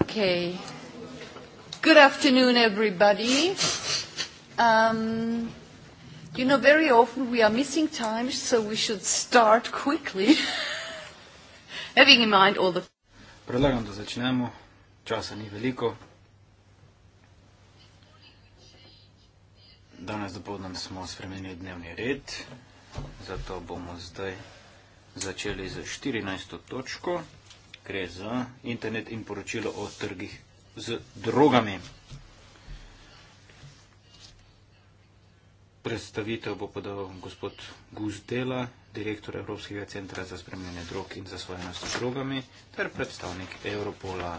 Okay. Good afternoon, everybody. Um, you know, very often we are missing time, so we should start quickly. Having in mind all the- Predlagam, da začnemo. Časa ni veliko. Danes dopoldan smo spremenili dnevni red, zato bomo zdaj začeli s štirinajsto točko gre za internet in poročilo o trgih z drogami. Predstavitev bo podal gospod Guzdela, direktor Evropskega centra za spremljanje drog in za svoje nas drogami, ter predstavnik Evropola.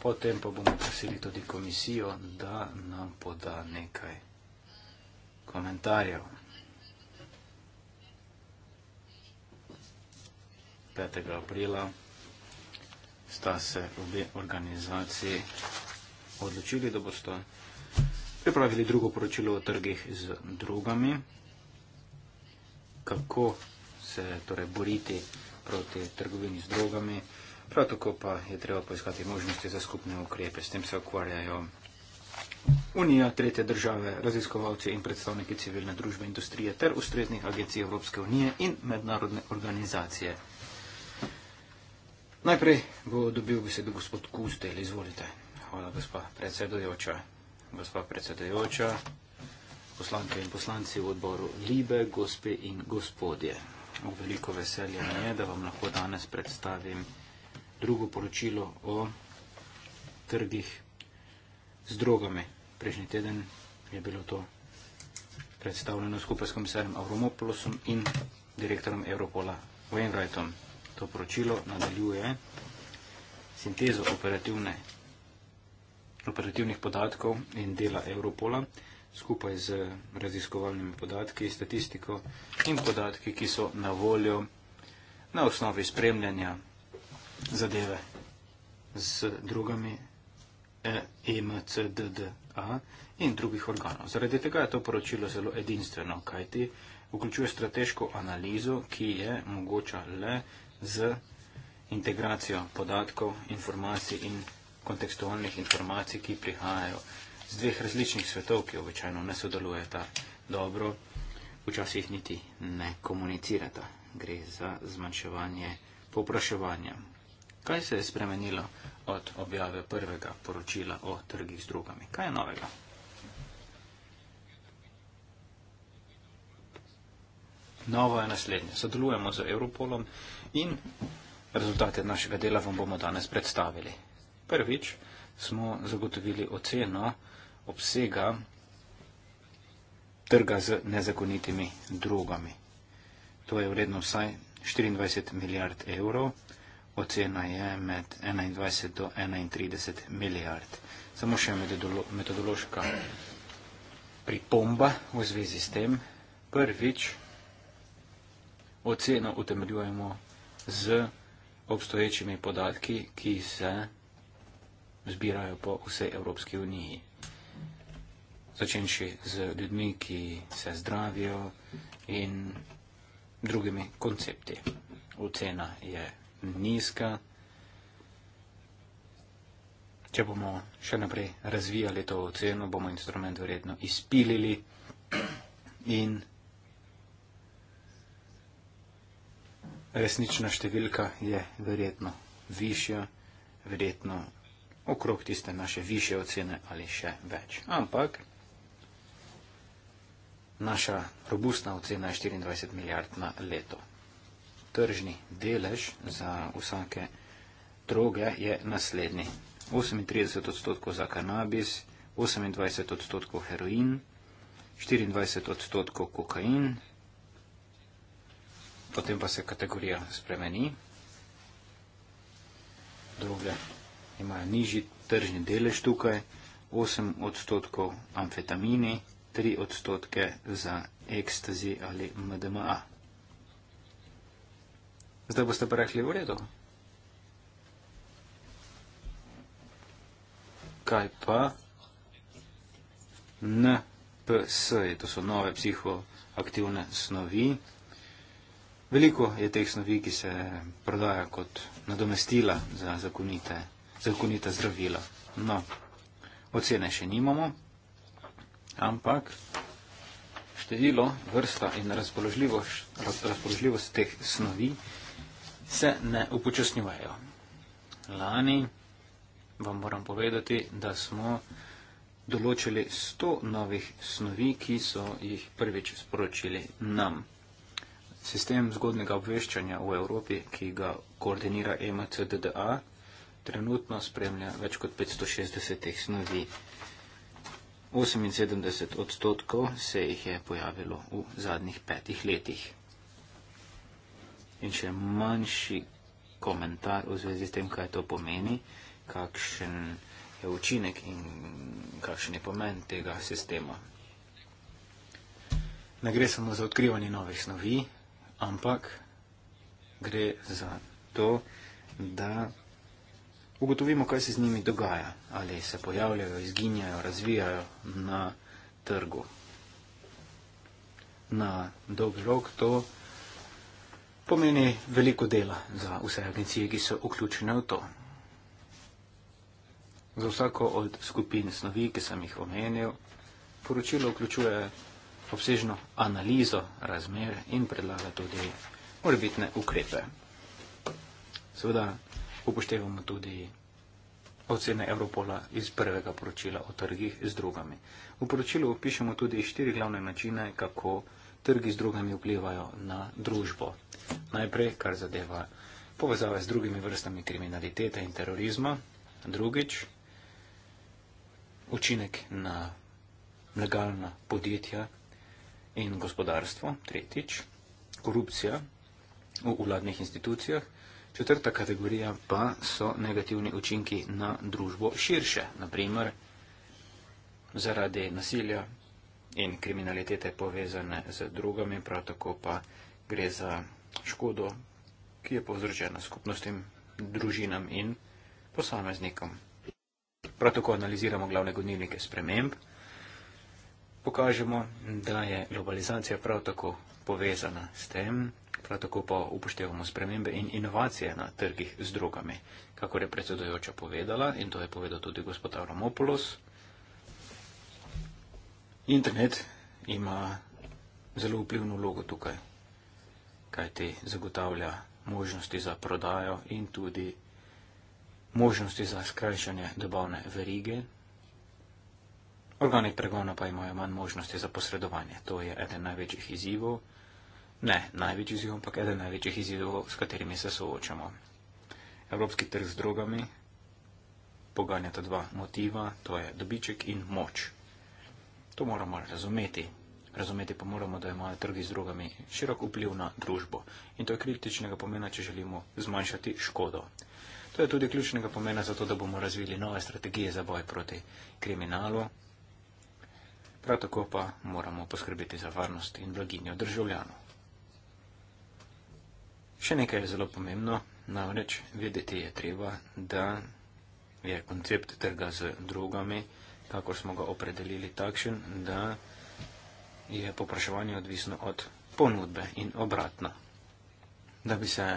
Potem pa bomo prosili tudi komisijo, da nam poda nekaj komentarjev. 5. aprila sta se obe organizaciji odločili, da boste pripravili drugo poročilo o trgih z drugami, kako se torej boriti proti trgovini z drogami, prav tako pa je treba poiskati možnosti za skupne ukrepe. S tem se ukvarjajo Unija, tretje države, raziskovalci in predstavniki civilne družbe, industrije ter ustreznih agencij Evropske unije in mednarodne organizacije. Najprej bo dobil besedo gospod Kustel, izvolite. Hvala, gospa predsedujoča. Gospa predsedujoča, poslanke in poslanci v odboru Libe, gospe in gospodje. Veliko veselje mi je, da vam lahko danes predstavim drugo poročilo o trgih z drogami. Prejšnji teden je bilo to predstavljeno skupaj s komisarjem Avromopolosom in direktorom Europola Wainwrightom to poročilo nadaljuje sintezo operativnih podatkov in dela Europola skupaj z raziskovalnimi podatki, statistiko in podatki, ki so na voljo na osnovi spremljanja zadeve z drugami EMCDDA e, in drugih organov. Zaradi tega je to poročilo zelo edinstveno, kajti vključuje strateško analizo, ki je mogoča le vsega, z integracijo podatkov, informacij in kontekstualnih informacij, ki prihajajo z dveh različnih svetov, ki običajno ne sodelujeta dobro, včasih niti ne komunicirata. Gre za zmanjševanje popraševanja. Kaj se je spremenilo od objave prvega poročila o trgih z drugami? Kaj je novega? Novo je naslednje. Sodelujemo z Europolom in rezultate našega dela vam bomo danes predstavili. Prvič smo zagotovili oceno obsega trga z nezakonitimi drogami. To je vredno vsaj 24 milijard evrov, ocena je med 21 do 31 milijard. Samo še metodološka pripomba v zvezi s tem. Prvič, oceno utemeljujemo z obstoječimi podatki, ki se zbirajo po vsej Evropski uniji. Začenši z ljudmi, ki se zdravijo in drugimi koncepti. Ocena je nizka. Če bomo še naprej razvijali to oceno, bomo instrument verjetno izpilili in resnična številka je verjetno višja, verjetno okrog tiste naše više ocene ali še več. Ampak naša robustna ocena je 24 milijard na leto. Tržni delež za vsake droge je naslednji. 38 odstotkov za kanabis, 28 odstotkov heroin, 24 odstotkov kokain, potem pa se kategorija spremeni. Droge imajo nižji tržni delež tukaj, 8 odstotkov amfetamini, 3 odstotke za ekstazi ali MDMA. Zdaj boste pa rekli v redu. Kaj pa? NPS, to so nove psihoaktivne snovi. Veliko je teh snovi, ki se prodaja kot nadomestila za zakonite, zakonite zdravila. No, ocene še nimamo, ampak število, vrsta in razpoložljivost, razpoložljivost teh snovi se ne upočasnjujejo. Lani vam moram povedati, da smo določili 100 novih snovi, ki so jih prvič sporočili nam. Sistem zgodnega obveščanja v Evropi, ki ga koordinira e MCDDA, trenutno spremlja več kot 560 snovi. 78 odstotkov se jih je pojavilo v zadnjih petih letih. In še manjši komentar v zvezi s tem, kaj to pomeni, kakšen je učinek in kakšen je pomen tega sistema. Ne gre samo za odkrivanje novih snovi, ampak gre za to, da ugotovimo, kaj se z njimi dogaja, ali se pojavljajo, izginjajo, razvijajo na trgu. Na dolgi rok to pomeni veliko dela za vse agencije, ki so vključene v to. Za vsako od skupin snovi, ki sem jih omenil, poročilo vključuje obsežno analizo razmer in predlaga tudi morbitne ukrepe. Seveda upoštevamo tudi ocene Evropola iz prvega poročila o trgih z drugami. V poročilu opišemo tudi štiri glavne načine, kako trgi z drugami vplivajo na družbo. Najprej, kar zadeva povezave z drugimi vrstami kriminalitete in terorizma, drugič, učinek na legalna podjetja, in gospodarstvo, tretjič, korupcija v vladnih institucijah, četrta kategorija pa so negativni učinki na družbo širše, naprimer zaradi nasilja in kriminalitete povezane z drugami, prav tako pa gre za škodo, ki je povzročena skupnostim, družinam in posameznikom. Prav tako analiziramo glavne gonilnike sprememb pokažemo, da je globalizacija prav tako povezana s tem, prav tako pa upoštevamo spremembe in inovacije na trgih z drugami. Kako je predsedojoča povedala in to je povedal tudi gospod Avramopoulos, internet ima zelo vplivno vlogo tukaj, kaj ti zagotavlja možnosti za prodajo in tudi možnosti za skrajšanje dobavne verige Organi pregona pa imajo manj možnosti za posredovanje. To je eden največjih izzivov. Ne največji izziv, ampak eden največjih izzivov, s katerimi se soočamo. Evropski trg z drogami poganjata dva motiva, to je dobiček in moč. To moramo razumeti. Razumeti pa moramo, da imajo trgi z drogami širok vpliv na družbo. In to je kritičnega pomena, če želimo zmanjšati škodo. To je tudi ključnega pomena za to, da bomo razvili nove strategije za boj proti kriminalu, prav tako pa moramo poskrbeti za varnost in blaginjo državljanov. Še nekaj je zelo pomembno, namreč vedeti je treba, da je koncept trga z drugami, kako smo ga opredelili takšen, da je popraševanje odvisno od ponudbe in obratno. Da bi se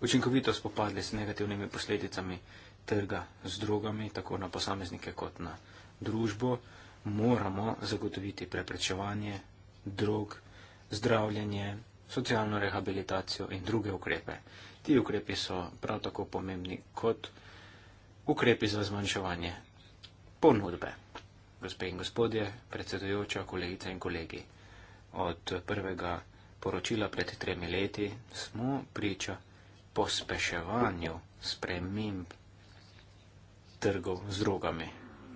učinkovito spopadli s negativnimi posledicami trga z drugami, tako na posameznike kot na družbo, moramo zagotoviti preprečevanje drog, zdravljenje, socialno rehabilitacijo in druge ukrepe. Ti ukrepi so prav tako pomembni kot ukrepi za zmanjševanje ponudbe. Gospe in gospodje, predsedujoča, kolegice in kolegi, od prvega poročila pred tremi leti smo priča pospeševanju sprememb trgov z drogami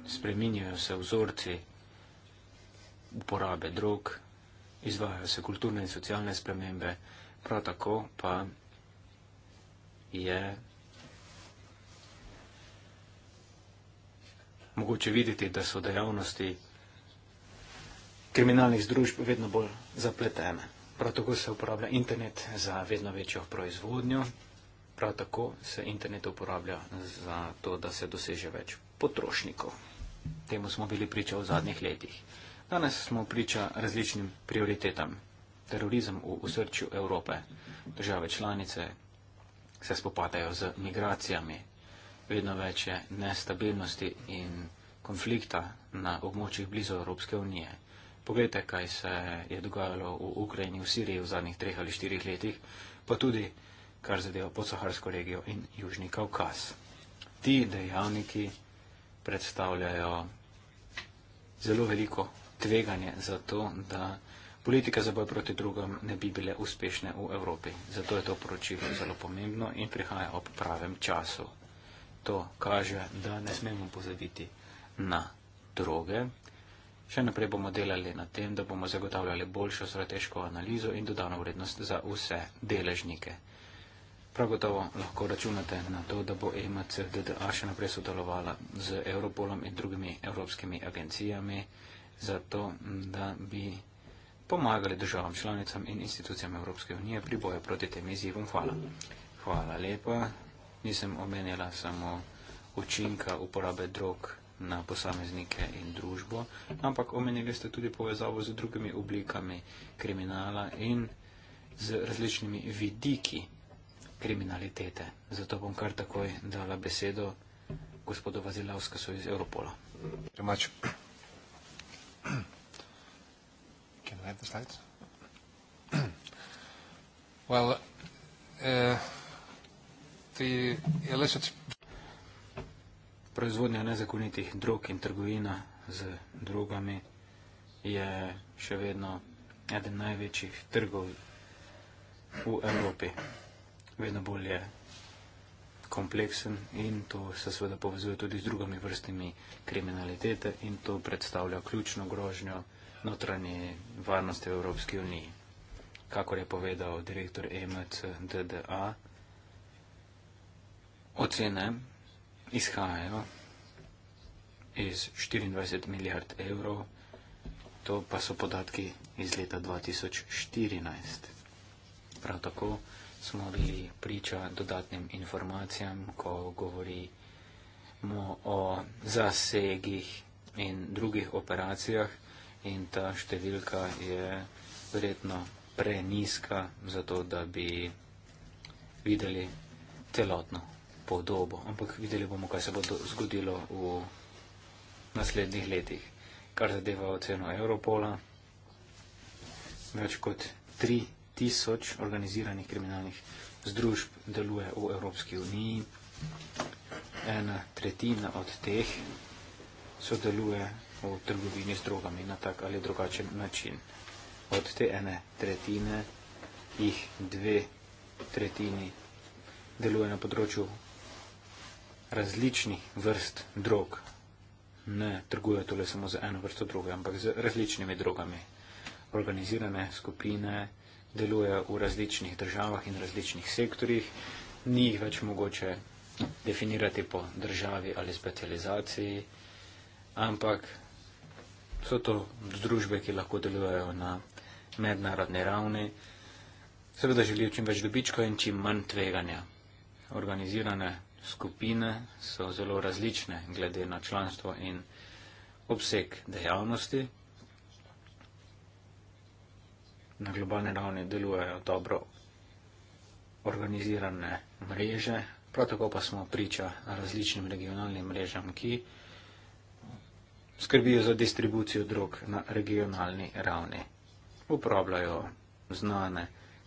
spreminjajo se vzorci uporabe drog, izvajajo se kulturne in socialne spremembe, prav tako pa je mogoče videti, da so dejavnosti kriminalnih združb vedno bolj zapletene. Prav tako se uporablja internet za vedno večjo proizvodnjo, prav tako se internet uporablja za to, da se doseže več potrošnikov. Temu smo bili priča v zadnjih letih. Danes smo priča različnim prioritetam. Terorizem v srču Evrope. Države članice se spopadajo z migracijami. Vedno več je nestabilnosti in konflikta na območjih blizu Evropske unije. Poglejte, kaj se je dogajalo v Ukrajini, v Siriji v zadnjih treh ali štirih letih, pa tudi, kar zadeva podsaharsko regijo in Južni Kaukaz. Ti dejavniki predstavljajo zelo veliko tveganje za to, da politike za boj proti drugom ne bi bile uspešne v Evropi. Zato je to poročilo zelo pomembno in prihaja ob pravem času. To kaže, da ne smemo pozabiti na droge. Še naprej bomo delali na tem, da bomo zagotavljali boljšo strateško analizo in dodano vrednost za vse deležnike. Prav gotovo lahko računate na to, da bo EMCDDA še naprej sodelovala z Europolom in drugimi evropskimi agencijami, zato da bi pomagali državam članicam in institucijam Evropske unije pri boju proti tem izzivom. Hvala. Hvala lepa. Nisem omenjala samo učinka uporabe drog na posameznike in družbo, ampak omenili ste tudi povezavo z drugimi oblikami kriminala in z različnimi vidiki kriminalitete. Zato bom kar takoj dala besedo gospodu Vazilavskosu iz Europola. Can I have the slides? well, uh, the illicit... Proizvodnja nezakonitih drog in trgovina z drogami je še vedno eden največjih trgov v Evropi vedno bolj je kompleksen in to se seveda povezuje tudi z drugimi vrstami kriminalitete in to predstavlja ključno grožnjo notranje varnosti v Evropski uniji. Kakor je povedal direktor EMC DDA, ocene izhajajo iz 24 milijard evrov, to pa so podatki iz leta 2014. Prav tako smo bili priča dodatnim informacijam, ko govorimo o zasegih in drugih operacijah in ta številka je verjetno preniska za to, da bi videli celotno podobo. Ampak videli bomo, kaj se bo zgodilo v naslednjih letih. Kar zadeva oceno Europola, več kot 3 tisoč organiziranih kriminalnih združb deluje v Evropski uniji. Ena tretjina od teh sodeluje v trgovini z drogami na tak ali drugačen način. Od te ene tretjine jih dve tretjini deluje na področju različnih vrst drog. Ne trguje tole samo za eno vrsto droge, ampak z različnimi drogami. Organizirane skupine, delujejo v različnih državah in različnih sektorjih. Ni jih več mogoče definirati po državi ali specializaciji, ampak so to združbe, ki lahko delujejo na mednarodni ravni. Seveda želijo čim več dobička in čim manj tveganja. Organizirane skupine so zelo različne glede na članstvo in obseg dejavnosti na globalni ravni delujejo dobro organizirane mreže, prav tako pa smo priča različnim regionalnim mrežam, ki skrbijo za distribucijo drog na regionalni ravni. Uporabljajo znane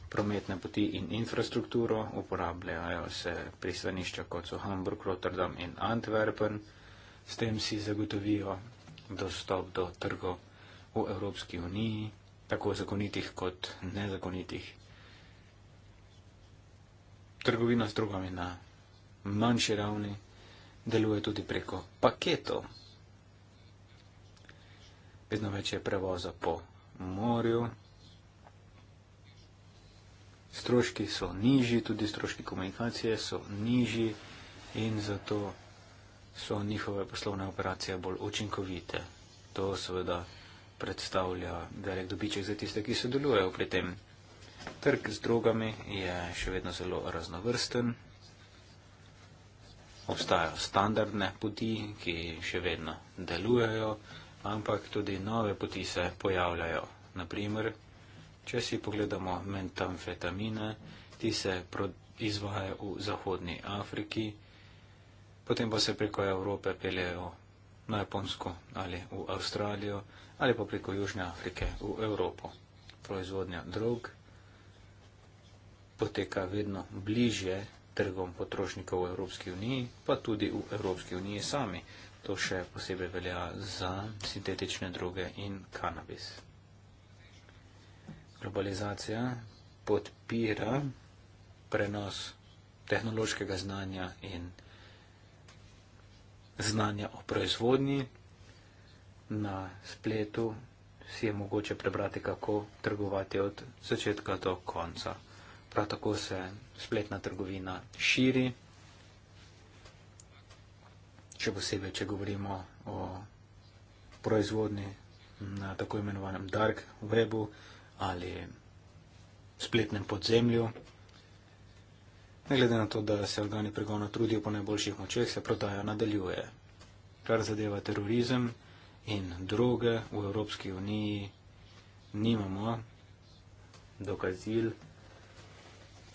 prometne poti in infrastrukturo, uporabljajo se pristanišča kot so Hamburg, Rotterdam in Antwerpen, s tem si zagotovijo dostop do trgov v Evropski uniji, tako zakonitih kot nezakonitih. Trgovina s drugami na manjši ravni deluje tudi preko paketov. Vedno več je prevoza po morju. Stroški so nižji, tudi stroški komunikacije so nižji in zato so njihove poslovne operacije bolj učinkovite. To seveda predstavlja velik dobiček za tiste, ki sodelujejo pri tem. Trg z drogami je še vedno zelo raznovrsten. Obstajajo standardne poti, ki še vedno delujejo, ampak tudi nove poti se pojavljajo. Naprimer, če si pogledamo metamfetamine, ti se izvajajo v Zahodni Afriki, potem pa se preko Evrope peljejo na Japonsko ali v Avstralijo ali pa preko Južne Afrike v Evropo. Proizvodnja drog poteka vedno bližje trgom potrošnikov v Evropski uniji, pa tudi v Evropski uniji sami. To še posebej velja za sintetične droge in kanabis. Globalizacija podpira prenos tehnološkega znanja in tehnologije znanja o proizvodnji. Na spletu si je mogoče prebrati, kako trgovati od začetka do konca. Prav tako se spletna trgovina širi, še posebej, če govorimo o proizvodni na tako imenovanem dark webu ali spletnem podzemlju. Ne glede na to, da se organi pregona trudijo po najboljših močeh, se prodaja nadaljuje. Kar zadeva terorizem in droge v Evropski uniji, nimamo dokazil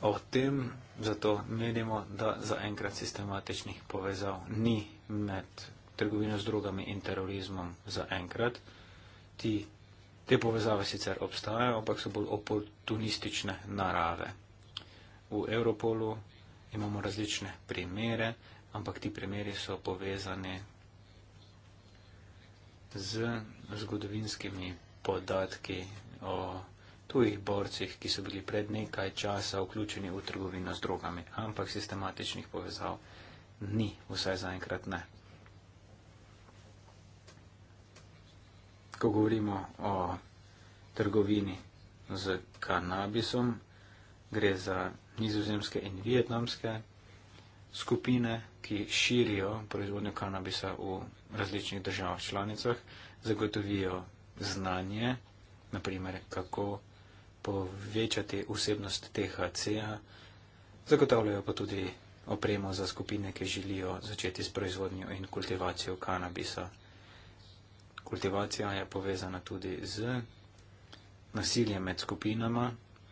o tem, zato menimo, da zaenkrat sistematičnih povezav ni med trgovino z drogami in terorizmom zaenkrat. Ti, te povezave sicer obstajajo, ampak so bolj oportunistične narave v Europolu imamo različne primere, ampak ti primeri so povezani z zgodovinskimi podatki o tujih borcih, ki so bili pred nekaj časa vključeni v trgovino z drogami, ampak sistematičnih povezav ni, vsaj zaenkrat ne. Ko govorimo o trgovini z kanabisom, gre za nizozemske in vietnamske skupine, ki širijo proizvodnjo kanabisa v različnih državah članicah, zagotovijo znanje, naprimer kako povečati vsebnost THC-ja, zagotavljajo pa tudi opremo za skupine, ki želijo začeti s proizvodnjo in kultivacijo kanabisa. Kultivacija je povezana tudi z nasiljem med skupinama,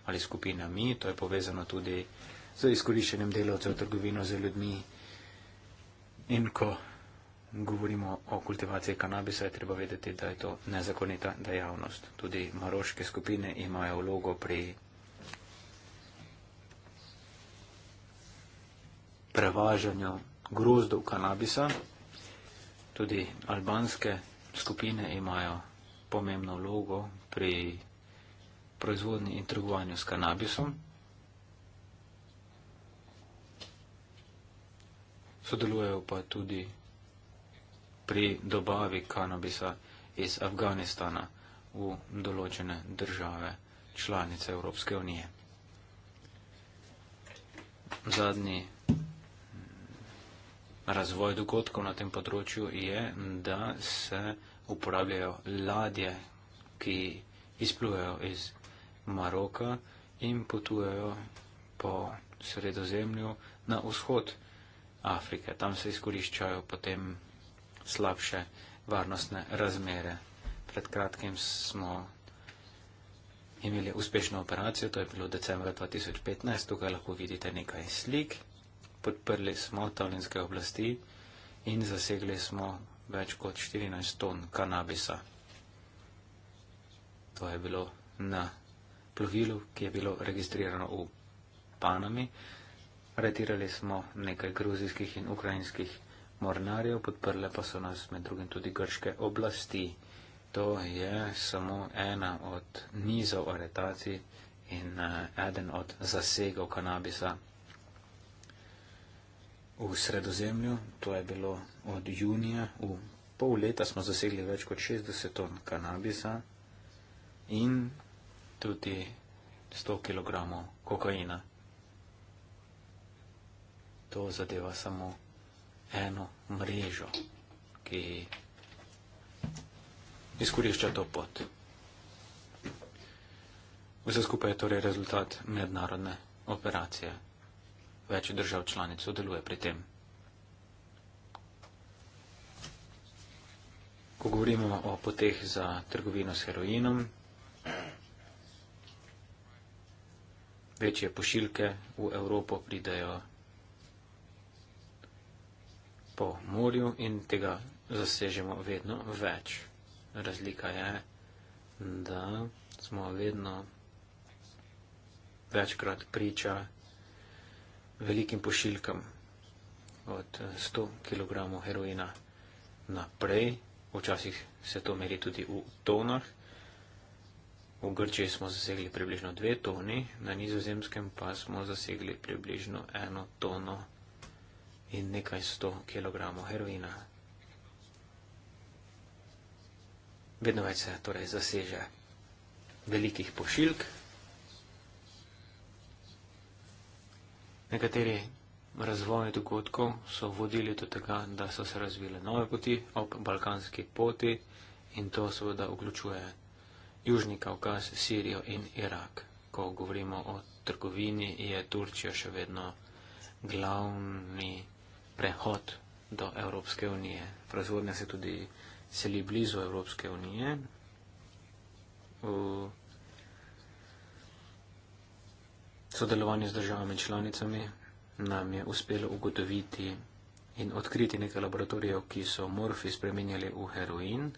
ali skupinami, to je povezano tudi z izkoriščenjem delavcev v trgovino z ljudmi. In ko govorimo o kultivaciji kanabisa, je treba vedeti, da je to nezakonita dejavnost. Tudi maroške skupine imajo vlogo pri prevažanju grozdov kanabisa. Tudi albanske skupine imajo pomembno vlogo pri proizvodnji in trgovanju s kanabisom. Sodelujejo pa tudi pri dobavi kanabisa iz Afganistana v določene države članice Evropske unije. Zadnji razvoj dogodkov na tem področju je, da se uporabljajo ladje, ki izplujejo iz Maroka in potujejo po sredozemlju na vzhod Afrike. Tam se izkoriščajo potem slabše varnostne razmere. Pred kratkim smo imeli uspešno operacijo, to je bilo decembra 2015, tukaj lahko vidite nekaj slik. Podprli smo talinske oblasti in zasegli smo več kot 14 ton kanabisa. To je bilo na plovilu, ki je bilo registrirano v Panami. Retirali smo nekaj gruzijskih in ukrajinskih mornarjev, podprle pa so nas med drugim tudi grške oblasti. To je samo ena od nizov aretacij in eh, eden od zasegov kanabisa v sredozemlju. To je bilo od junija. V pol leta smo zasegli več kot 60 ton kanabisa in tudi 100 kg kokaina. To zadeva samo eno mrežo, ki izkorišča to pot. Vse skupaj je torej rezultat mednarodne operacije. Več držav članic sodeluje pri tem. Ko govorimo o poteh za trgovino s heroinom, večje pošiljke v Evropo pridejo po morju in tega zasežemo vedno več. Razlika je, da smo vedno večkrat priča velikim pošiljkam od 100 kg heroina naprej. Včasih se to meri tudi v tonah. V Grčiji smo zasegli približno dve toni, na nizozemskem pa smo zasegli približno eno tono in nekaj sto kilogramov heroina. Vedno več se torej zaseže velikih pošiljk. Nekateri razvoji dogodkov so vodili do tega, da so se razvile nove poti ob balkanski poti in to seveda vključuje Južni Kaukaz, Sirijo in Irak. Ko govorimo o trgovini, je Turčija še vedno glavni prehod do Evropske unije. Proizvodnja se tudi seli blizu Evropske unije. V sodelovanju z državami članicami nam je uspelo ugotoviti in odkriti nekaj laboratorijev, ki so morfi spremenjali v heroin.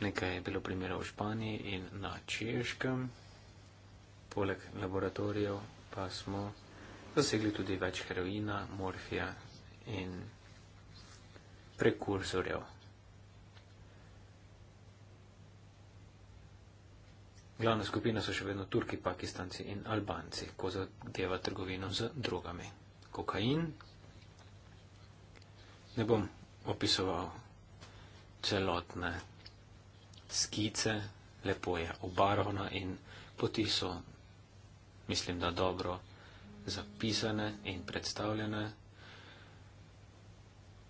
Nekaj je bilo primerov v Španiji in na Češkem. Poleg laboratorijev pa smo zasegli tudi več heroina, morfija in prekursorjev. Glavna skupina so še vedno Turki, Pakistanci in Albanci, ko zadeva trgovino z drugami. Kokain. Ne bom opisoval celotne skice, lepo je obarvana in poti so, mislim, da dobro zapisane in predstavljene.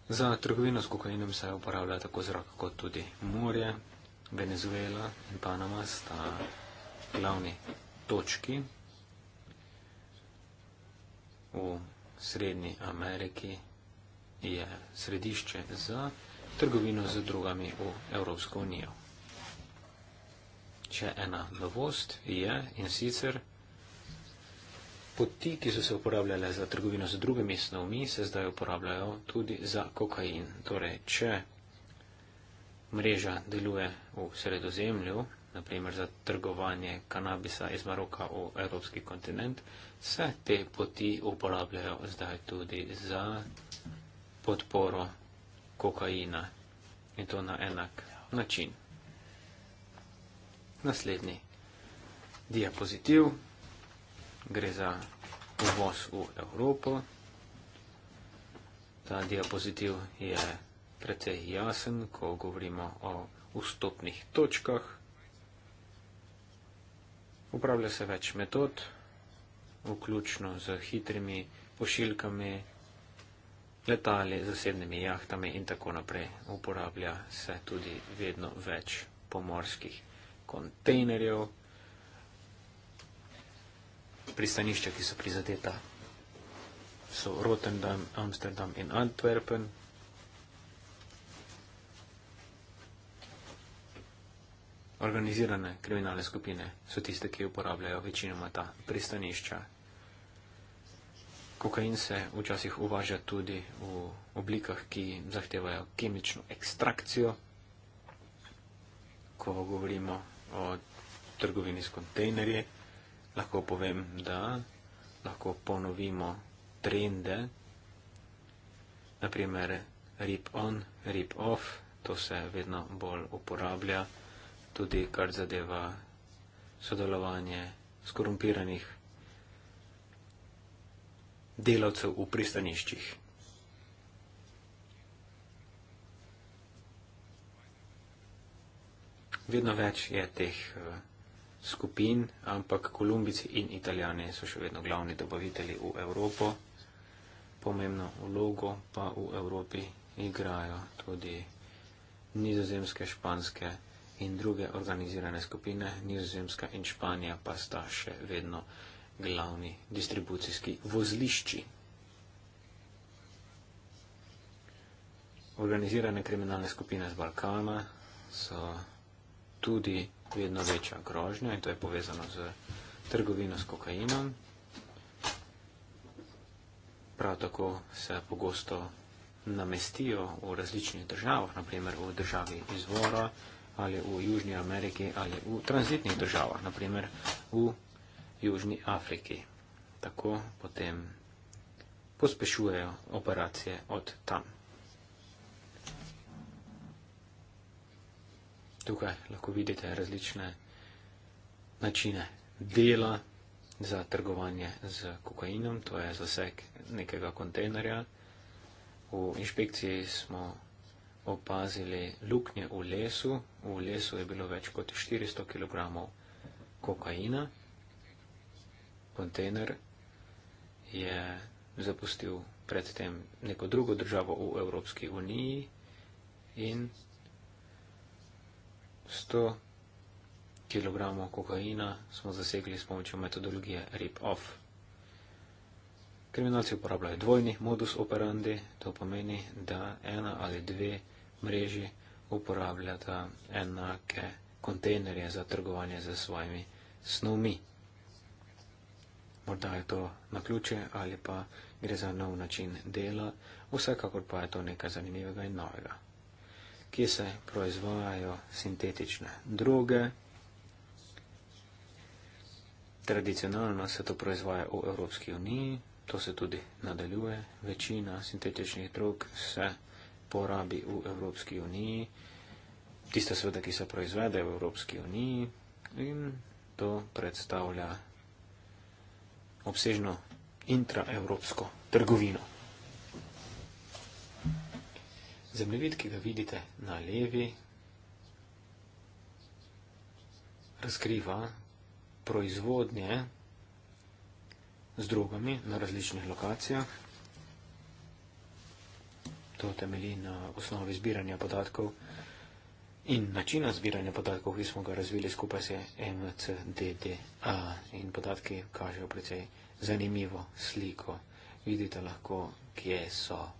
Za trgovino s kokainom se uporablja tako zrak kot tudi morje. Venezuela in Panama sta glavni točki v Srednji Ameriki je središče za trgovino z drugami v Evropsko unijo. Če ena novost je in sicer poti, ki so se uporabljale za trgovino z drugimi snovmi, se zdaj uporabljajo tudi za kokain. Torej, če mreža deluje v sredozemlju, naprimer za trgovanje kanabisa iz Maroka v evropski kontinent, se te poti uporabljajo zdaj tudi za podporo kokaina in to na enak način naslednji diapozitiv. Gre za uvoz v Evropo. Ta diapozitiv je precej jasen, ko govorimo o vstopnih točkah. Upravlja se več metod, vključno z hitrimi pošiljkami, letali, zasebnimi jahtami in tako naprej. Uporablja se tudi vedno več pomorskih kontejnerjev, pristanišča, ki so prizadeta, so Rotterdam, Amsterdam in Antwerpen. Organizirane kriminalne skupine so tiste, ki uporabljajo večinoma ta pristanišča. Kokain se včasih uvaža tudi v oblikah, ki zahtevajo kemično ekstrakcijo. Ko govorimo o trgovini s kontejnerji, lahko povem, da lahko ponovimo trende, naprimer rip on, rip off, to se vedno bolj uporablja, tudi kar zadeva sodelovanje skorumpiranih delavcev v pristaniščih. vedno več je teh eh, skupin, ampak Kolumbici in Italijani so še vedno glavni dobavitelji v Evropo. Pomembno vlogo pa v Evropi igrajo tudi nizozemske, španske in druge organizirane skupine. Nizozemska in Španija pa sta še vedno glavni distribucijski vozlišči. Organizirane kriminalne skupine z Balkana so tudi vedno večja grožnja in to je povezano z trgovino s kokainom. Prav tako se pogosto namestijo v različnih državah, naprimer v državi izvora ali v Južni Ameriki ali v tranzitnih državah, naprimer v Južni Afriki. Tako potem pospešujejo operacije od tam. Tukaj lahko vidite različne načine dela za trgovanje z kokainom, to je zasek nekega kontejnerja. V inšpekciji smo opazili luknje v lesu, v lesu je bilo več kot 400 kg kokaina. Kontejner je zapustil predtem neko drugo državo v Evropski uniji in 100 kg kokaina smo zasegli s pomočjo metodologije RIP-OFF. Kriminalci uporabljajo dvojni modus operandi, to pomeni, da ena ali dve mreži uporabljata enake kontejnerje za trgovanje z svojimi snovmi. Morda je to na ključe ali pa gre za nov način dela, vsekakor pa je to nekaj zanimivega in novega ki se proizvajajo sintetične droge. Tradicionalno se to proizvaja v Evropski uniji, to se tudi nadaljuje. Večina sintetičnih drog se porabi v Evropski uniji, tiste sveda, ki se proizvede v Evropski uniji in to predstavlja obsežno intraevropsko trgovino zemljevid, ki ga vidite na levi, razkriva proizvodnje z drugami na različnih lokacijah. To temelji na osnovi zbiranja podatkov in načina zbiranja podatkov, ki smo ga razvili skupaj s MCDDA in podatki kažejo precej zanimivo sliko. Vidite lahko, kje so podatki.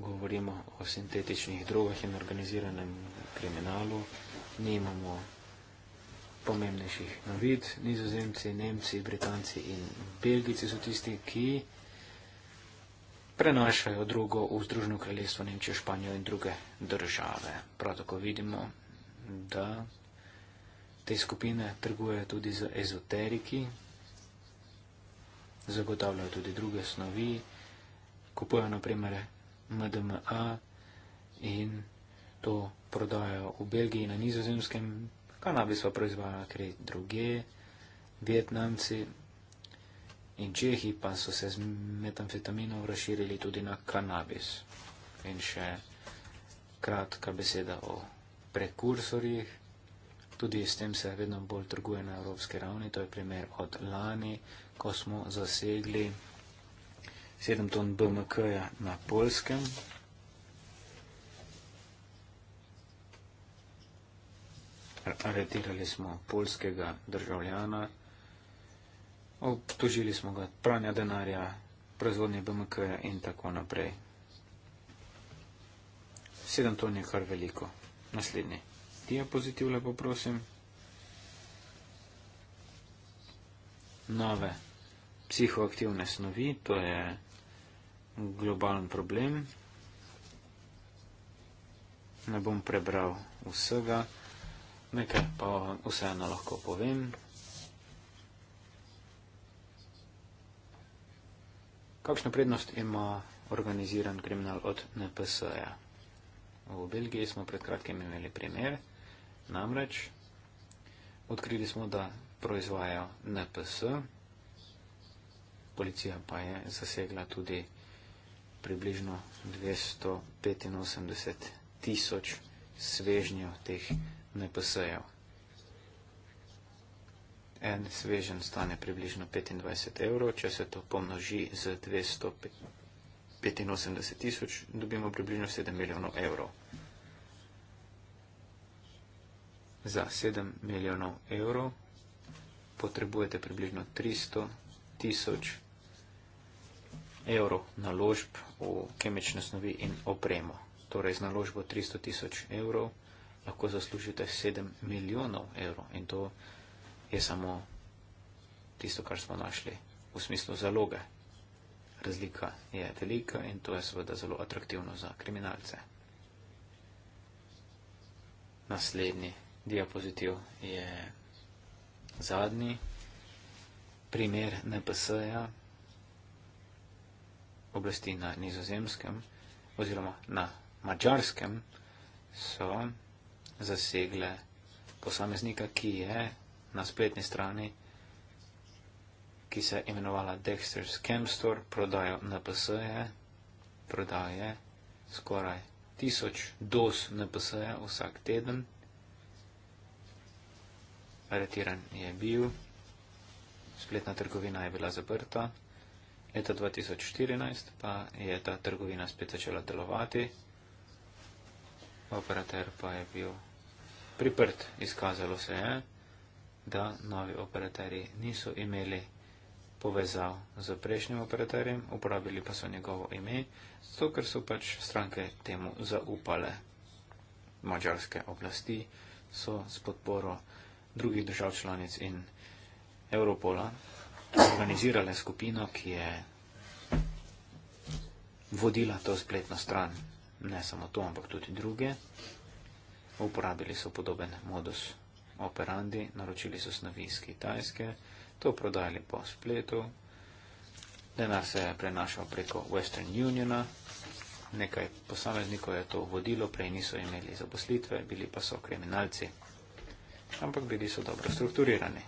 govorimo o sintetičnih drogah in organiziranem kriminalu, nimamo pomembnejših navid. Nizozemci, Nemci, Britanci in Belgici so tisti, ki prenašajo drogo v Združeno kraljestvo Nemčijo, Španijo in druge države. Prav tako vidimo, da te skupine trgujejo tudi z ezoteriki, zagotavljajo tudi druge snovi, kupujejo naprimer MDMA in to prodajo v Belgiji, na nizozemskem, kanabis pa proizvaja kre druge, vietnamci in čehi pa so se z metamfetaminom razširili tudi na kanabis. In še kratka beseda o prekursorjih. Tudi s tem se vedno bolj trguje na evropski ravni. To je primer od lani, ko smo zasegli 7 ton BMK -ja na polskem. Aretirali smo polskega državljana, obtožili smo ga pranja denarja, proizvodnje BMK -ja in tako naprej. 7 ton je kar veliko. Naslednji diapozitiv lepo prosim. Nove psihoaktivne snovi, to je globalen problem. Ne bom prebral vsega, nekaj pa vseeno lahko povem. Kakšno prednost ima organiziran kriminal od NPS-ja? V Belgiji smo pred kratkim imeli primer, namreč odkrili smo, da proizvajajo NPS, policija pa je zasegla tudi NPS približno 285 tisoč svežnjev teh NPS-jev. En svežen stane približno 25 evrov, če se to pomnoži z 285 tisoč, dobimo približno 7 milijonov evrov. Za 7 milijonov evrov potrebujete približno 300 tisoč evrov evrov naložb v kemične snovi in opremo. Torej, z naložbo 300 tisoč evrov lahko zaslužite 7 milijonov evrov in to je samo tisto, kar smo našli v smislu zaloge. Razlika je velika in to je seveda zelo atraktivno za kriminalce. Naslednji diapozitiv je zadnji primer NPS-ja oblasti na nizozemskem oziroma na mačarskem so zasegle posameznika, ki je na spletni strani, ki se je imenovala Dexter's Chemstore, prodajal NPS-je, prodaje skoraj tisoč dos NPS-je vsak teden. Aretiran je bil, spletna trgovina je bila zaprta leta 2014 pa je ta trgovina spet začela delovati, operater pa je bil priprt. Izkazalo se je, da novi operateri niso imeli povezav z prejšnjim operaterjem, uporabili pa so njegovo ime, zato ker so pač stranke temu zaupale. Mačarske oblasti so s podporo drugih držav članic in Evropola organizirale skupino, ki je vodila to spletno stran, ne samo to, ampak tudi druge. Uporabili so podoben modus operandi, naročili so snovi iz Kitajske, to prodajali po spletu, denar se je prenašal preko Western Uniona, nekaj posameznikov je to vodilo, prej niso imeli zaposlitve, bili pa so kriminalci, ampak bili so dobro strukturirani.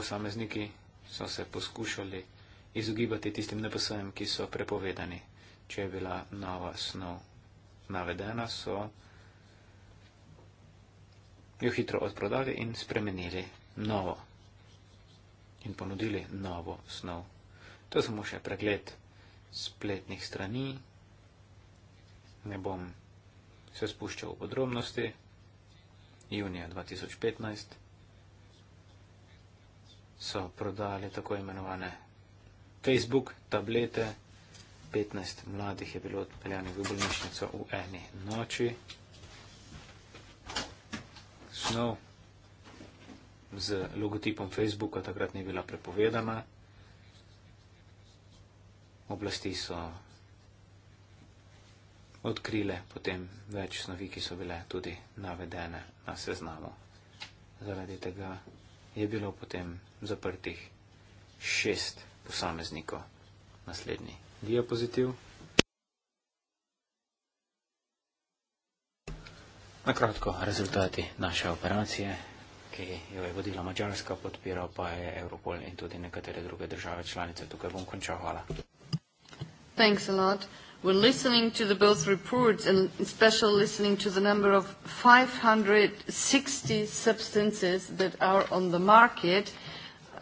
posamezniki so se poskušali izogibati tistim NPS-jem, ki so prepovedani. Če je bila nova snov navedena, so jo hitro odprodali in spremenili novo in ponudili novo snov. To je samo še pregled spletnih strani. Ne bom se spuščal v podrobnosti. Junija 2015 so prodali tako imenovane Facebook tablete. 15 mladih je bilo odpeljanih v bolnišnico v eni noči. Snov z logotipom Facebooka takrat ni bila prepovedana. Oblasti so odkrile potem več snovi, ki so bile tudi navedene na seznamu. Zaradi tega je bilo potem zaprtih šest posameznikov. Naslednji diapozitiv. Na kratko, rezultati naše operacije, ki jo je vodila Mačarska, podpira pa je Evropol in tudi nekatere druge države članice. Tukaj bom končal. Hvala. Thanks a lot when listening to the both reports and especially listening to the number of 560 substances that are on the market,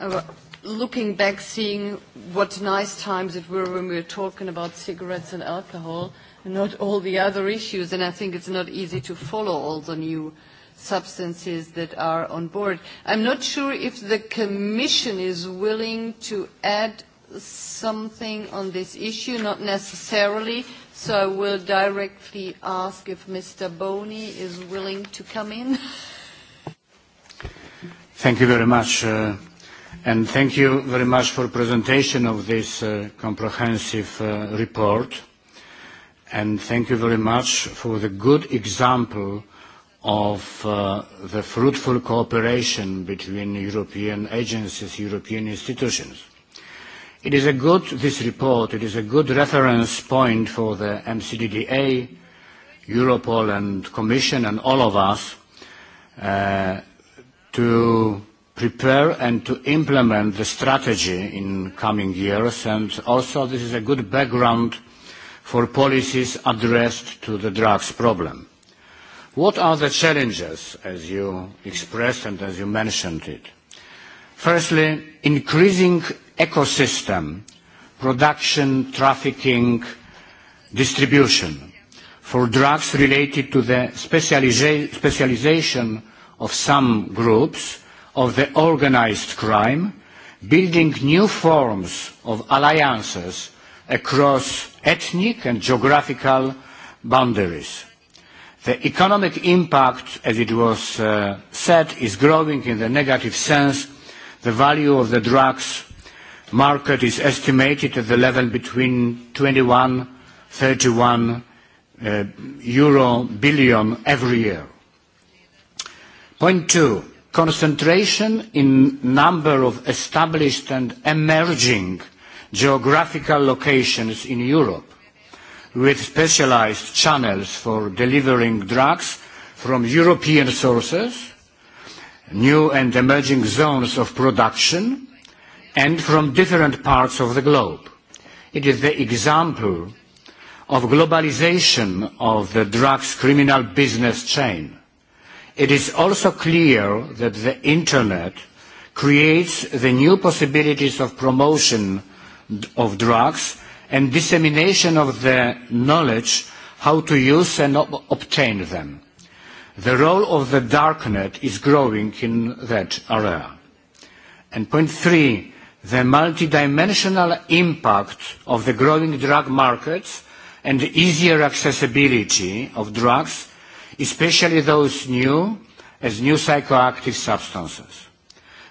uh, looking back, seeing what nice times it were when we were talking about cigarettes and alcohol, and not all the other issues, and I think it's not easy to follow all the new substances that are on board. I'm not sure if the Commission is willing to add something on this issue, not necessarily, so I will directly ask if Mr. Boney is willing to come in. Thank you very much. Uh, and thank you very much for presentation of this uh, comprehensive uh, report. And thank you very much for the good example of uh, the fruitful cooperation between European agencies, European institutions. It is a good, this report, it is a good reference point for the MCDDA, Europol and Commission and all of us uh, to prepare and to implement the strategy in coming years and also this is a good background for policies addressed to the drugs problem. What are the challenges as you expressed and as you mentioned it? Firstly, increasing ecosystem, production, trafficking, distribution, for drugs related to the specializa specialization of some groups of the organized crime, building new forms of alliances across ethnic and geographical boundaries. The economic impact, as it was uh, said, is growing in the negative sense. The value of the drugs market is estimated at the level between 21 31 uh, euro billion every year. Point two, concentration in number of established and emerging geographical locations in Europe with specialized channels for delivering drugs from European sources, new and emerging zones of production, and from different parts of the globe. It is the example of globalization of the drugs criminal business chain. It is also clear that the Internet creates the new possibilities of promotion of drugs and dissemination of the knowledge how to use and ob obtain them. The role of the darknet is growing in that area. And point three, the multidimensional impact of the growing drug markets and the easier accessibility of drugs, especially those new as new psychoactive substances.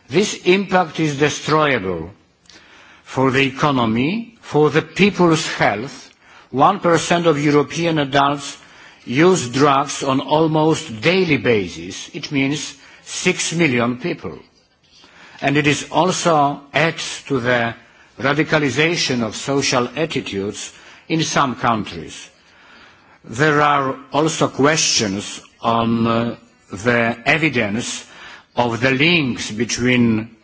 This impact is destroyable for the economy, for the people's health. 1% of European adults use drugs on almost daily basis. It means 6 million people and it is also adds to the radicalization of social attitudes in some countries. There are also questions on uh, the evidence of the links between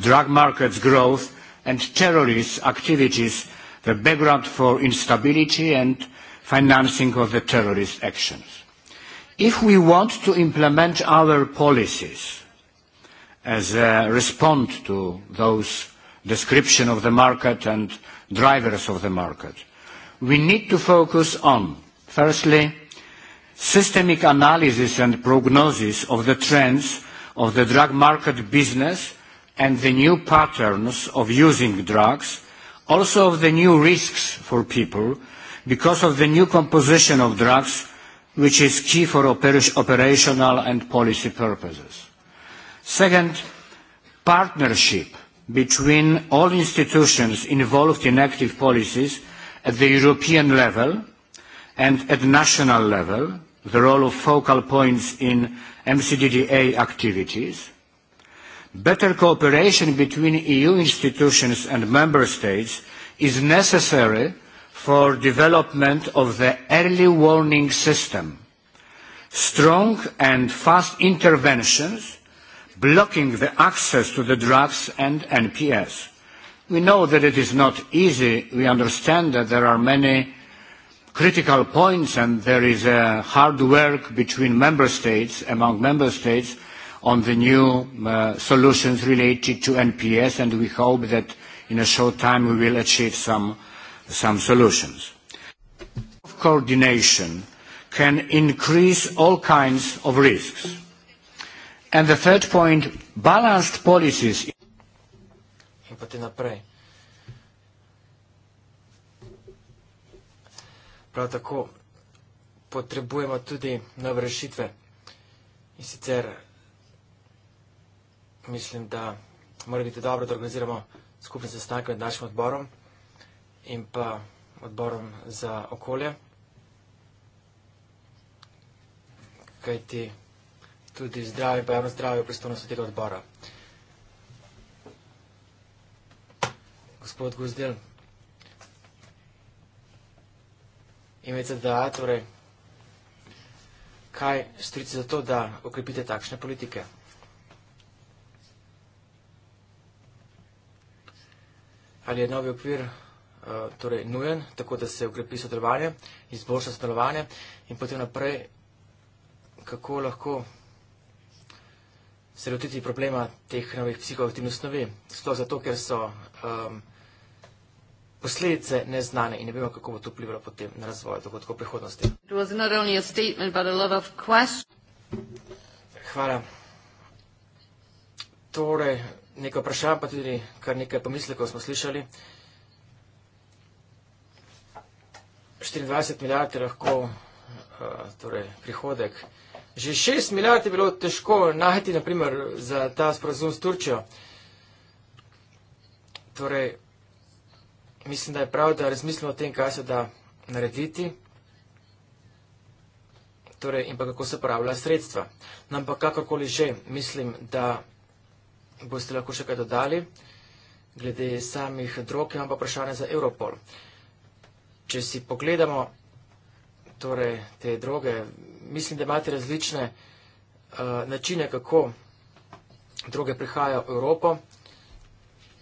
drug markets growth and terrorist activities, the background for instability and financing of the terrorist actions. If we want to implement our policies, as a uh, response to those description of the market and drivers of the market. We need to focus on, firstly, systemic analysis and prognosis of the trends of the drug market business and the new patterns of using drugs, also of the new risks for people because of the new composition of drugs, which is key for oper operational and policy purposes. Second, partnership between all institutions involved in active policies at the European level and at national level, the role of focal points in MCDDA activities, better cooperation between EU institutions and member states is necessary for development of the early warning system. Strong and fast interventions blocking the access to the drugs and NPS. We know that it is not easy. We understand that there are many critical points and there is a hard work between member states, among member states, on the new uh, solutions related to NPS and we hope that in a short time we will achieve some, some solutions. Coordination can increase all kinds of risks. And the third point, balanced policies. In pa ti naprej. Prav tako potrebujemo tudi nove rešitve. In sicer mislim, da mora biti dobro, da organiziramo skupne sestanke med našim odborom in pa odborom za okolje. Kaj ti tudi zdravje, pa javno zdravje, pristojnost tega odbora. Gospod Guzdel, imejte da, torej, kaj strici za to, da okrepite takšne politike? Ali je novi okvir eh, torej nujen, tako da se ukrepi sodelovanje, izboljša sodelovanje in potem naprej, kako lahko se lotiti problema teh novih psihoaktivnih snovi. Sploh zato, ker so um, posledice neznane in ne vemo, kako bo to vplivalo potem na razvoj dogodkov prihodnosti. Statement, Hvala. Torej, nekaj vprašanj, pa tudi kar nekaj pomislekov smo slišali. 24 milijard je lahko uh, torej, prihodek. Že šest milijard je bilo težko najti, naprimer, za ta sporazum s Turčijo. Torej, mislim, da je prav, da razmislimo o tem, kaj se da narediti torej, in pa kako se pravila sredstva. Nam no, pa kakorkoli že, mislim, da boste lahko še kaj dodali glede samih drog, imam pa vprašanje za Europol. Če si pogledamo torej, te droge. Mislim, da imate različne uh, načine, kako droge prihajajo v Evropo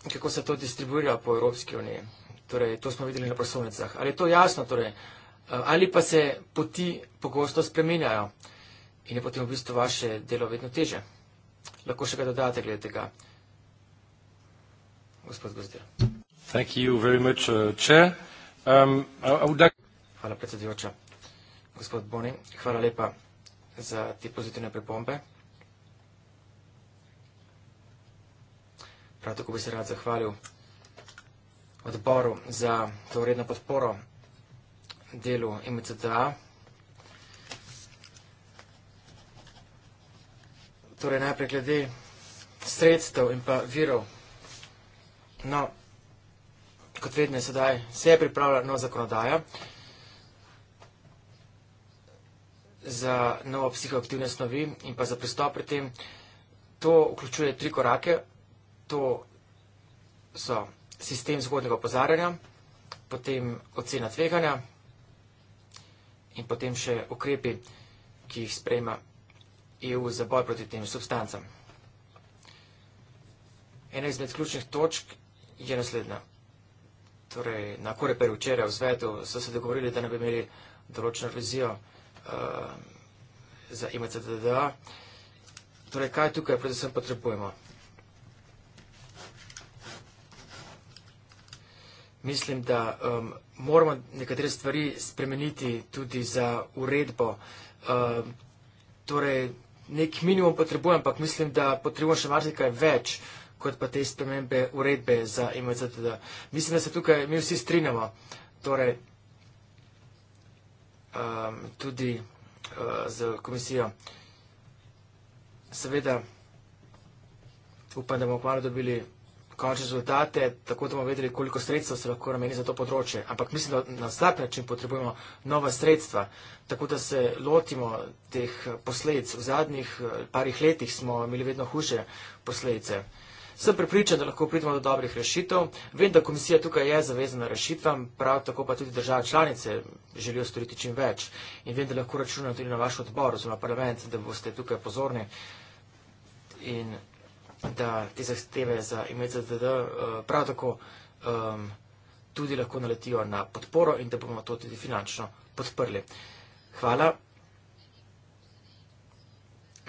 in kako se to distribuira po Evropski uniji. Torej, to smo videli na prosovnicah. Ali je to jasno? Torej, uh, ali pa se poti pogosto spreminjajo in je potem v bistvu vaše delo vedno teže? Lahko še kaj dodate glede tega, gospod Gozdir. Eh, um, Hvala, predsedujoča gospod Boni, hvala lepa za te pozitivne pripombe. Prav tako bi se rad zahvalil odboru za to vredno podporo delu MCTA. Torej najprej glede sredstev in pa virov. No, kot vedne sedaj se je pripravila nova zakonodaja, ki je za novo psihoaktivne snovi in pa za pristop pri tem. To vključuje tri korake. To so sistem zgodnega opozarjanja, potem ocena tveganja in potem še ukrepi, ki jih sprejema EU za boj proti tem substancam. Ena izmed ključnih točk je naslednja. Torej, na Koreperu včeraj v svetu so se dogovorili, da ne bi imeli določeno vizijo uh, za ime CDDA. Torej, kaj tukaj predvsem potrebujemo? Mislim, da um, moramo nekatere stvari spremeniti tudi za uredbo. Uh, torej, nek minimum potrebujem, ampak mislim, da potrebujem še marsikaj več kot pa te spremembe uredbe za IMCTD. Mislim, da se tukaj mi vsi strinjamo. Torej, Ehm, tudi eh, z komisijo. Seveda, upam, da bomo kmalo dobili končne rezultate, tako da bomo vedeli, koliko sredstev se lahko nameni za to področje. Ampak mislim, da na vsak način potrebujemo nova sredstva, tako da se lotimo teh posledic. V zadnjih eh, parih letih smo imeli vedno hujše posledice. Sem pripričan, da lahko pridemo do dobrih rešitev. Vem, da komisija tukaj je zavezana rešitvam, prav tako pa tudi države članice želijo storiti čim več. In vem, da lahko računam tudi na vaš odbor oziroma parlament, da boste tukaj pozorni in da te zahteve za IMECDD eh, prav tako um, tudi lahko naletijo na podporo in da bomo to tudi finančno podprli. Hvala.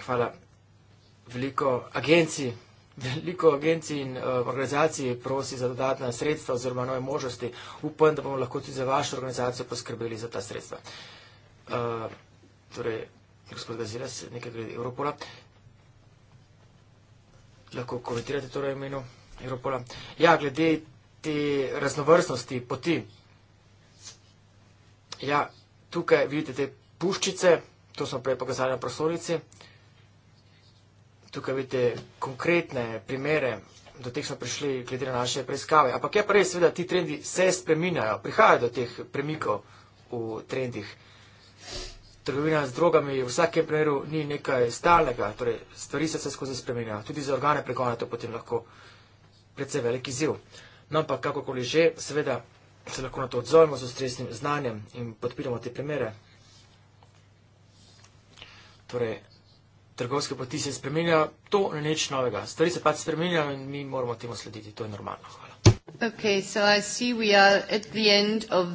Hvala veliko agenciji veliko agencij in uh, organizacij prosi za dodatna sredstva oziroma nove možnosti. Upam, da bomo lahko tudi za vašo organizacijo poskrbeli za ta sredstva. Uh, torej, gospod Gazilas, nekaj glede Evropola. Lahko komentirate torej imenu Evropola. Ja, glede te raznovrstnosti poti. Ja, tukaj vidite te puščice, to smo prej pokazali na prostornici. Uh, tukaj vidite konkretne primere, do teh smo prišli glede na naše preiskave. Ampak je pa res, seveda, ti trendi se spreminjajo, prihajajo do teh premikov v trendih. Trgovina z drogami v vsakem primeru ni nekaj stalnega, torej stvari se se skozi spreminjajo. Tudi za organe pregona to potem lahko predvsej velik izziv. No, ampak kakokoli že, seveda se lahko na to odzovemo z ustreznim znanjem in podpiramo te primere. Torej, trgovske poti se spremenjajo, to ni nič novega. Stvari se pač spremenjajo in mi moramo temu slediti, to je normalno. Hvala. Okay, so I see we are at the end of...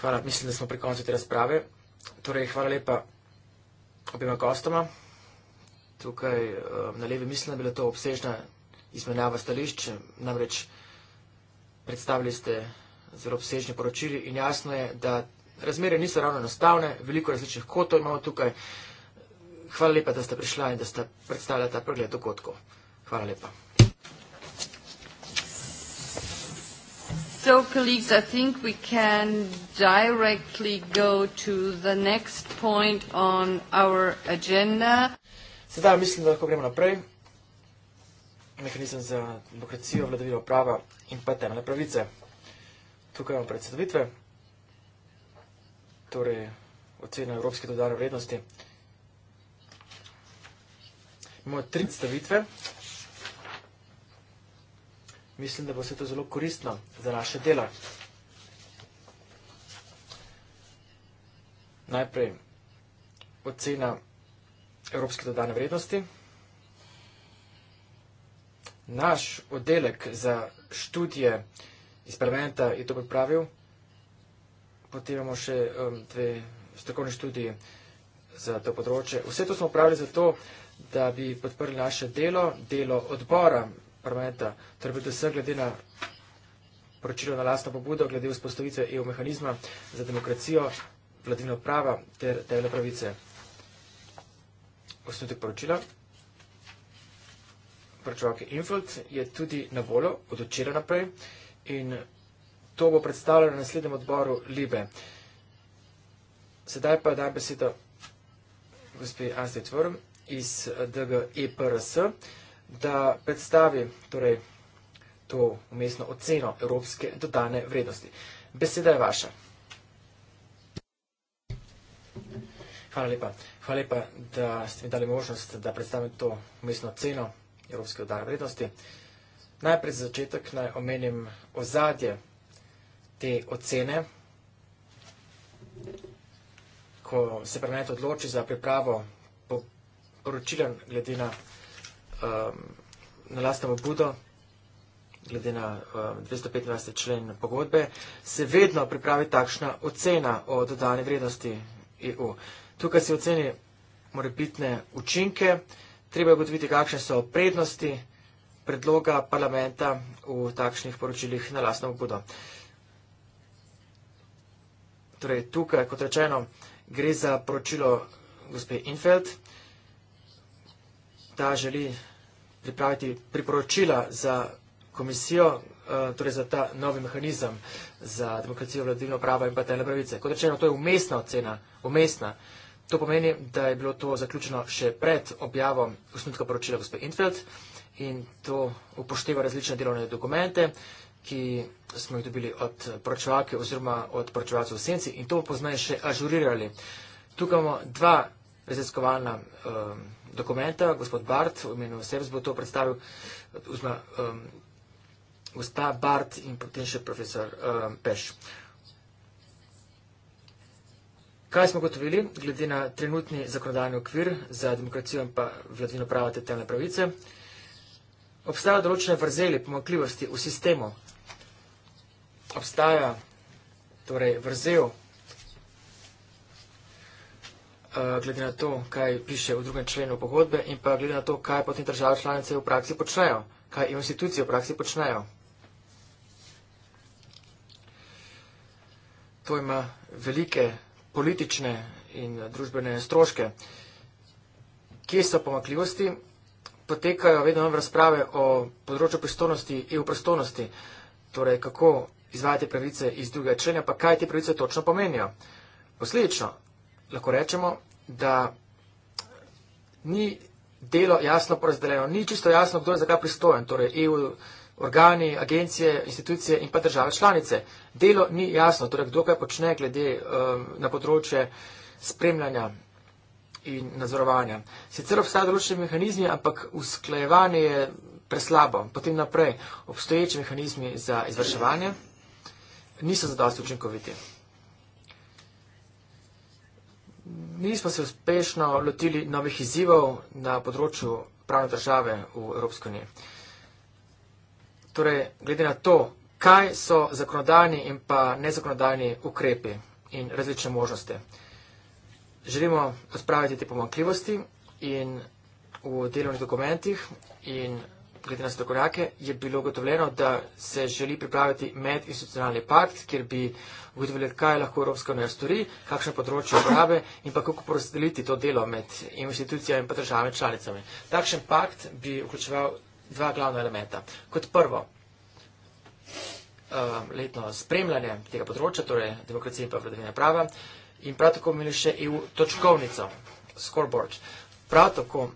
Hvala, mislim, da smo pri koncu te razprave. Torej, hvala lepa obima gostoma. Tukaj eh, na levi mislim, da je bila to obsežna izmenjava stališč. Namreč predstavili ste zelo obsežne poročili in jasno je, da razmere niso ravno enostavne, veliko različnih kotov imamo tukaj. Hvala lepa, da ste prišla in da ste predstavljala ta pregled dogodkov. Hvala lepa. So, colleagues, I think we can directly go to the next point on our agenda. Sedaj mislim, da lahko gremo naprej. Mehanizem za demokracijo, vladavino prava in pa temeljne pravice. Tukaj imamo predsedovitve, torej ocena evropske dodane vrednosti imamo tri stavitve. Mislim, da bo se to zelo koristno za naše delo. Najprej ocena evropske dodane vrednosti. Naš oddelek za študije iz parlamenta je to pripravil. Potem imamo še um, dve strokovne študije za to področje. Vse to smo upravili zato, da bi podprli naše delo, delo odbora parlamenta, torej predvsem glede na poročilo na lastno pobudo, glede vzpostavitve EU mehanizma za demokracijo, vladino prava ter temeljne pravice. Osnutek poročila. Pročevalke Infold je tudi na voljo od včeraj naprej in to bo predstavljeno na naslednjem odboru Libe. Sedaj pa dam besedo gospe Astrid Tvorm iz eh, DGEPRS, da predstavi torej, to umestno oceno evropske dodane vrednosti. Beseda je vaša. Hvala lepa. Hvala lepa, da ste mi dali možnost, da predstavim to umestno oceno evropske dodane vrednosti. Najprej za začetek naj omenim ozadje te ocene. Ko se parlament odloči za pripravo poročilen glede na, um, na lastno pobudo, glede na um, 225 člen pogodbe, se vedno pripravi takšna ocena o dodane vrednosti EU. Tukaj se oceni morebitne učinke, treba je ugotoviti, kakšne so prednosti predloga parlamenta v takšnih poročilih na lastno pobudo. Torej, tukaj, kot rečeno, gre za poročilo gospe Infeld. Uh, ta želi pripraviti priporočila za komisijo, eh, torej za ta novi mehanizem za demokracijo, vladivno pravo in pa telne pravice. Kot rečeno, to je umestna ocena, umestna. To pomeni, da je bilo to zaključeno še pred objavom usnutka poročila gospe Infeld in to upošteva različne delovne dokumente, ki smo jih dobili od poročevalke oziroma od poročevalcev v senci in to bo poznaje še ažurirali. Tukaj imamo dva raziskovalna um, dokumenta. Gospod Bart, v imenu vseb, bo to predstavil. Uzma, um, gospa Bart in potem še profesor um, Peš. Kaj smo gotovili, glede na trenutni zakonodajni okvir za demokracijo in pa vladino prava te temne pravice? Obstaja določene vrzeli pomakljivosti v sistemu. Obstaja torej vrzel Eh, glede na to, kaj piše v drugem členu pogodbe in pa glede na to, kaj potem države članice v praksi počnejo, kaj institucije v praksi počnejo. To ima velike politične in družbene stroške. Kje so pomakljivosti? Potekajo vedno v razprave o področju pristojnosti in e v prostornosti, torej kako izvajati pravice iz druge člena, pa kaj te pravice točno pomenijo. Posledično, lahko rečemo, da ni delo jasno porazdeljeno, ni čisto jasno, kdo je za kaj pristojen, torej EU organi, agencije, institucije in pa države članice. Delo ni jasno, torej kdo kaj počne glede um, na področje spremljanja in nadzorovanja. Sicer obstajajo določeni mehanizmi, ampak usklajevanje je preslabo. Potem naprej obstoječi mehanizmi za izvrševanje niso zadosti učinkoviti. Mi smo se uspešno lotili novih izzivov na področju pravne države v Evropski uniji. Torej, glede na to, kaj so zakonodajni in pa nezakonodajni ukrepi in različne možnosti. Želimo odpraviti te pomankljivosti in v delovnih dokumentih in glede na strokovnjake je bilo ugotovljeno, da se želi pripraviti medinstitucionalni pakt, kjer bi uh, ugotoviti, kaj lahko Evropska unija stori, kakšne področje uporabe in pa kako porazdeliti to delo med institucijami in pa državami članicami. Takšen pakt bi vključeval dva glavna elementa. Kot prvo, um, letno spremljanje tega področja, torej demokracije in pa vladavine prava in prav tako imeli še EU točkovnico, scoreboard. Prav tako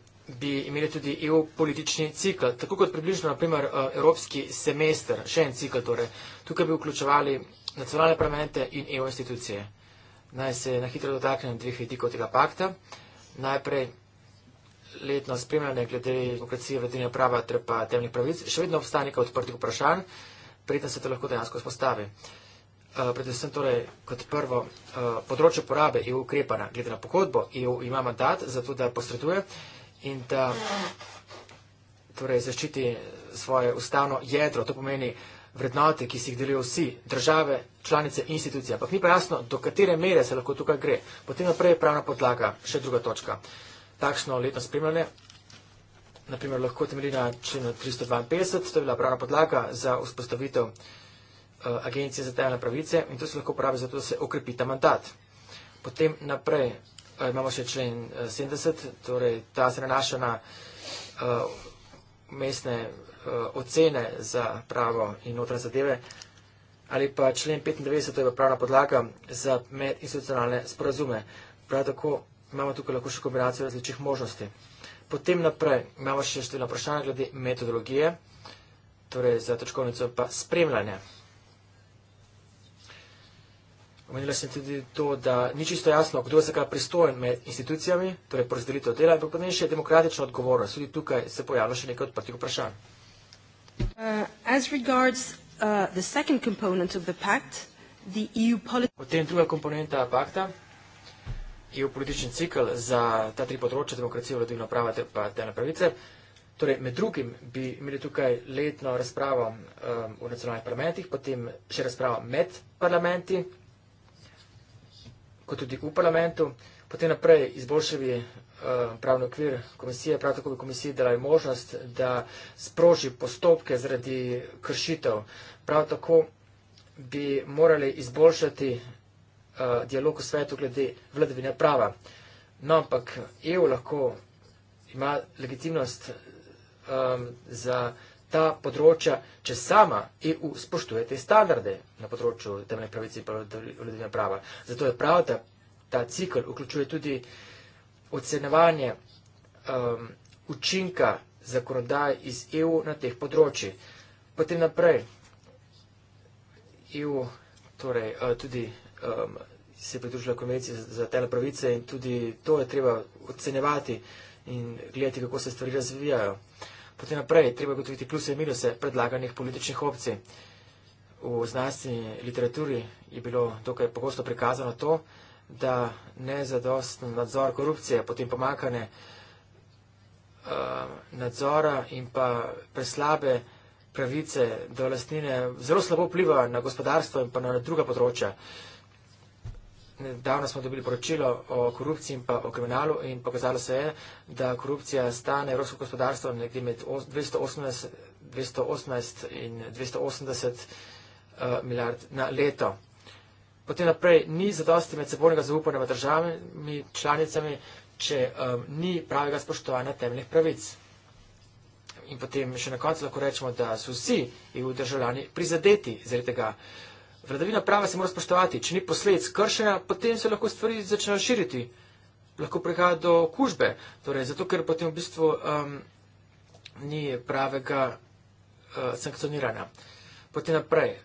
bi imeli tudi EU politični cikl, tako kot približno, naprimer, uh, evropski semester, še en cikl, torej, tukaj bi vključevali nacionalne parlamente in EU institucije. Naj se na hitro dotaknem dveh vidikov tega pakta. Najprej letno spremljanje glede demokracije, vladanja prava ter pa temeljnih pravic. Še vedno obstaja nekaj odprtih vprašanj, preden se to lahko dejansko spostavi. Uh, eh, predvsem torej kot prvo uh, področje porabe EU ukrepa na glede na pogodbo, EU ima mandat za to, da posreduje in da torej, zaščiti svoje ustavno jedro. To pomeni uh, vrednote, ki si jih delijo vsi, države, članice, institucije. Ampak ni pa jasno, do katere mere se lahko tukaj gre. Potem naprej je pravna podlaga, še druga točka. Takšno letno spremljanje, naprimer, lahko temelji na členu 352, to je bila pravna podlaga za vzpostavitev eh, agencije za temeljne pravice in to se lahko uporabi za to, da se okrepi ta mandat. Potem naprej eh, imamo še člen 70, eh, torej ta se nanaša na uh, mestne Eh, ocene za pravo in notranje zadeve ali pa člen 95, to je pravna podlaga za medinstitucionalne sporazume. Prav tako imamo tukaj lahko še kombinacijo različnih možnosti. Potem naprej imamo še številna vprašanja glede metodologije, torej za točkovnico pa spremljanje. Omenila sem tudi to, da ni čisto jasno, kdo je za kaj pristojen med institucijami, torej porazdelitev dela, ampak potem še demokratična odgovornost. Tudi tukaj se pojavlja še nekaj odprtih vprašanj. Uh, uh, e potem druga komponenta pakta, geopolitični cikl za ta tri področja, demokracijo, vladavino prava in delovne pravice. Torej, med drugim bi imeli tukaj letno razpravo um, v nacionalnih parlamentih, potem še razpravo med parlamenti, kot tudi v parlamentu, potem naprej izboljšavi Eh, pravni okvir komisije, prav tako bi komisiji dali možnost, da sproži postopke zaradi kršitev. Prav tako bi morali izboljšati eh, dialog v svetu glede vladavine prava. No, ampak EU lahko ima legitimnost ehm, za ta področja, če sama EU spoštuje te standarde na področju temeljne pravice in vladavine prava. Zato je prav, da ta cikl vključuje tudi vladavine prava ocenevanje um, učinka zakonodaje iz EU na teh področjih. Potem naprej, EU torej, uh, tudi um, se je pridružila konvenciji za tele pravice in tudi to je treba ocenevati in gledati, kako se stvari razvijajo. Potem naprej, treba je gotoviti pluse in minuse predlaganih političnih opcij. V znanstveni literaturi je bilo dokaj pogosto prikazano to, da nezadosten nadzor korupcije, potem pomakane uh, eh, nadzora in pa preslabe pravice do lastnine zelo slabo vpliva na gospodarstvo in pa na druga področja. Davno smo dobili poročilo o korupciji in pa o kriminalu in pokazalo se je, da korupcija stane evropsko gospodarstvo nekje med 218, 218 in 280 uh, eh, milijard na leto. Potem naprej ni zadosti medsebojnega zaupanja med državami, članicami, če um, ni pravega spoštovanja temeljnih pravic. In potem še na koncu lahko rečemo, da so vsi EU državljani prizadeti zaradi tega. Vladavina prava se mora spoštovati. Če ni posledic kršenja, potem se lahko stvari začnejo širiti. Lahko prihaja do kužbe. Torej, zato, ker potem v bistvu um, ni pravega uh, sankcioniranja. Potem naprej.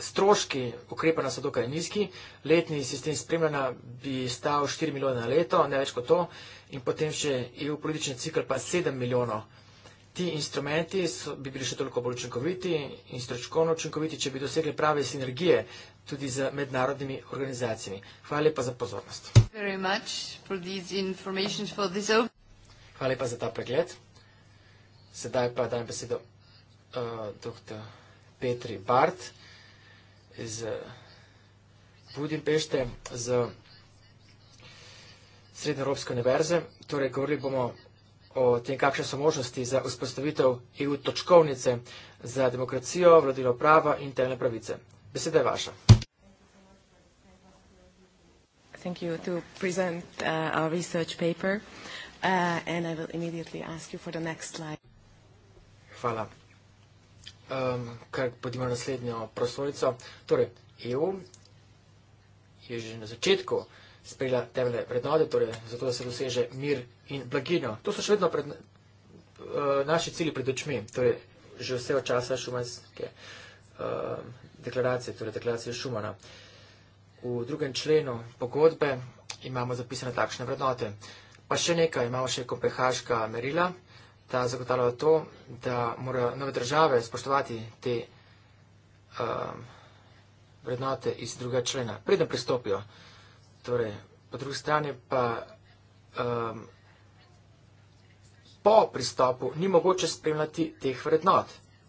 Stroški ukrepanja so dokaj nizki, letni sistem spremljanja bi stal 4 milijone na leto, ne več kot to, in potem še EU politični cikl pa 7 milijonov. Ti instrumenti so, bi bili še toliko bolj učinkoviti in stročkovno učinkoviti, če bi dosegli prave sinergije tudi z mednarodnimi organizacijami. Hvala lepa za pozornost. Hvala lepa za ta pregled. Sedaj pa dajem besedo uh, eh, dr. Petri Bart iz Budimpešte, z Srednje Evropske univerze. Torej, govorili bomo o tem, kakšne so možnosti za vzpostavitev EU točkovnice za demokracijo, vladino prava in temeljne pravice. Beseda je vaša. Thank you to present uh, our research paper uh, and I will immediately ask you for the next slide. Hvala um, kar podima naslednjo prosojico. Torej, EU je že na začetku sprejela temeljne vrednote, torej zato, da se doseže mir in blaginjo. To so še vedno pred, uh, naši cilji pred očmi, torej že vse od časa šumanske um, deklaracije, torej deklaracije Šumana. V drugem členu pogodbe imamo zapisane takšne vrednote. Pa še nekaj, imamo še kopehaška merila da zagotavljajo to, da morajo nove države spoštovati te um, vrednote iz druga člena, preden pristopijo. Torej, po drugi strani pa um, po pristopu ni mogoče spremljati teh vrednot,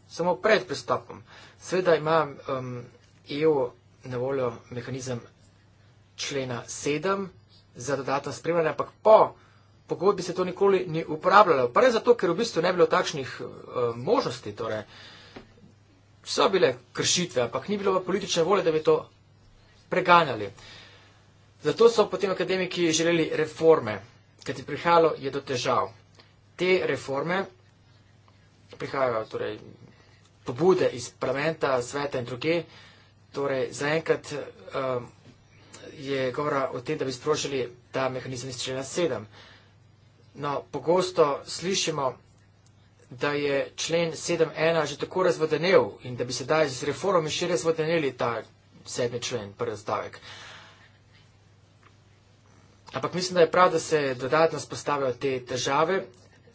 samo pred pristopom. Sveda ima um, EU na voljo mehanizem člena 7 za dodatno spremljanje, ampak po pristopu pogodbi se to nikoli ni uporabljalo. Pa ne zato, ker v bistvu ne bilo takšnih uh, možnosti. Torej, so bile kršitve, ampak ni bilo politične volje, da bi to preganjali. Zato so potem akademiki želeli reforme, ker ti prihajalo je do težav. Te reforme prihajajo, torej pobude iz parlamenta, sveta in druge, torej zaenkrat um, je govora o tem, da bi sprožili ta mehanizem iz člena sedem. No, pogosto slišimo, da je člen 7.1 že tako razvodenel in da bi se daj z reformami še razvodeneli ta sedmi člen, prvi stavek. Ampak mislim, da je prav, da se dodatno spostavijo te države.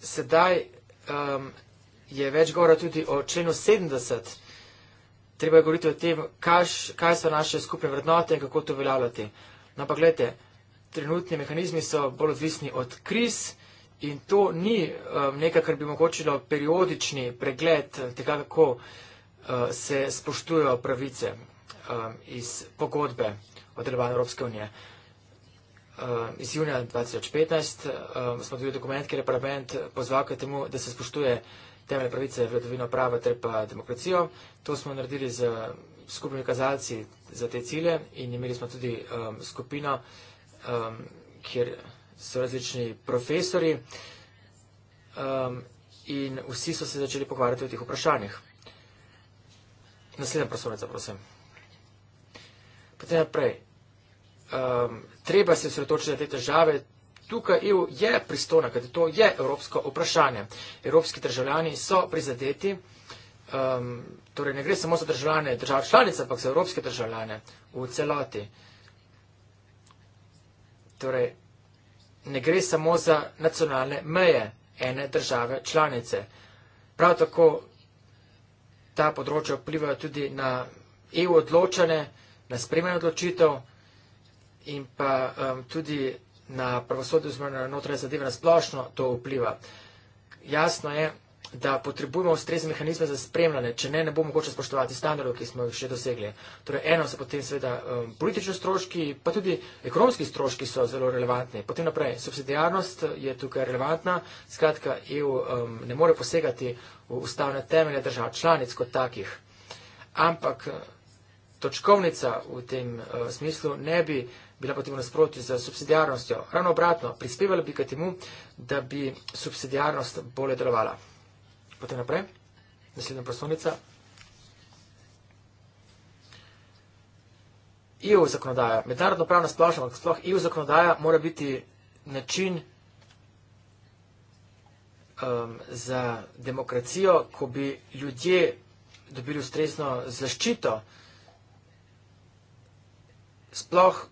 Sedaj um, je več govora tudi o členu 70. Treba je govoriti o tem, kaj, kaj so naše skupne vrednote in kako to uveljavljati. No, pa gledajte, trenutni mehanizmi so bolj odvisni od kriz. In to ni um, nekaj, kar bi omogočilo periodični pregled tega, kako uh, se spoštujejo pravice um, iz pogodbe o delovanju Evropske unije. Um, iz junija 2015 um, smo dobili dokument, kjer je parlament pozval k temu, da se spoštuje temeljne pravice, vladovino prava ter pa demokracijo. To smo naredili z skupnimi kazalci za te cilje in imeli smo tudi um, skupino, um, kjer so različni profesori um, in vsi so se začeli pogovarjati o teh vprašanjih. Naslednja prosovnica, prosim. Potem naprej. Um, treba se sredotočiti na te težave. Tukaj EU je pristona, kajti to je evropsko vprašanje. Evropski državljani so prizadeti, um, torej ne gre samo za državljane držav članic, ampak za evropske državljane v celoti. Torej, ne gre samo za nacionalne meje ene države članice. Prav tako ta področja vplivajo tudi na EU odločene, na spremenje odločitev in pa um, tudi na pravosodje oziroma na notranje zadeve na splošno to vpliva. Jasno je, da potrebujemo ustrezne mehanizme za spremljanje, če ne, ne bo mogoče spoštovati standardov, ki smo jih še dosegli. Torej, eno so potem seveda um, politični stroški, pa tudi ekonomski stroški so zelo relevantni. Potem naprej, subsidijarnost je tukaj relevantna, skratka, EU um, ne more posegati v ustavne temelje držav članic kot takih. Ampak uh, točkovnica v tem uh, smislu ne bi bila potem v nasprotju z subsidijarnostjo. Ravno obratno, prispevala bi k temu, da bi subsidijarnost bolje delovala. Potem naprej, naslednja prostornica. EU zakonodaja, mednarodno pravna splošna, ampak sploh EU zakonodaja mora biti način um, za demokracijo, ko bi ljudje dobili ustrezno zaščito, sploh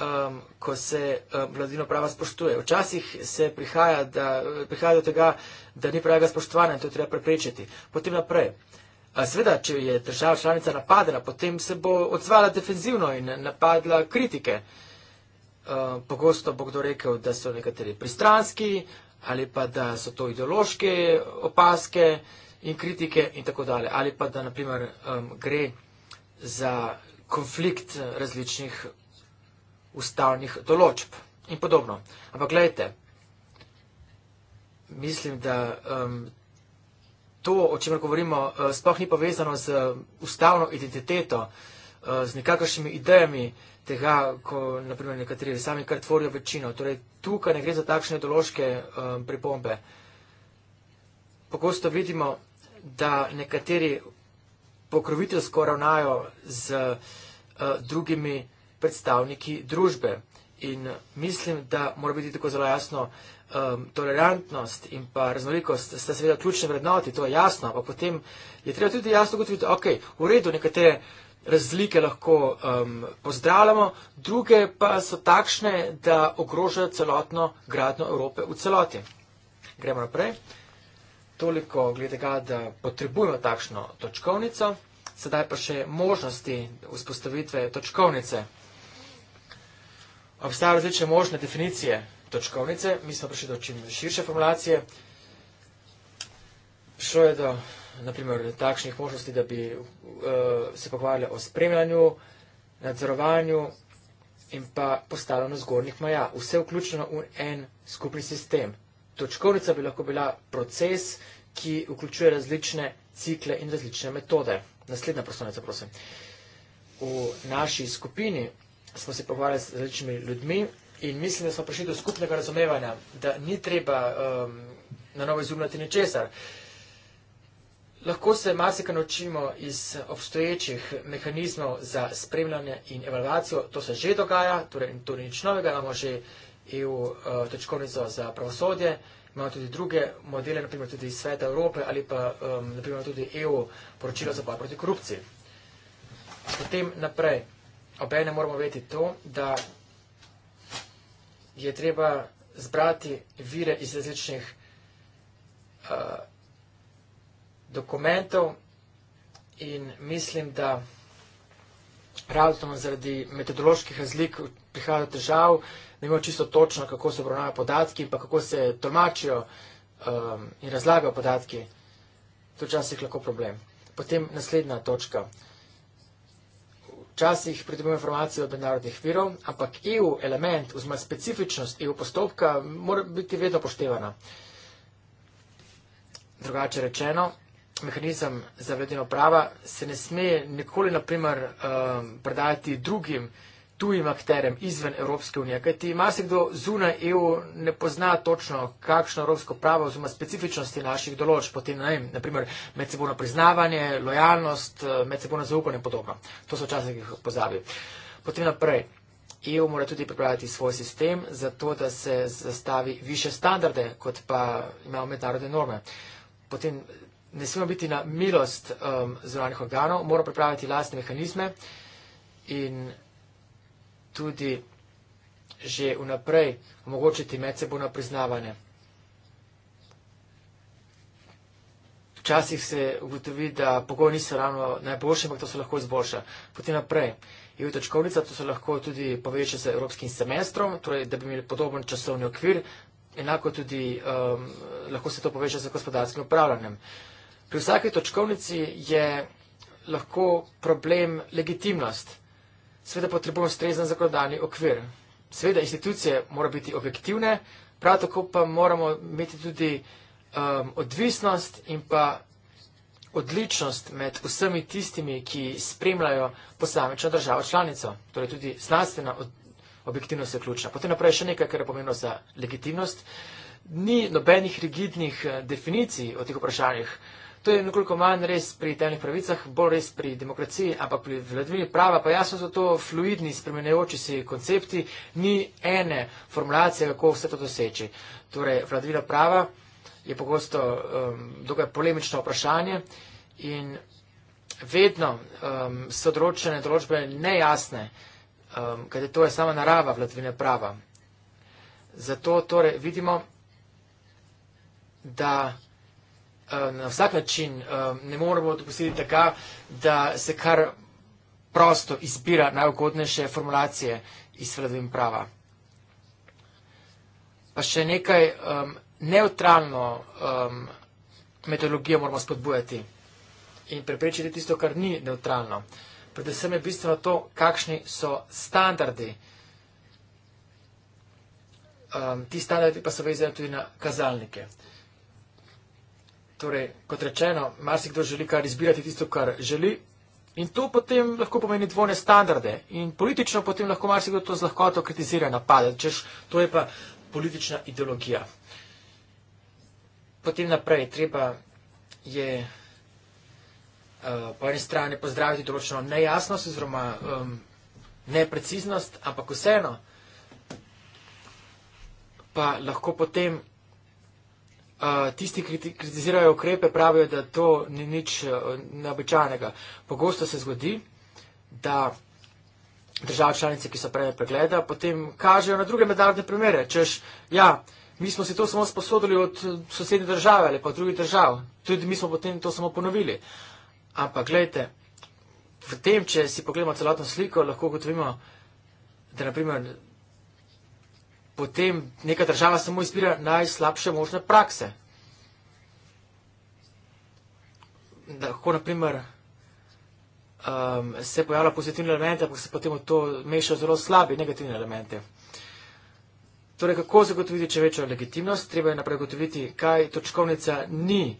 um, ko se um, vladino prava spoštuje. Včasih se prihaja, da, prihaja do tega, da ni pravega spoštovanja in to je treba preprečiti. Potem naprej. Sveda, če je država članica napadena, potem se bo odzvala defenzivno in napadla kritike. Um, pogosto bo kdo rekel, da so nekateri pristranski ali pa da so to ideološke opaske in kritike in tako dalje. Ali pa da naprimer um, gre za konflikt različnih ustavnih določb in podobno. Ampak gledajte, mislim, da um, to, o čemer govorimo, uh, sploh ni povezano z ustavno identiteto, uh, z nekakšnimi idejami tega, ko naprimer nekateri sami kar tvorijo večino. Torej, tukaj ne gre za takšne določke um, pripombe. Pogosto vidimo, da nekateri pokroviteljsko ravnajo z uh, drugimi predstavniki družbe. In mislim, da mora biti tako zelo jasno, um, tolerantnost in pa raznolikost sta seveda ključne vrednoti, to je jasno, ampak potem je treba tudi jasno gotoviti, ok, v redu, nekatere razlike lahko um, pozdravljamo, druge pa so takšne, da ogrožajo celotno gradno Evrope v celoti. Gremo naprej. Toliko glede tega, da potrebujemo takšno točkovnico, sedaj pa še možnosti vzpostavitve točkovnice obstajajo različne možne definicije točkovnice, mi smo prišli do čim širše formulacije. Šlo je do naprimer, takšnih možnosti, da bi uh, se pogovarjali o spremljanju, nadzorovanju in pa postavljanju zgornjih maja. Vse vključeno v en skupni sistem. Točkovnica bi lahko bila proces, ki vključuje različne cikle in različne metode. Naslednja prostornica, prosim. V naši skupini smo se pogovarjali z različnimi ljudmi in mislim, da smo prišli do skupnega razumevanja, da ni treba um, na novo izumljati ničesar. Lahko se marsikaj naučimo iz obstoječih mehanizmov za spremljanje in evalvacijo, to se že dogaja, torej to ni nič novega, imamo že EU uh, točkovnico za pravosodje, imamo tudi druge modele, naprimer tudi iz Sveta Evrope ali pa um, naprimer tudi EU poročilo za boj proti korupciji. Potem naprej obaj ne moramo vedeti to, da je treba zbrati vire iz različnih uh, dokumentov in mislim, da razlogom zaradi metodoloških razlik prihaja težav, ne vemo čisto točno, kako se obravnavajo podatki, pa kako se tolmačijo um, in razlagajo podatki. To včasih lahko problem. Potem naslednja točka včasih pridobimo informacije od mednarodnih virov, ampak EU element oziroma specifičnost EU postopka mora biti vedno poštevana. Drugače rečeno, mehanizem za vladino prava se ne sme nikoli, naprimer, eh, predajati drugim tujim akterjem izven Evropske unije. Kaj ti marsikdo zunaj EU ne pozna točno, kakšno evropsko pravo oziroma specifičnosti naših določb, potem ne vem, naprimer medsebojno priznavanje, lojalnost, eh, medsebojno zaupanje in podobno. To so včasih jih pozabi. Potem naprej. EU mora tudi pripraviti svoj sistem za to, da se zastavi više standarde, kot pa imajo mednarodne norme. Potem ne smemo biti na milost um, ehm, zvanih organov, mora pripraviti lastne mehanizme in tudi že vnaprej omogočiti medsebojno priznavanje. Včasih se ugotovi, da pogoji niso ravno najboljši, ampak to se lahko izboljša. Potem naprej. EU točkovnica, to se lahko tudi poveča z evropskim semestrom, torej da bi imeli podoben časovni okvir, enako tudi um, lahko se to poveča z gospodarskim upravljanjem. Pri vsaki točkovnici je lahko problem legitimnost seveda potrebujemo strezen zakonodajni okvir. Seveda institucije morajo biti objektivne, prav tako pa moramo imeti tudi um, odvisnost in pa odličnost med vsemi tistimi, ki spremljajo posamečno državo članico. Torej tudi znanstvena objektivnost je ključna. Potem naprej še nekaj, kar je pomenilo za legitimnost. Ni nobenih rigidnih eh, definicij o teh vprašanjih. To je nekoliko manj res pri temeljnih pravicah, bolj res pri demokraciji, ampak pri vladavini prava pa jasno so to fluidni, spremenjajoči se koncepti, ni ene formulacije, kako vse to doseči. Torej, vladavina prava je pogosto um, dokaj polemično vprašanje in vedno um, so določene določbe nejasne, um, kajte to je sama narava vladavine prava. Zato torej vidimo, da Eh, na vsak način eh, ne moremo dopustiti tega, da se kar prosto izbira najugodnejše formulacije iz vladavin prava. Pa še nekaj um, neutralno um, metodologijo moramo spodbujati in preprečiti tisto, kar ni neutralno. Predvsem je bistveno to, kakšni so standardi. Um, ti standardi pa so vezani tudi na kazalnike. Torej, kot rečeno, marsikdo želi kar izbirati tisto, kar želi. In to potem lahko pomeni dvojne standarde. In politično potem lahko marsikdo to z lahkoto kritizira, napade, češ, to je pa politična ideologija. Potem naprej, treba je uh, po eni strani pozdraviti določeno nejasnost oziroma um, nepreciznost, ampak vseeno pa lahko potem tisti, ki kritizirajo ukrepe, pravijo, da to ni nič e, neobičajnega. Pogosto se zgodi, da države članice, ki so prej pregleda, potem kažejo na druge mednarodne primere. Češ, ja, mi smo si to samo sposodili od sosednje države ali pa od drugih držav. Tudi mi smo potem to samo ponovili. Ampak gledajte, v tem, če si pogledamo celotno sliko, lahko gotovimo, da naprimer potem neka država samo izbira najslabše možne prakse. Da lahko, naprimer, um, se pojavlja pozitivne elemente, ampak se potem v to mešajo zelo slabi negativne elemente. Torej, kako zagotoviti če večjo legitimnost? Treba je naprej gotoviti, kaj točkovnica ni,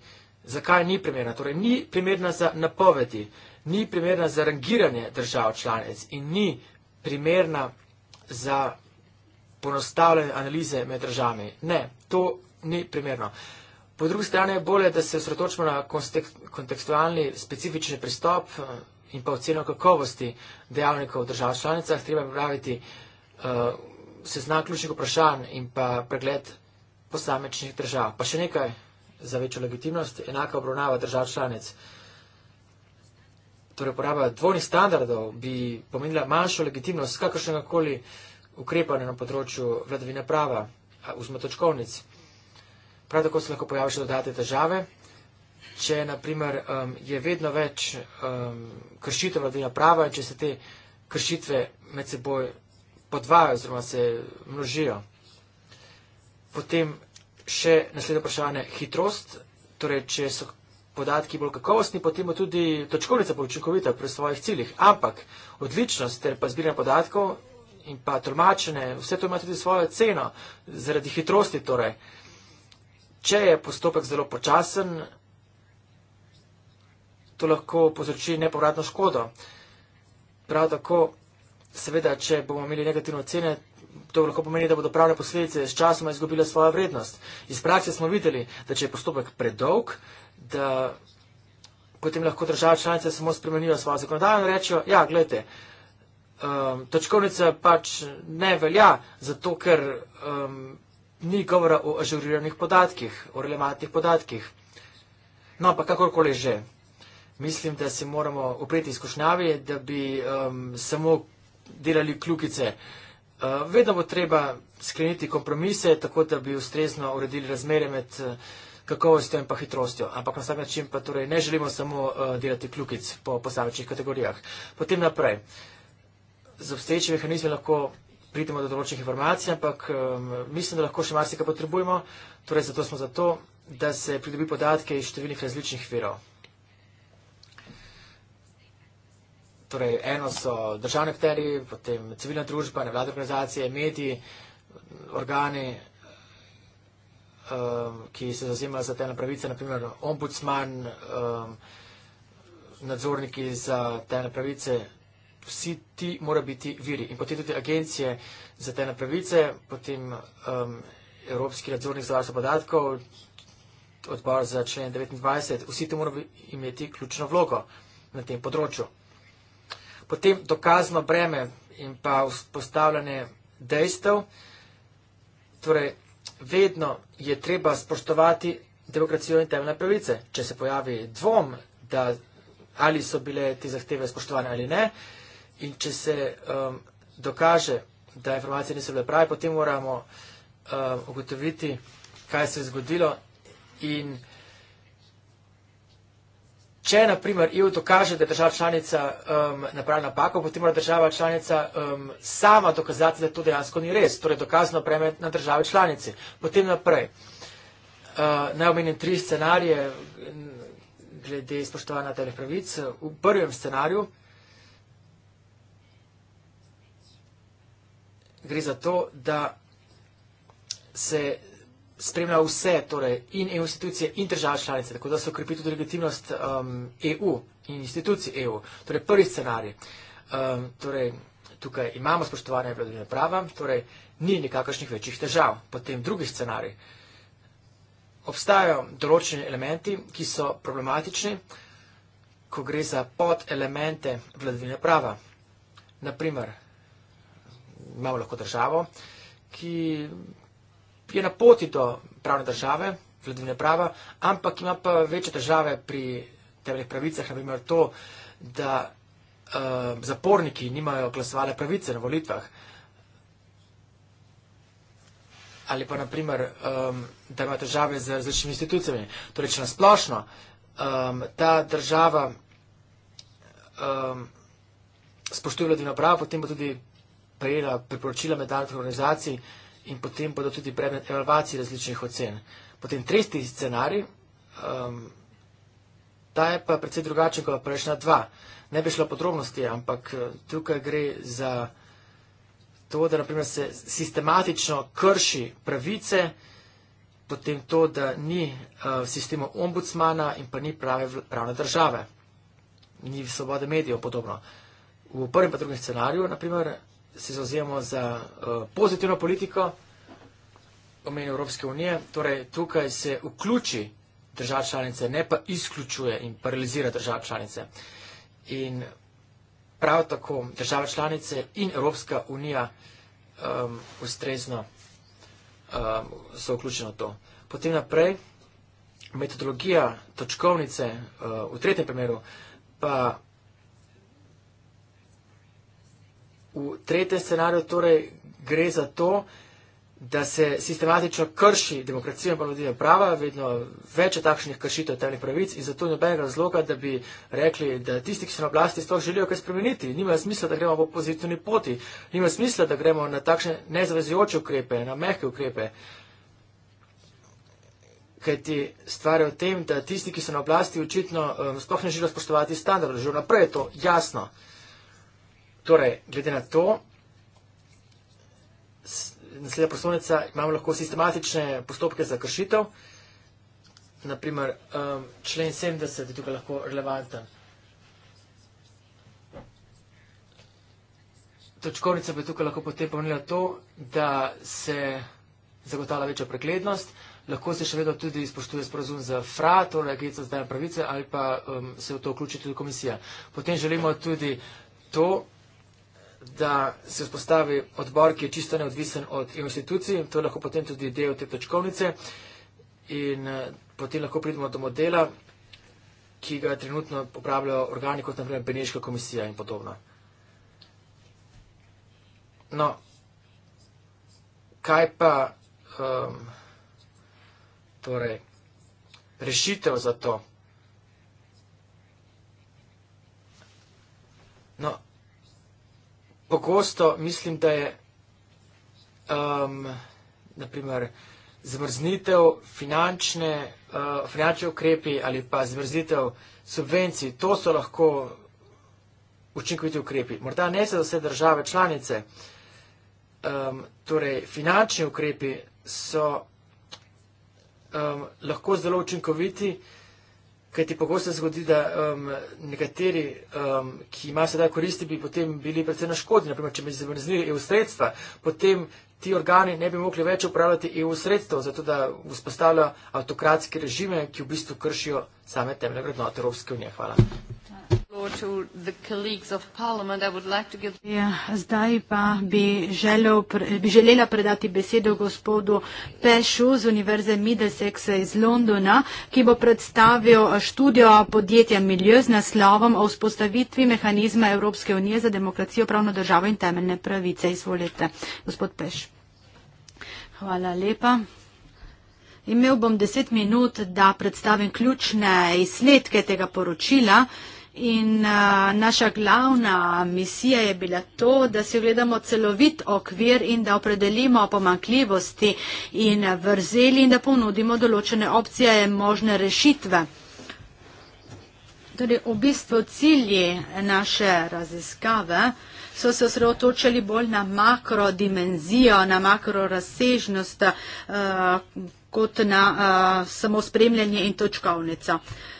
zakaj ni primerna. Torej, ni primerna za napovedi, ni primerna za rangiranje držav članic in ni primerna za ponostavljene analize med državami. Ne, to ni primerno. Po drugi strani je bolje, da se osredotočimo na kontekstualni specifični pristop eh, in pa oceno kakovosti dejavnikov v državah članicah. Treba pripraviti uh, seznam ključnih vprašanj in pa pregled posamečnih držav. Pa še nekaj za večjo legitimnost, enaka obravnava držav članic. Torej, poraba dvojnih standardov bi pomenila manjšo legitimnost kakršnega koli uh, ukrepanja na področju vladavine prava, vzmotočkovnic. Prav tako se lahko pojavijo še dodatne težave, če naprimer je vedno več kršitev vladavine prava in če se te kršitve med seboj podvajajo oziroma se množijo. Potem še naslednje vprašanje, hitrost, torej če so podatki bolj kakovostni, potem bo tudi točkovnica bolj učinkovita pri svojih ciljih. Ampak odličnost ter pa zbiranje podatkov in pa tolmačene, vse to ima tudi svojo ceno, zaradi hitrosti torej. Če je postopek zelo počasen, to lahko povzroči nepovratno škodo. Prav tako, seveda, če bomo imeli negativne ocene, to lahko pomeni, da bodo pravne posledice s časoma izgubile svojo vrednost. Iz prakse smo videli, da če je postopek predolg, da potem lahko države članice samo spremenijo svojo zakonodajo in rečejo, ja, gledajte, um, točkovnica pač ne velja, zato ker um, ni govora o ažuriranih podatkih, o relevantnih podatkih. No, pa kakorkoli že. Mislim, da se moramo opreti izkušnjavi, da bi um, samo delali kljukice. Uh, vedno bo treba skleniti kompromise, tako da bi ustrezno uredili razmere med uh, kakovostjo in pa hitrostjo. Ampak na vsak način pa torej ne želimo samo uh, delati kljukic po posamečnih kategorijah. Potem naprej. Uh, z obstoječimi mehanizmi lahko pridemo do določenih informacij, ampak um, mislim, da lahko še marsikaj potrebujemo, torej zato smo zato, da se pridobi podatke iz številnih različnih virov. Torej, eno so državne akteri, potem civilna družba, nevladne organizacije, mediji, organi, um, ki se zazimajo za te napravice, naprimer ombudsman, um, nadzorniki za te napravice, vsi ti mora biti viri. In potem tudi agencije za te napravice, potem um, Evropski nadzornik za varstvo podatkov, odbor za člen 29, vsi ti mora imeti ključno vlogo na tem področju. Potem dokazno breme in pa vzpostavljanje dejstev. Torej, vedno je treba spoštovati demokracijo in temeljne pravice. Če se pojavi dvom, da ali so bile te zahteve spoštovane ali ne, In če se um, dokaže, da informacije niso bile prave, potem moramo um, ugotoviti, kaj se je zgodilo. In če, na primer, EU dokaže, da je država članica um, napravila napako, potem mora država članica um, sama dokazati, da to dejansko ni res. Torej, dokazno breme na državi članici. Potem naprej. Uh, naj omenim tri scenarije glede spoštovanja teh pravic. V prvem scenariju gre za to, da se spremlja vse, torej in EU institucije in države članice, tako da se okrepi tudi legitimnost um, EU in institucij EU. Torej prvi scenarij. Um, torej, tukaj imamo spoštovanje vladavine prava, torej ni nikakršnih večjih težav. Potem drugi scenarij. Obstajajo določeni elementi, ki so problematični, ko gre za podelemente vladavine prava. Naprimer, imamo lahko državo, ki je na poti do pravne države, vladine prava, ampak ima pa večje države pri temeljih pravicah, na primer to, da uh, zaporniki nimajo glasovale pravice na volitvah. Ali pa naprimer, um, da ima države z različnimi institucijami. Torej, če nasplošno um, ta država um, spoštuje vladino prava, potem bo tudi prejela priporočila mednarodnih organizacij in potem bodo tudi predmet evalvacij različnih ocen. Potem tretji scenarij, um, ta je pa predvsej drugačen kot prejšnja dva. Ne bi šlo podrobnosti, ampak eh, tukaj gre za to, da naprimer, se sistematično krši pravice, potem to, da ni uh, eh, sistema ombudsmana in pa ni prave, pravne države, ni svobode medijev podobno. V prvem in drugem scenariju, naprimer, se zauzemamo za uh, pozitivno politiko omenjene Evropske unije, torej tukaj se vključi držav članice, ne pa izključuje in paralizira držav članice. In prav tako države članice in Evropska unija um, ustrezno um, so vključene v to. Potem naprej, metodologija točkovnice uh, v tretjem primeru pa V tretjem scenariju torej gre za to, da se sistematično krši demokracija in vladina prava, vedno več je takšnih kršitev temeljnih pravic in zato nobenega razloga, da bi rekli, da tisti, ki so na oblasti, sploh želijo kaj spremeniti. Nima smisla, da gremo po pozitivni poti, nima smisla, da gremo na takšne nezavezujoče ukrepe, na mehke ukrepe. Kaj ti stvari o tem, da tisti, ki so na oblasti, očitno eh, sploh ne želijo spoštovati standardov, že vnaprej je to jasno. Torej, glede na to, naslednja poslovnica, imamo lahko sistematične postopke za kršitev, naprimer um, člen 70 je tukaj lahko relevanten. Točkovnica bi tukaj lahko potem pomenila to, da se zagotala večja preglednost, lahko se še vedno tudi spoštuje sporozum za FRA, torej agencija zdaj pravice, ali pa um, se v to vključi tudi komisija. Potem želimo tudi to, da se vključi tudi komisija da se vzpostavi odbor, ki je čisto neodvisen od institucij, to je lahko potem tudi del te točkovnice in eh, potem lahko pridemo do modela, ki ga trenutno popravljajo organi, kot naprimer Beneška komisija in podobno. No, kaj pa um, torej, rešitev za to? No, pogosto mislim, da je um, naprimer zmrznitev finančne, uh, finančne ukrepi ali pa zmrznitev subvencij, to so lahko učinkoviti ukrepi. Morda ne za vse države članice. Um, torej, finančni ukrepi so um, lahko zelo učinkoviti, Kaj ti pogosto zgodi, da um, nekateri, um, ki imajo sedaj koristi, bi potem bili predvsem na škodi, naprimer, če bi zamrznili EU sredstva, potem ti organi ne bi mogli več upravljati EU sredstev, zato da vzpostavljajo avtokratske režime, ki v bistvu kršijo same temeljne vrednote Evropske unije. Hvala. Hvala. Ja, zdaj pa bi, želel, bi želela predati besedo gospodu Pešu z Univerze Middlesex iz Londona, ki bo predstavil študijo podjetja Milieu z naslovom o vzpostavitvi mehanizma Evropske unije za demokracijo, pravno državo in temeljne pravice. Izvolite, gospod Peš. Hvala lepa. Imel bom deset minut, da predstavim ključne izsledke tega poročila. In uh, naša glavna misija je bila to, da si ogledamo celovit okvir in da opredelimo pomankljivosti in vrzeli in da ponudimo določene opcije in možne rešitve. Torej, v bistvu cilji naše raziskave so se osredotočali bolj na makrodimenzijo, na makrorazsežnost, uh, kot na uh, samo spremljanje in točkovnico. Uh,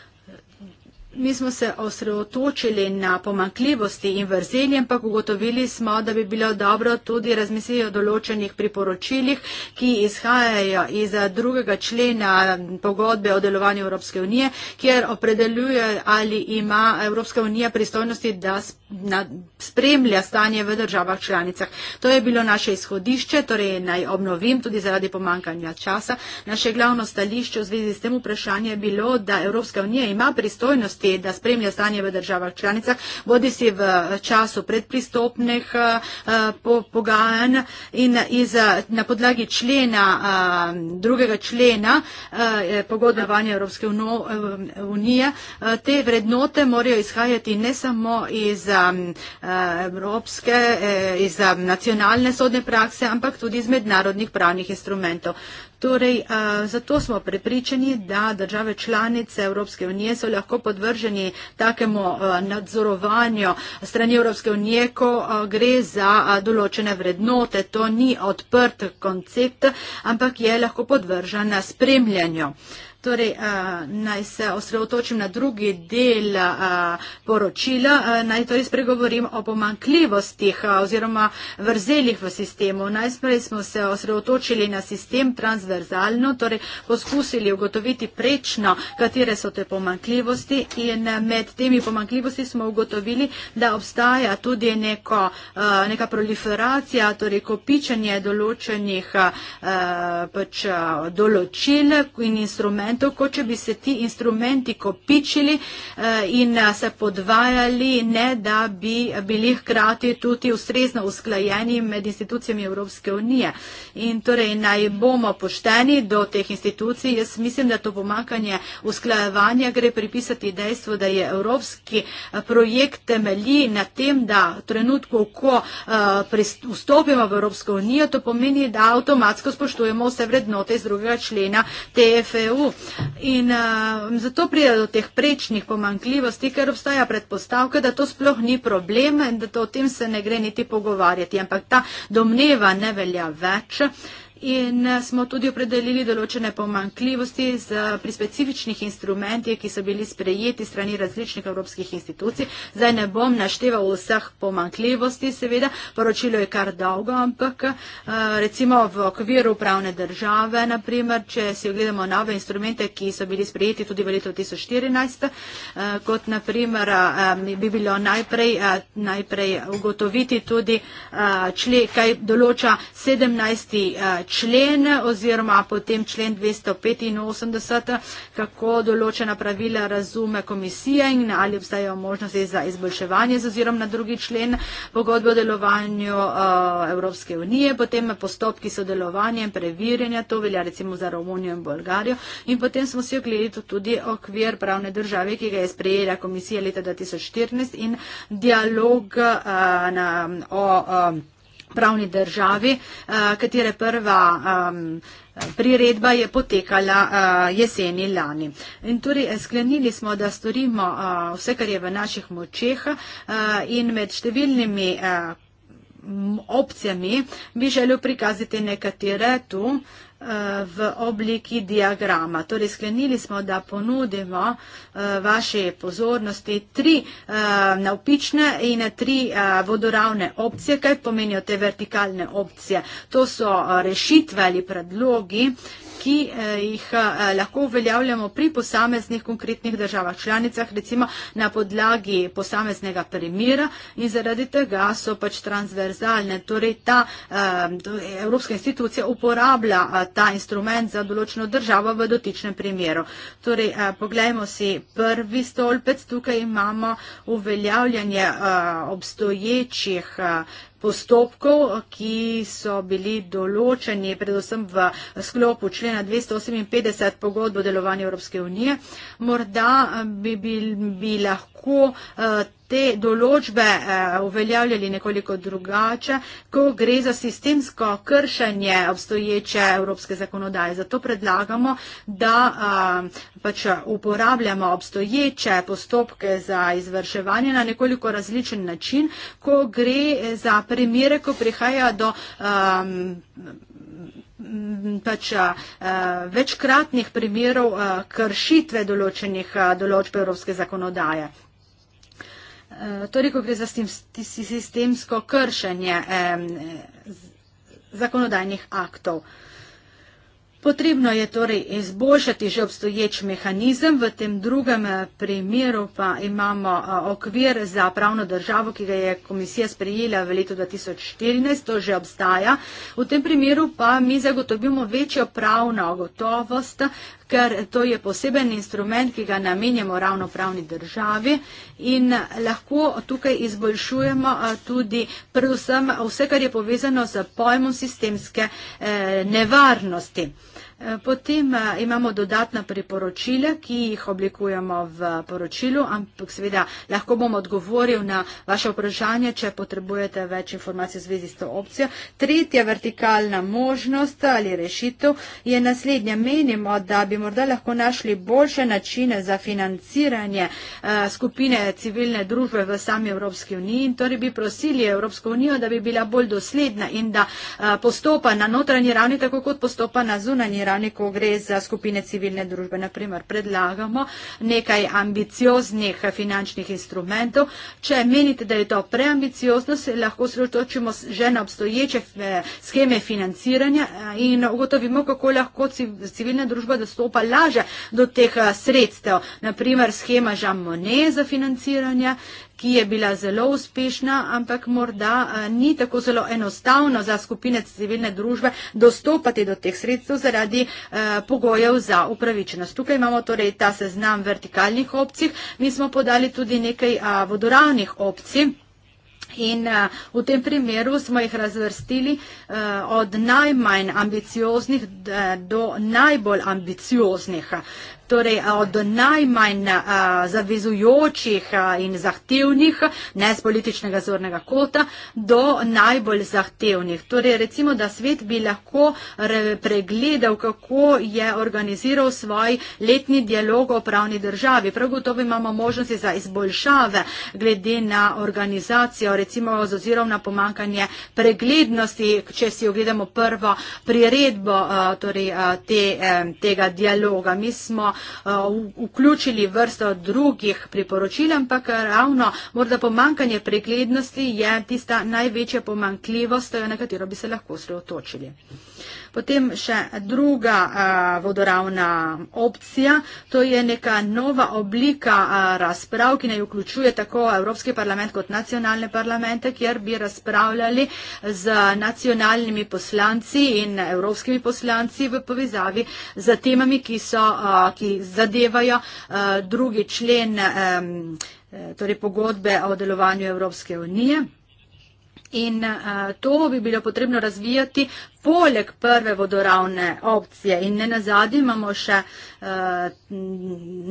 Mi smo se osredotočili na pomankljivosti in vrzeli, ampak ugotovili smo, da bi bilo dobro tudi razmisliti o določenih priporočilih, ki izhajajo iz drugega člena pogodbe o delovanju Evropske unije, kjer opredeljuje, ali ima Evropska unija pristojnosti, da sprejme na, spremlja stanje v državah članicah. To je bilo naše izhodišče, torej naj obnovim tudi zaradi pomankanja časa. Naše glavno stališče v zvezi s tem vprašanjem je bilo, da Evropska unija ima pristojnosti, da spremlja stanje v državah članicah, bodi si v času predpristopnih uh, po, pogajanj in iz, eh, na podlagi člena, uh, drugega člena uh, pogodovanja Evropske unije, uh, te vrednote morajo izhajati ne samo iz za Eh, evropske, eh, iz nacionalne sodne prakse, ampak tudi iz mednarodnih pravnih instrumentov. Torej, eh, zato smo prepričani, da države članice Evropske unije so lahko podvrženi takemu nadzorovanju strani Evropske unije, ko gre za določene vrednote. To ni odprt koncept, ampak je lahko podvržen spremljanju. Torej, uh, naj se osredotočim na drugi del uh, poročila. Uh, naj torej spregovorim o pomankljivostih uh, oziroma vrzeljih v sistemu. Najprej smo se osredotočili na sistem transverzalno, torej poskusili ugotoviti prečno, katere so te pomankljivosti in med temi pomankljivosti smo ugotovili, da obstaja tudi neko, uh, neka proliferacija, torej kopičenje določenih uh, pač, določil in instrumentov instrumentov, kot če bi se ti instrumenti kopičili eh, in eh, se podvajali, ne da bi bili hkrati tudi ustrezno usklajeni med institucijami Evropske unije. In torej naj bomo pošteni do teh institucij. Jaz mislim, da to pomakanje usklajevanja gre pripisati dejstvo, da je evropski eh, projekt temelji na tem, da trenutku, ko vstopimo v Evropsko unijo, to pomeni, da avtomatsko spoštujemo vse vrednote iz drugega člena TFEU. In uh, zato pride do teh prečnih pomankljivosti, ker obstaja predpostavka, da to sploh ni problem in da o tem se ne gre niti pogovarjati. Ampak ta domneva ne velja več. Uh, in eh, smo tudi opredelili določene pomankljivosti eh, pri specifičnih instrumentih, ki so bili sprejeti strani različnih evropskih institucij. Zdaj ne bom našteval vseh pomankljivosti, seveda, poročilo je kar dolgo, ampak eh, recimo v okviru pravne države, naprimer, če si ogledamo nove instrumente, ki so bili sprejeti tudi v letu 2014, kot naprimer bi bilo najprej, najprej ugotoviti tudi, čli, kaj določa 17 člen oziroma potem člen 285, kako določena pravila razume komisija in ali obstajajo možnosti za izboljševanje z ozirom na drugi člen pogodbe o delovanju eh, Evropske unije, potem postopki sodelovanja in preverjanja, to velja recimo za Romunijo in Bolgarijo in potem smo si ogledali tudi okvir pravne države, ki ga je sprejela komisija leta 2014 in dialog eh, na, o. Eh, pravni državi, eh, katere prva priredba je potekala eh, jeseni lani. In torej eh, sklenili smo, da storimo vse, kar je v naših močeh in med številnimi opcijami bi želel prikazati nekatere tu, v obliki diagrama. Torej, sklenili smo, da ponudimo eh, vaše pozornosti tri eh, navpične in tri eh, vodoravne opcije. Kaj pomenijo te vertikalne opcije? To so rešitve ali predlogi, ki eh, jih eh, lahko uveljavljamo pri posameznih konkretnih državah članicah, recimo na podlagi posameznega primera in zaradi tega so pač transverzalne. Torej ta eh, Evropska institucija uporablja ta instrument za določeno državo v dotičnem primeru. Torej, poglejmo si prvi stolpec, tukaj imamo uveljavljanje obstoječih postopkov, ki so bili določeni predvsem v sklopu člena 258 pogodbo delovanja Evropske unije. Morda bi, bi, bi lahko uh, te določbe eh, uveljavljali nekoliko drugače, ko gre za sistemsko kršenje obstoječe evropske zakonodaje. Zato predlagamo, da eh, pač uporabljamo obstoječe postopke za izvrševanje na nekoliko različen način, ko gre za primere, ko prihaja do. Um, pač uh, večkratnih primerov uh, kršitve določenih uh, določb evropske zakonodaje. Eh, torej, ko gre za sistemsko kršenje zakonodajnih aktov. Potrebno je torej izboljšati že obstoječ mehanizem, v tem drugem eh, primeru pa imamo eh, okvir za pravno državo, ki ga je komisija sprejela v letu 2014, to že obstaja. V tem primeru pa mi zagotovimo večjo pravno gotovost ker to je poseben instrument, ki ga namenjamo ravno pravni državi in lahko tukaj izboljšujemo eh, tudi predvsem vse, kar je povezano z pojmom sistemske eh, nevarnosti. Eh, potem eh, imamo dodatna priporočila, ki jih oblikujemo v poročilu, ampak seveda lahko bom odgovoril na vaše vprašanje, če potrebujete več informacij v zvezi s to opcijo. Tretja vertikalna možnost ali rešitev je naslednja. Menimo, da bi morda lahko našli boljše načine za financiranje eh, skupine civilne družbe v sami Evropski uniji in torej bi prosili Evropsko unijo, da bi bila bolj dosledna in da postopa na notranji ravni, tako kot postopa na zunanji ravni ravni, ko gre za skupine civilne družbe. Naprimer, predlagamo nekaj ambicioznih finančnih instrumentov. Če menite, da je to preambiciozno, se lahko sredotočimo že na obstoječe eh, scheme financiranja eh, in ugotovimo, kako lahko civilna družba dostopa laže do teh eh, sredstev. Naprimer, schema Jean Monnet za financiranje ki je bila zelo uspešna, ampak morda eh, ni tako zelo enostavno za skupine civilne družbe dostopati do teh sredstev zaradi eh, pogojev za upravičenost. Tukaj imamo torej ta seznam vertikalnih opcij. Mi smo podali tudi nekaj eh, vodoravnih opcij. In uh, v tem primeru smo jih razvrstili uh, od najmanj ambicioznih do najbolj ambicioznih. Uh, torej eh, od najmanj a, eh, zavezujočih a, eh, in zahtevnih, ne z političnega zornega kota, do najbolj zahtevnih. Torej recimo, da svet bi lahko pregledal, kako je organiziral svoj letni dialog o pravni državi. Prav gotovo imamo možnosti za izboljšave glede na organizacijo, recimo z ozirom na pomankanje preglednosti, če si ogledamo prvo priredbo a, torej, a, te, a, tega dialoga. Mi smo Eh, vključili vrsto drugih priporočil, ampak ravno morda pomankanje preglednosti je tista največja pomankljivost, na katero bi se lahko osredotočili. Potem še druga uh, vodoravna opcija, to je neka nova oblika uh, razprav, ki naj vključuje tako Evropski parlament kot nacionalne parlamente, kjer bi razpravljali z nacionalnimi poslanci in evropskimi poslanci v povezavi z temami, ki, so, uh, ki zadevajo uh, drugi člen um, torej pogodbe o delovanju Evropske unije. In uh, to bi bilo potrebno razvijati poleg prve vodoravne opcije. In ne nazadnje imamo še uh,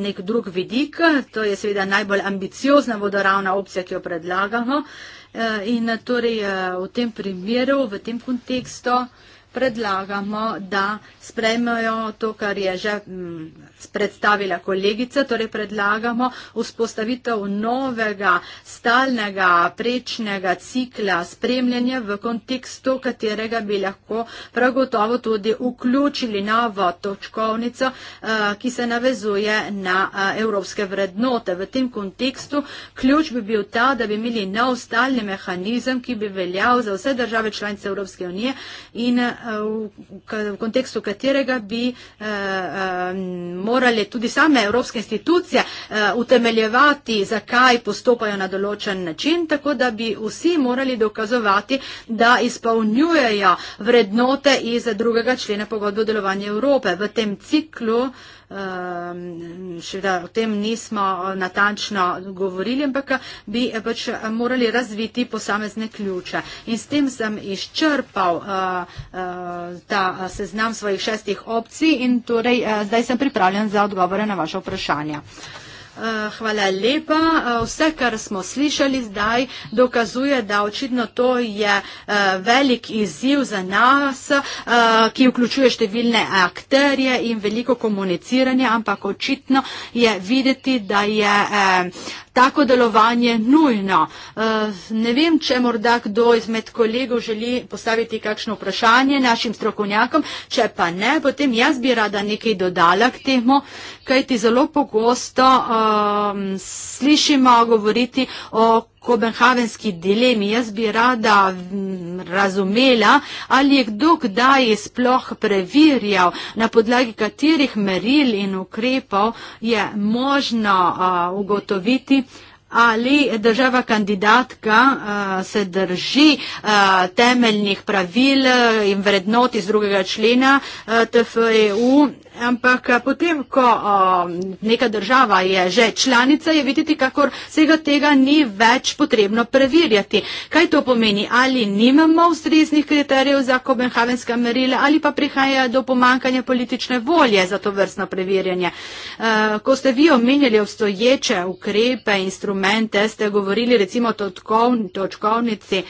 nek drug vidik, to je seveda najbolj ambiciozna vodoravna opcija, ki jo predlagamo. Uh, in uh, torej uh, v tem primeru, v tem kontekstu. Uh, predlagamo, da spremljajo to, kar je že mm, predstavila kolegica, torej predlagamo vzpostavitev novega stalnega prečnega cikla spremljanja v kontekstu, katerega bi lahko prav gotovo tudi vključili novo točkovnico, eh, ki se navezuje na eh, evropske vrednote. V tem kontekstu ključ bi bil ta, da bi imeli nov stalni mehanizem, ki bi veljal za vse države članice Evropske unije in eh, v kontekstu katerega bi eh, eh, morale tudi same evropske institucije eh, utemeljevati, zakaj postopajo na določen način, tako da bi vsi morali dokazovati, da izpolnjujejo vrednote iz drugega člena pogodbe o delovanju Evrope. V tem ciklu uh, Ehm, seveda o tem nismo eh, natančno govorili, ampak eh, bi eh, pač morali razviti posamezne ključe. In s tem sem izčrpal ta seznam svojih šestih opcij in torej zdaj sem pripravljen za odgovore na vaše vprašanje. Eh, hvala lepa. Eh, vse, kar smo slišali zdaj, dokazuje, da očitno to je eh, velik izziv za nas, ki vključuje številne akterje in veliko komuniciranja, ampak očitno je videti, da je tako delovanje nujno. Eh, ne vem, če morda kdo izmed kolegov želi postaviti kakšno vprašanje našim strokovnjakom, če pa ne, potem jaz bi rada nekaj dodala k temu, kajti zelo pogosto ehm, slišimo govoriti o kopenhavenski dilemi. Jaz bi rada mm, razumela, ali je kdo kdaj sploh preverjal, na podlagi katerih meril in ukrepov je možno ugotoviti, ali država kandidatka se drži temeljnih pravil in vrednoti z drugega člena TFEU ampak eh, potem, ko o, eh, neka država je že članica, je videti, kako vsega tega ni več potrebno preverjati. Kaj to pomeni? Ali nimamo ustreznih kriterijev za kopenhavenska merila ali pa prihaja do pomankanja politične volje za to vrstno preverjanje? E, ko ste vi omenjali obstoječe ukrepe, instrumente, ste govorili recimo točkovnici e,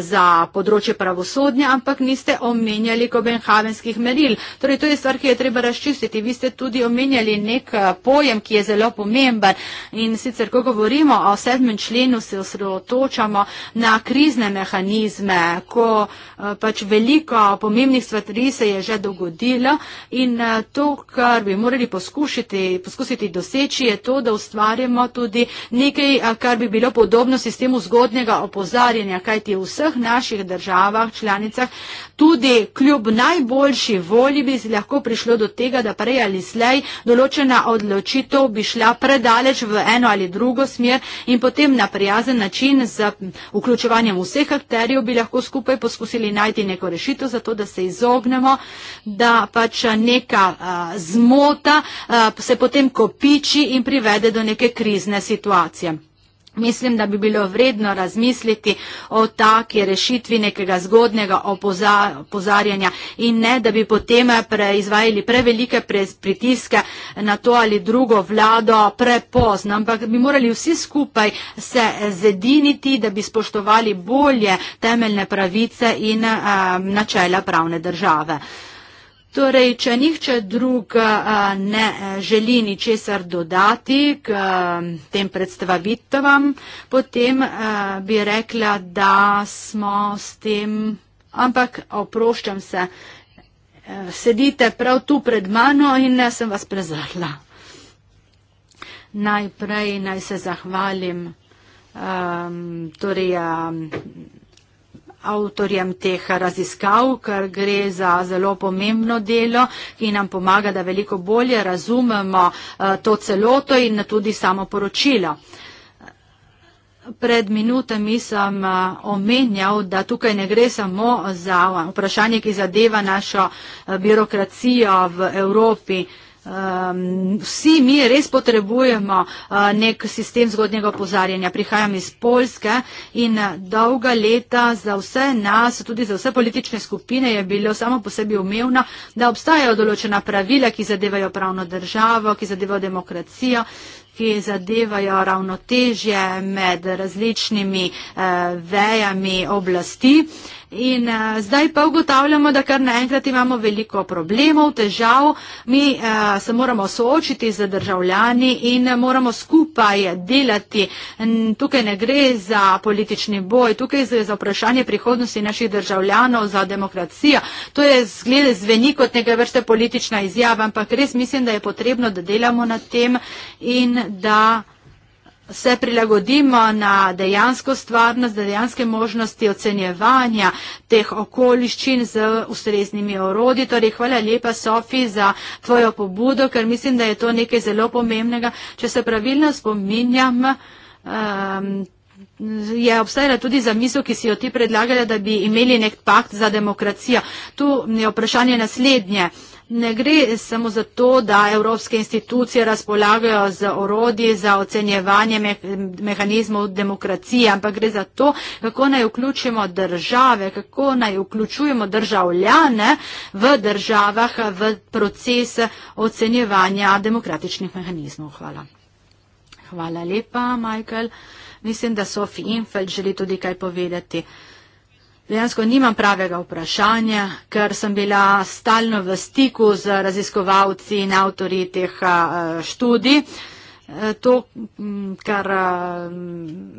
za področje pravosodnje, ampak niste omenjali kopenhavenskih meril. Torej, to je stvar, ki je treba razčistiti. Vi ste tudi omenjali nek eh, pojem, ki je zelo pomemben in sicer, ko govorimo o sedmem členu, se osredotočamo na krizne mehanizme, ko eh, pač veliko pomembnih stvari se je že dogodilo in eh, to, kar bi morali poskušiti, poskusiti doseči, je to, da ustvarjamo tudi nekaj, kar bi bilo podobno sistemu zgodnega opozarjanja, kajti v vseh naših državah, članicah tudi kljub najboljši volji bi lahko prišlo do tega, da prej ali slej določena odločitev bi šla predaleč v eno ali drugo smer in potem na prijazen način z vključevanjem vseh akterjev bi lahko skupaj poskusili najti neko rešitev, zato da se izognemo, da pač neka a, zmota a, se potem kopiči in privede do neke krizne situacije. Mislim, da bi bilo vredno razmisliti o taki rešitvi nekega zgodnega opozarjanja in ne, da bi potem preizvajali prevelike pritiske na to ali drugo vlado prepozno, ampak bi morali vsi skupaj se zediniti, da bi spoštovali bolje temeljne pravice in a, eh, načela pravne države. Torej, če nihče drug ne želi ničesar dodati k tem predstavitvam, potem bi rekla, da smo s tem, ampak oproščam se, sedite prav tu pred mano in ne sem vas prezrla. Najprej naj se zahvalim. Um, torej, um, avtorjem teh raziskav, ker gre za zelo pomembno delo, ki nam pomaga, da veliko bolje razumemo eh, to celoto in tudi samo poročilo. Pred minutami sem eh, omenjal, da tukaj ne gre samo za vprašanje, ki zadeva našo eh, birokracijo v Evropi. Um, vsi mi res potrebujemo uh, nek sistem zgodnjega opozarjanja. Prihajam iz Poljske in eh, dolga leta za vse nas, tudi za vse politične skupine je bilo samo po sebi umevno, da obstajajo določena pravila, ki zadevajo pravno državo, ki zadevajo demokracijo ki zadevajo ravnotežje med različnimi eh, vejami oblasti. Eh, In uh, zdaj pa ugotavljamo, da kar naenkrat imamo veliko problemov, težav, mi uh, se moramo soočiti z državljani in moramo skupaj delati. Tukaj ne gre za politični boj, tukaj gre za vprašanje prihodnosti naših državljanov, za demokracijo. To je zgled zveni kot nekaj vrste politična izjava, ampak res mislim, da je potrebno, da delamo na tem in da se prilagodimo na dejansko stvarnost, na dejanske možnosti ocenjevanja teh okoliščin z ustreznimi orodji. Torej, hvala lepa, Sofi, za tvojo pobudo, ker mislim, da je to nekaj zelo pomembnega. Če se pravilno spominjam, um, je obstajala tudi zamisel, ki si jo ti predlagala, da bi imeli nek pakt za demokracijo. Tu je vprašanje naslednje. Uh, ne gre samo za to, da evropske institucije razpolagajo z orodji za ocenjevanje me mehanizmov demokracije, ampak gre za to, kako naj vključimo države, kako naj vključujemo državljane v državah v proces ocenjevanja demokratičnih mehanizmov. Hvala. Hvala lepa, Michael. Mislim, da Sofi Infeld želi tudi kaj povedati. Dejansko nimam pravega vprašanja, ker sem bila stalno v stiku z raziskovalci in avtori teh eh, študij. Eh, to, mm, kar eh,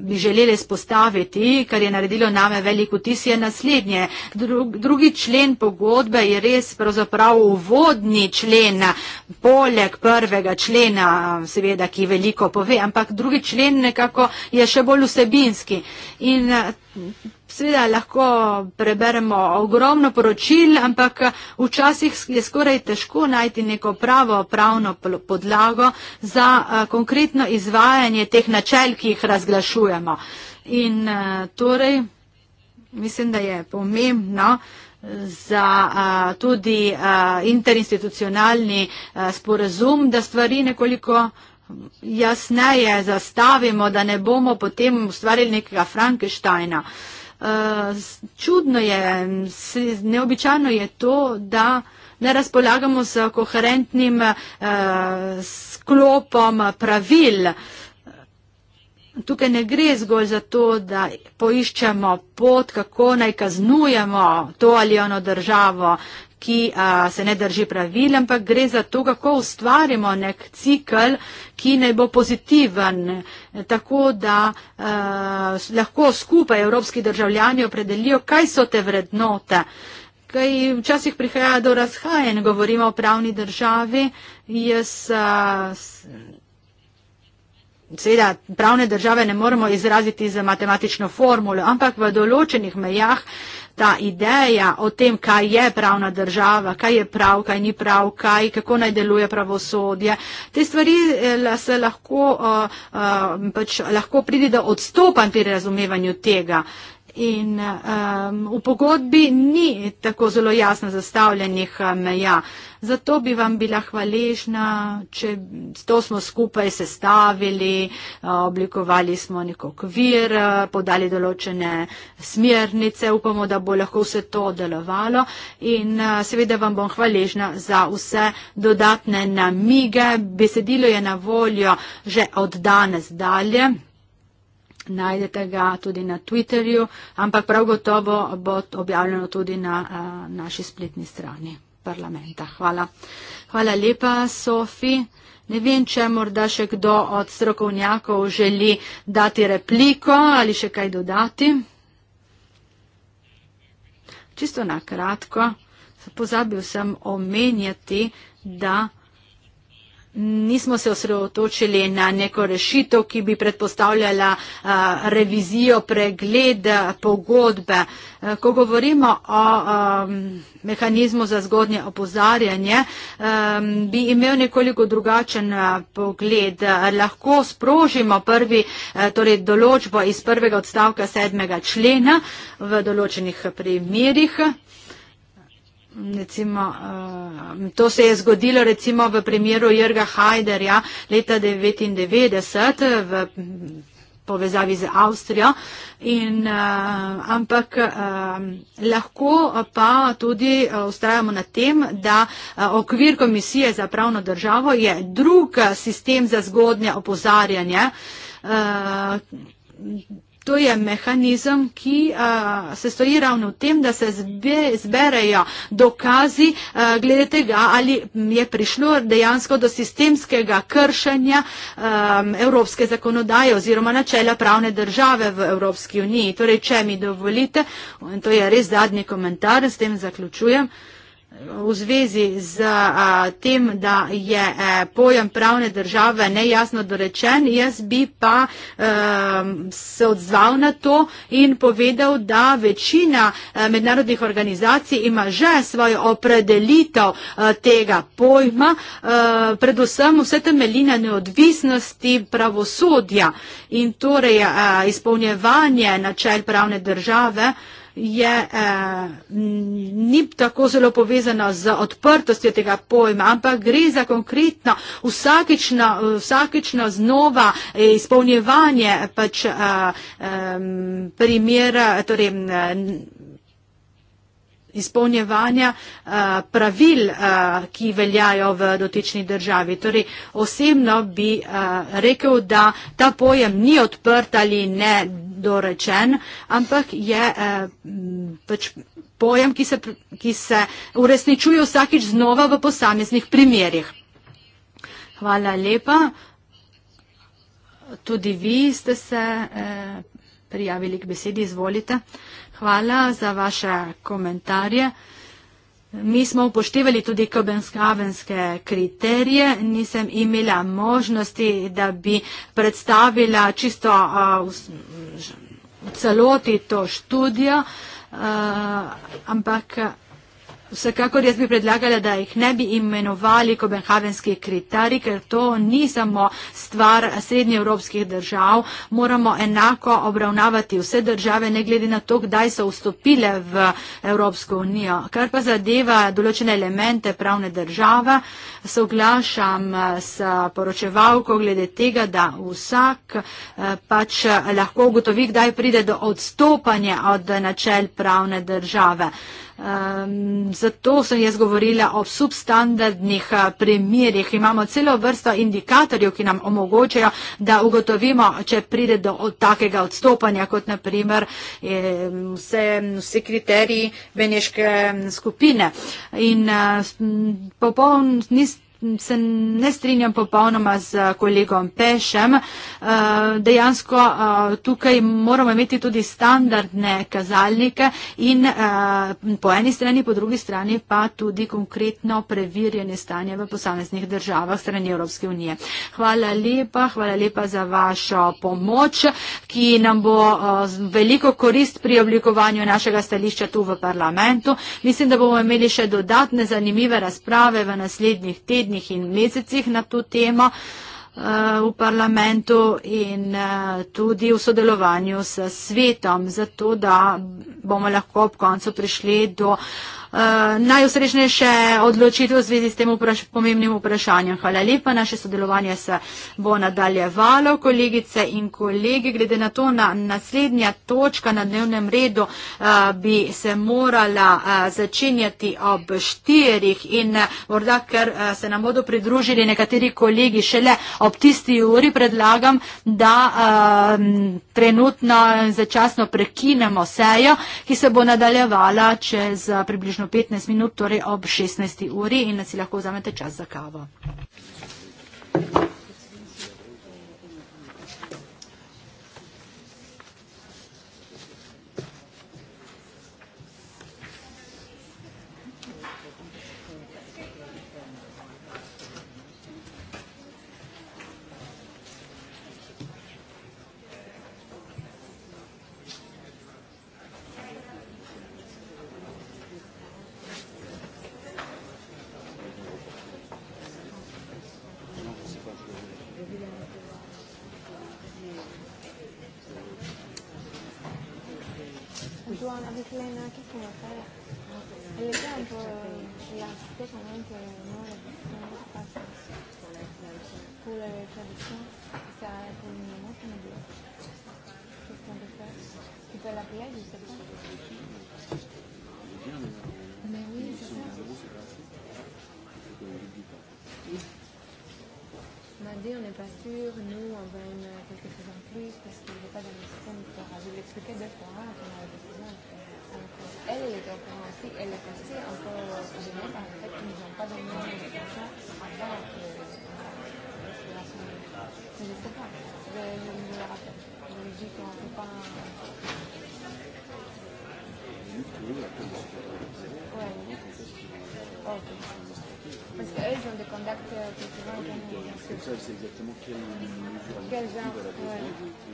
bi želeli spostaviti, kar je naredilo name veliko tis, je naslednje. Drugi člen pogodbe je res pravzaprav uvodni člen, poleg prvega člena, seveda, ki veliko pove, ampak drugi člen nekako je še bolj vsebinski. In Sveda lahko preberemo ogromno poročil, ampak včasih je skoraj težko najti neko pravo pravno podlago za eh, konkretno izvajanje teh načel, ki jih razglašujemo. In eh, torej mislim, da je pomembno eh, za tudi interinstitucionalni sporazum, da stvari nekoliko jasneje zastavimo, da ne bomo potem ustvarili nekega Frankensteina. Uh, čudno je, neobičajno je to, da ne razpolagamo z koherentnim uh, sklopom pravil. Tukaj ne gre zgolj za to, da poiščemo pot, kako naj kaznujemo to ali ono državo, ki a, se ne drži pravil, ampak gre za to, kako ustvarimo nek cikl, ki ne bo pozitiven, tako da a, lahko skupaj evropski državljani opredelijo, kaj so te vrednote. Kaj včasih prihaja do razhajen, govorimo o pravni državi, jaz a, seveda pravne države ne moremo izraziti z matematično formulo, ampak v določenih mejah ta ideja o tem, kaj je pravna država, kaj je prav, kaj ni prav, kaj, kako naj deluje pravosodje, te stvari eh, se lahko, uh, uh, pač lahko pride do odstopan pri razumevanju tega. In um, v pogodbi ni tako zelo jasno zastavljenih uh, meja. Zato bi vam bila hvaležna, če to smo skupaj sestavili, uh, oblikovali smo nek okvir, uh, podali določene smernice, upamo, da bo lahko vse to delovalo in seveda vam bom hvaležna za vse dodatne namige. Besedilo je na voljo že od danes dalje najdete ga tudi na Twitterju, ampak prav gotovo bo objavljeno tudi na uh, naši spletni strani parlamenta. Hvala. Hvala lepa, Sofi. Ne vem, če morda še kdo od strokovnjakov želi dati repliko ali še kaj dodati. Čisto na kratko. Pozabil sem omenjati, da nismo se osredotočili na neko rešitev, ki bi predpostavljala revizijo pregleda pogodbe. Ko govorimo o um, mehanizmu za zgodnje opozarjanje, um, bi imel nekoliko drugačen uh, pogled. Lahko sprožimo prvi, uh, torej določbo iz prvega odstavka sedmega člena v določenih primerjih. Recimo, eh, to se je zgodilo recimo v primeru Jrga Hajderja leta 1999 v povezavi z Avstrijo, in, eh, ampak eh, lahko pa tudi ustrajamo na tem, da okvir komisije za pravno državo je drug sistem za zgodnje opozarjanje. To je mehanizem, ki a, se stoji ravno v tem, da se zbe, zberejo dokazi a, glede tega, ali je prišlo dejansko do sistemskega kršenja a, evropske zakonodaje oziroma načela pravne države v Evropski uniji. Torej, če mi dovolite, to je res zadnji komentar, s tem zaključujem v zvezi z a, tem, da je a, pojem pravne države nejasno dorečen. Jaz bi pa a, se odzval na to in povedal, da večina a, mednarodnih organizacij ima že svojo opredelitev a, tega pojma. A, predvsem vse temelji na neodvisnosti pravosodja in torej a, izpolnjevanje načel pravne države. A, je, eh, ni tako zelo povezana z odprtostjo tega pojma, ampak gre za konkretno vsakečno, vsakečno znova izpolnjevanje pač, eh, primera. Torej, izpolnjevanja a, eh, pravil, a, eh, ki veljajo v dotični državi. Torej, osebno bi a, eh, rekel, da ta pojem ni odprt ali nedorečen, ampak je a, pač pojem, ki se, ki se uresničuje vsakič znova v posameznih primerjih. Hvala lepa. Tudi vi ste se. A, prijavili k besedi. Izvolite. Hvala za vaše komentarje. Mi smo upoštevali tudi kobenskavenske kriterije. Nisem imela možnosti, da bi predstavila čisto uh, v celoti to študijo, uh, ampak. Uh, Vsekakor jaz bi predlagala, da jih ne bi imenovali kobenhavenski kriteriji, ker to ni samo stvar srednjeevropskih držav. Moramo enako obravnavati vse države, ne glede na to, kdaj so vstopile v Evropsko unijo. Kar pa zadeva določene elemente pravne države, soglašam eh, s poročevalko glede tega, da vsak eh, pač eh, lahko ugotovi, kdaj pride do odstopanja od načel pravne države. Um, zato sem jaz govorila o substandardnih eh, primerjih. Imamo celo vrsto indikatorjev, ki nam omogočajo, da ugotovimo, če pride do takega odstopanja, kot naprimer ehm, vse, vse kriteriji veneške mm, skupine. In, uh, popoln, nis, se ne strinjam popolnoma z kolegom Pešem. Eh, dejansko eh, tukaj moramo imeti tudi standardne kazalnike in eh, po eni strani, po drugi strani pa tudi konkretno preverjene stanje v posameznih državah strani Evropske unije. Hvala lepa, hvala lepa za vašo pomoč, ki nam bo veliko korist pri oblikovanju našega stališča tu v parlamentu. Mislim, da bomo imeli še dodatne zanimive razprave v naslednjih tednih tednih in mesecih na to temo eh, v parlamentu in eh, tudi v sodelovanju s svetom, zato da bomo lahko ob koncu prišli do Eh, najusrečnejše odločitve v zvezi s tem vpraš pomembnim vprašanjem. Hvala lepa, naše sodelovanje se bo nadaljevalo, kolegice in kolegi. Glede na to, na naslednja točka na dnevnem redu a, eh, bi se morala a, eh, začenjati ob štirih in morda, ker a, se nam bodo pridružili nekateri kolegi šele ob tisti uri, predlagam, da a, ehm, trenutno začasno prekinemo sejo, ki se bo nadaljevala čez približno točno 15 minut, torej ob 16. uri in si lahko vzamete čas za kavo. sur nous en 20 c'est exactement quel niveau de la maison.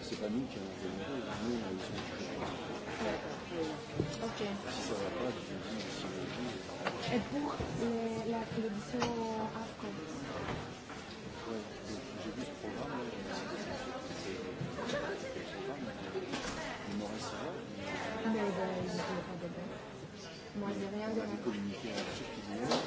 C'est pas nous qui avons fait le niveau, nous on a eu son D'accord, très bien. Ok. Si ça va pas, je dis, je suis avec vous. Et pour l'audition AFCO Oui, j'ai vu ce programme, il m'en reste pas. Mais il ne veut pas d'abord. Moi, je n'ai rien de. On a dû communiquer à la suffisance.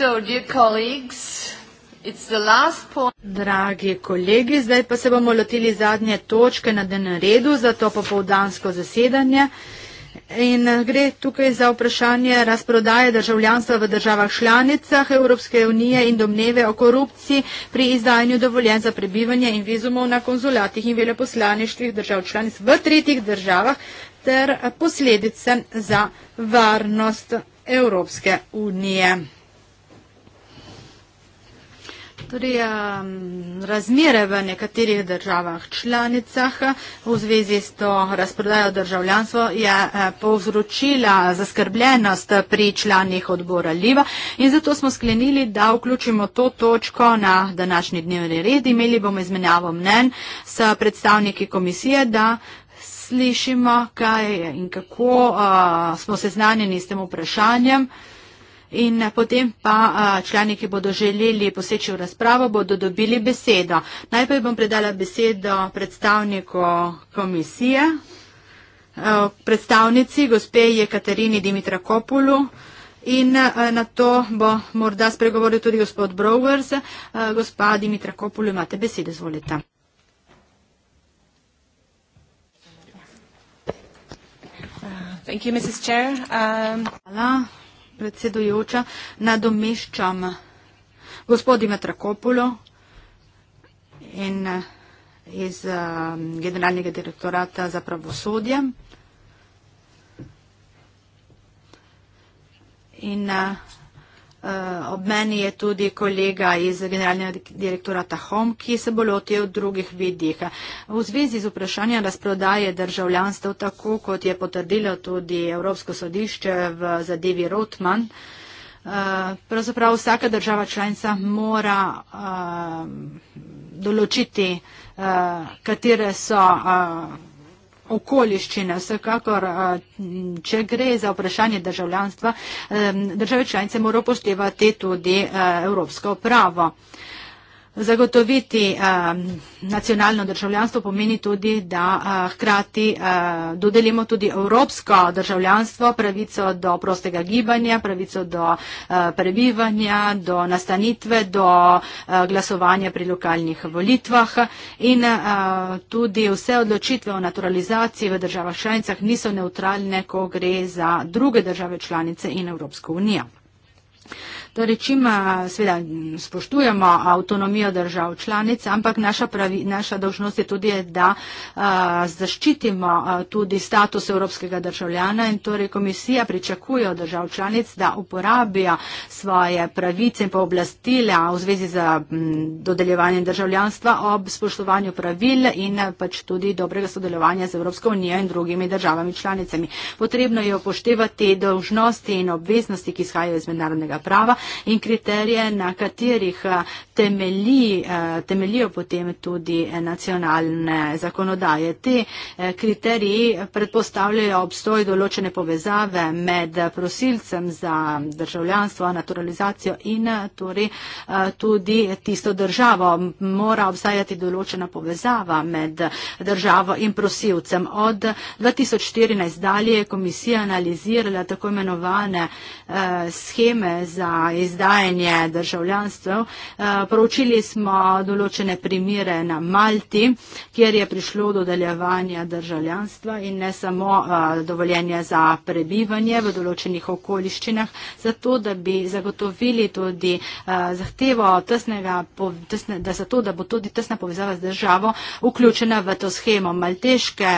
Dragi kolegi, zdaj pa se bomo lotili zadnje točke na den redu za to popovdansko zasedanje. In eh, gre tukaj za vprašanje razprodaje državljanstva v državah članicah Evropske unije in domneve o korupciji pri izdajanju dovoljen za prebivanje in vizumov na konzulatih in veleposlaništvih držav članic v tretjih državah ter posledice za varnost Evropske unije. Torej, um, razmere v nekaterih državah članicah v zvezi s to razprodajo državljanstvo je uh, povzročila zaskrbljenost pri članih odbora Liva in zato smo sklenili, da vključimo to točko na današnji dnevni red. Imeli bomo izmenjavo mnen s predstavniki komisije, da slišimo, kaj in kako uh, smo seznanjeni s tem vprašanjem in eh, potem pa eh, člani, ki bodo želeli poseči v razpravo, bodo dobili besedo. Najprej bom predala besedo predstavniku komisije, eh, predstavnici gospeje Katarini Dimitra Kopulu. In na to bo morda spregovoril tudi gospod Browers. Gospa Dimitra Kopulu, imate besede, izvolite. Um, Hvala predsedujoča, nadomeščam gospodi Metrakopulo in eh, iz eh, Generalnega direktorata za pravosodje. In eh, Uh, ob meni je tudi kolega iz generalnega direktorata HOM, ki se bo lotil drugih vidih. V zvezi z vprašanjem razprodaje državljanstv, tako kot je potrdilo tudi Evropsko sodišče v zadevi Rotman, uh, pravzaprav vsaka država članica mora uh, določiti, uh, katere so. Uh, okoliščine. Vsekakor, če gre za vprašanje državljanstva, države članice morajo poštevati tudi evropsko pravo. Zagotoviti eh, nacionalno državljanstvo pomeni tudi, da eh, hkrati eh, dodelimo tudi evropsko državljanstvo, pravico do prostega gibanja, pravico do eh, prebivanja, do nastanitve, do eh, glasovanja pri lokalnih volitvah in eh, tudi vse odločitve o naturalizaciji v državah članicah niso neutralne, ko gre za druge države članice in Evropsko unijo. Torej, čim sveda spoštujemo avtonomijo držav članic, ampak naša, pravi, naša dožnost je tudi, da a, zaščitimo a, tudi status evropskega državljana in torej komisija pričakuje od držav članic, da uporabijo svoje pravice in pooblastila v zvezi z dodeljevanjem državljanstva ob spoštovanju pravil in pač tudi dobrega sodelovanja z Evropsko unijo in drugimi državami članicami. Potrebno je upoštevati dožnosti in obveznosti, ki izhajajo iz mednarodnega prava in kriterije, na katerih eh, temelji, eh, temeljijo potem tudi eh, nacionalne zakonodaje. Te kriteriji predpostavljajo obstoj določene povezave med prosilcem za državljanstvo, naturalizacijo in torej tudi tisto državo. Mora obstajati določena povezava med državo in prosilcem. Od 2014 dalje je komisija analizirala tako imenovane eh, scheme za izdajanje državljanstv. Eh, proučili smo določene primire na Malti, kjer je prišlo do deljevanja državljanstva in ne samo eh, dovoljenja za prebivanje v določenih okoliščinah, zato da bi zagotovili tudi eh, zahtevo tesnega, da zato, da bo tudi tesna povezava z državo vključena v to schemo. Malteške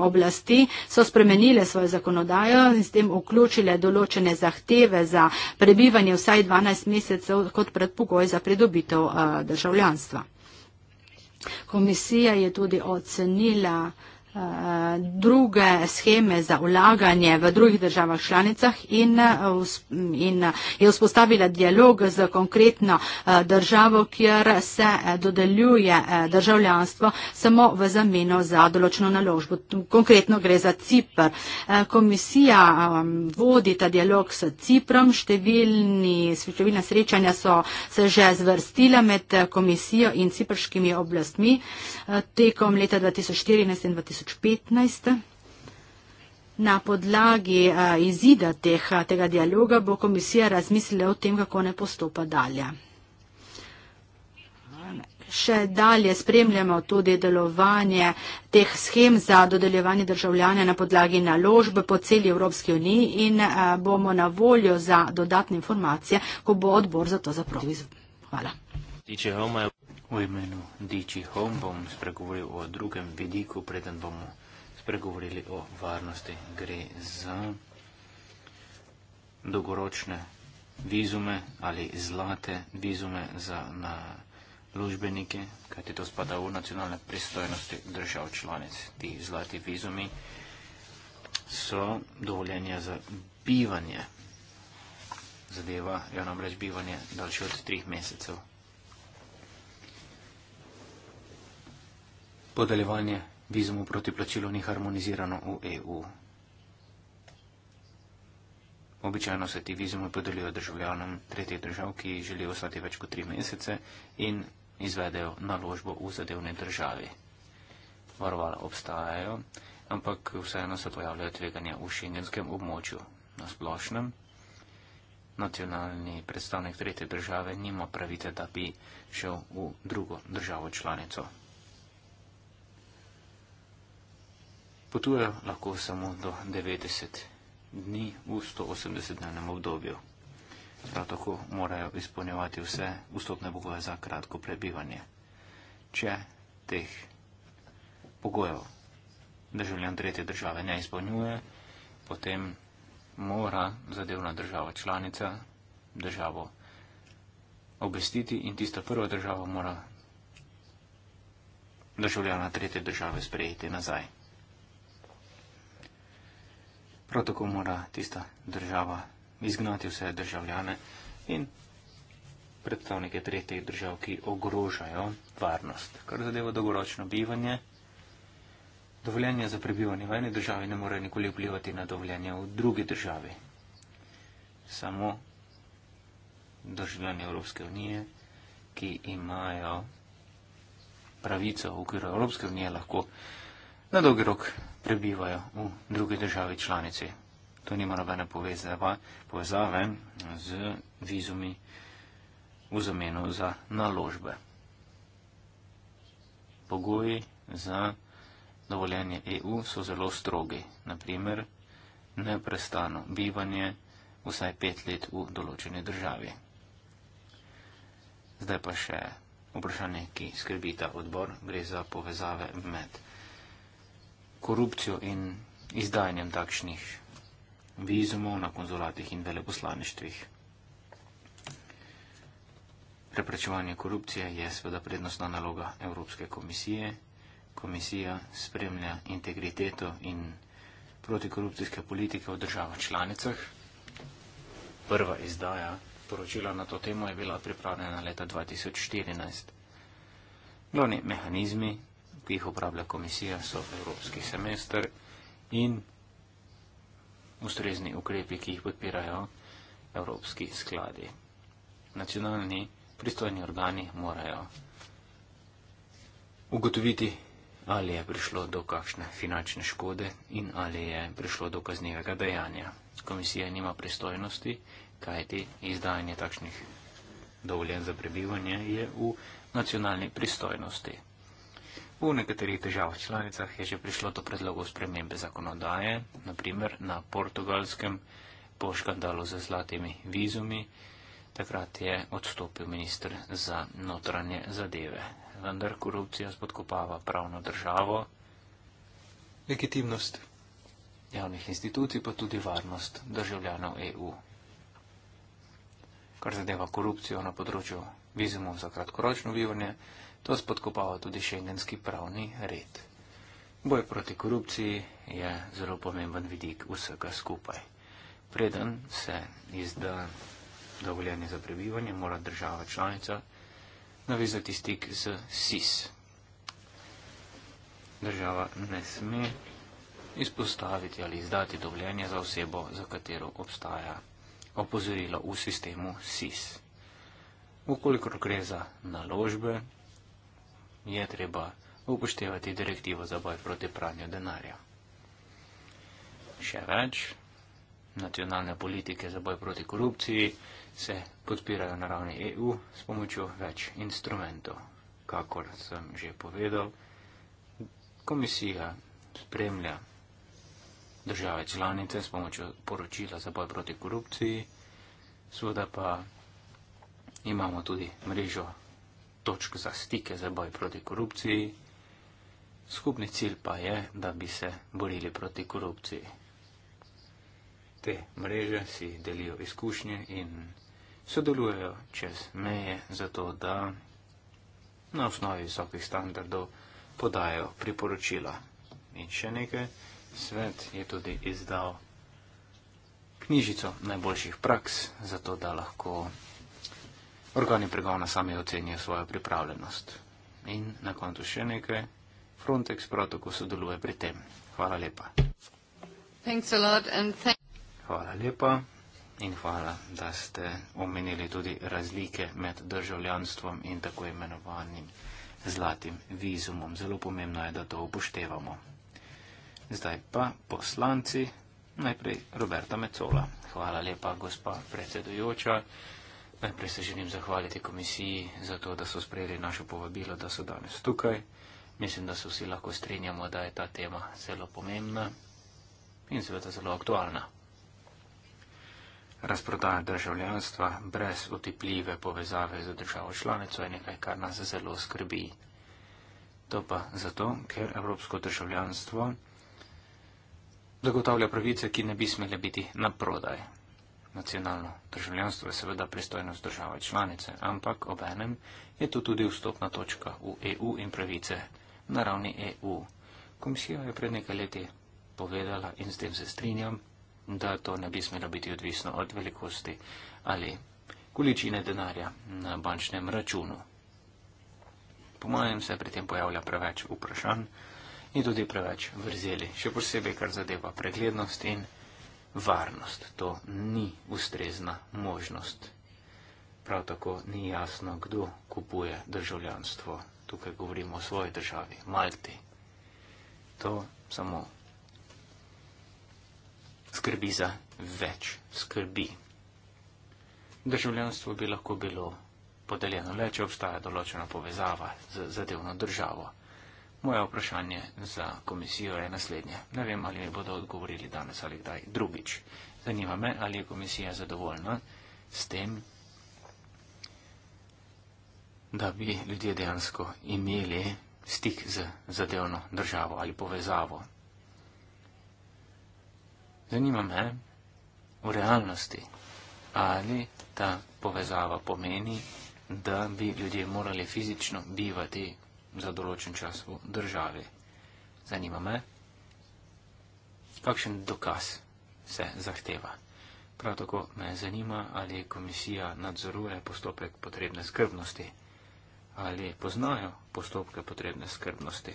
oblasti so spremenile svojo zakonodajo in s tem vključile določene zahteve za prebivanje v vsaj 12 mesecev kot predpogoj za pridobitev eh, državljanstva. Komisija je tudi ocenila, Eh, druge scheme za ulaganje v drugih državah članicah in, eh, in eh, je vzpostavila dialog z konkretno državo, kjer se dodeljuje državljanstvo samo v zameno za določeno naložbo. Konkretno gre za Cipr. Komisija ehm, vodi ta dialog s Ciprom, številni, številna srečanja so se že zvrstila med komisijo in ciprškimi oblastmi tekom leta 2014 in 2015. 2015. Na podlagi a, izida teh, a, tega dialoga bo komisija razmislila o tem, kako ne postopa dalje. Še dalje spremljamo tudi delovanje teh schem za dodeljevanje državljanja na podlagi naložb po celi Evropski uniji in a, bomo na voljo za dodatne informacije, ko bo odbor za to zaprovizval. Hvala. V imenu Digi Home bom spregovoril o drugem vidiku, preden bomo spregovorili o varnosti. Gre za dolgoročne vizume ali zlate vizume za naložbenike, kajti to spada v nacionalne pristojnosti držav članic. Ti zlati vizumi so dovoljenja za bivanje. Zadeva je namreč bivanje daljše od treh mesecev podeljevanje vizumov proti plačilu ni harmonizirano v EU. Običajno se ti vizumi podelijo državljanom tretjih držav, ki želijo ostati več kot tri mesece in izvedejo naložbo v zadevni državi. Varovala obstajajo, ampak vseeno se pojavljajo tveganja v šengenskem območju na splošnem. Nacionalni predstavnik tretje države nima pravice, da bi šel v drugo državo članico Potuje lahko samo do 90 dni v 180-dnevnem obdobju. Prav tako morajo izpolnjevati vse vstopne pogoje za kratko prebivanje. Če teh pogojev državljan tretje države ne izpolnjuje, potem mora zadevna država članica državo obvestiti in tista prva država mora državljana tretje države sprejeti nazaj. Prav tako mora tista država izgnati vse državljane in predstavnike tretjih držav, ki ogrožajo varnost. Kar zadeva dolgoročno bivanje, dovoljenje za prebivanje v eni državi ne more nikoli vplivati na dovoljenje v drugi državi. Samo državljani Evropske unije, ki imajo pravico v okviru Evropske unije, lahko na dolgi rok prebivajo v drugi državi članici. To nima nobene povezave z vizumi v zameno za naložbe. Pogoji za dovoljenje EU so zelo strogi. Naprimer, neprestano bivanje vsaj pet let v določeni državi. Zdaj pa še vprašanje, ki skrbi ta odbor, gre za povezave med državami korupcijo in izdajanjem takšnih vizumov na konzulatih in veleposlaništvih. Preprečevanje korupcije je sveda prednostna naloga Evropske komisije. Komisija spremlja integriteto in protikorupcijske politike v državah članicah. Prva izdaja poročila na to temo je bila pripravljena leta 2014. Glavni mehanizmi ki jih upravlja komisija, so evropski semester in ustrezni ukrepi, ki jih podpirajo evropski skladi. Nacionalni pristojni organi morajo ugotoviti, ali je prišlo do kakšne finančne škode in ali je prišlo do kaznivega dejanja. Komisija nima pristojnosti, kajti izdajanje takšnih dovoljen za prebivanje je v nacionalni pristojnosti. V nekaterih državah članicah je že prišlo do predlogov spremembe zakonodaje, naprimer na portugalskem po škandalu z zlatimi vizumi. Takrat je odstopil ministr za notranje zadeve. Vendar korupcija spodkopava pravno državo, legitimnost javnih institucij, pa tudi varnost državljanov EU. Kar zadeva korupcijo na področju vizumov za kratkoročno bivanje, To spodkopava tudi šengenski pravni red. Boj proti korupciji je zelo pomemben vidik vsega skupaj. Preden se izda dovoljenje za prebivanje, mora država članica navezati stik z SIS. Država ne sme izpostaviti ali izdati dovoljenje za osebo, za katero obstaja opozorilo v sistemu SIS. Vkolikor gre za naložbe, je treba upoštevati direktivo za boj proti pranju denarja. Še več, nacionalne politike za boj proti korupciji se podpirajo na ravni EU s pomočjo več instrumentov. Kakor sem že povedal, komisija spremlja države članice s pomočjo poročila za boj proti korupciji, seveda pa imamo tudi mrežo točk za stike za boj proti korupciji. Skupni cilj pa je, da bi se borili proti korupciji. Te mreže si delijo izkušnje in sodelujejo čez meje, zato da na osnovi visokih standardov podajo priporočila. In še nekaj, svet je tudi izdal knjižico najboljših praks, zato da lahko Organi pregona sami ocenijo svojo pripravljenost. In na koncu še nekaj. Frontex prav tako sodeluje pri tem. Hvala lepa. Hvala lepa in hvala, da ste omenili tudi razlike med državljanstvom in tako imenovanim zlatim vizumom. Zelo pomembno je, da to upoštevamo. Zdaj pa poslanci, najprej Roberta Mecola. Hvala lepa, gospa predsedujoča. Najprej se želim zahvaliti komisiji za to, da so sprejeli našo povabilo, da so danes tukaj. Mislim, da se vsi lahko strinjamo, da je ta tema zelo pomembna in seveda zelo aktualna. Razprodaja državljanstva brez otepljive povezave z državo članico je nekaj, kar nas zelo skrbi. To pa zato, ker evropsko državljanstvo zagotavlja pravice, ki ne bi smele biti na prodaj. Nacionalno državljanstvo je seveda pristojnost države članice, ampak obenem je to tudi vstopna točka v EU in pravice na ravni EU. Komisija je pred nekaj leti povedala in s tem se strinjam, da to ne bi smelo biti odvisno od velikosti ali količine denarja na bančnem računu. Po mojem se pri tem pojavlja preveč vprašanj in tudi preveč vrzeli, še posebej kar zadeva preglednost in varnost. To ni ustrezna možnost. Prav tako ni jasno, kdo kupuje državljanstvo. Tukaj govorimo o svoji državi, Malti. To samo skrbi za več skrbi. Državljanstvo bi lahko bilo podeljeno le, če obstaja določena povezava z zadevno državo. Moje vprašanje za komisijo je naslednje. Ne vem, ali mi bodo odgovorili danes ali kdaj drugič. Zanima me, ali je komisija zadovoljna s tem, da bi ljudje dejansko imeli stik z zadevno državo ali povezavo. Zanima me v realnosti, ali ta povezava pomeni, da bi ljudje morali fizično bivati za določen čas v državi. Zanima me, kakšen dokaz se zahteva. Prav tako me zanima, ali komisija nadzoruje postopek potrebne skrbnosti, ali poznajo postopke potrebne skrbnosti.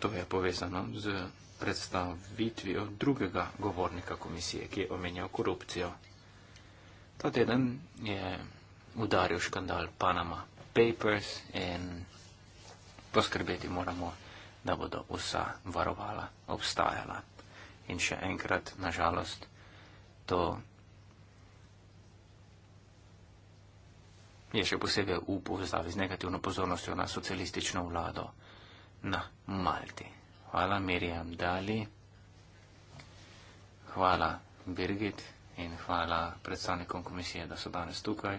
To je povezano z predstavitvijo drugega govornika komisije, ki je omenjal korupcijo. Ta teden je udaril škandal Panama papers in poskrbeti moramo, da bodo vsa varovala obstajala. In še enkrat, nažalost, to je še posebej v povezavi z negativno pozornostjo na socialistično vlado na Malti. Hvala Mirjam Dali, hvala Birgit in hvala predstavnikom komisije, da so danes tukaj.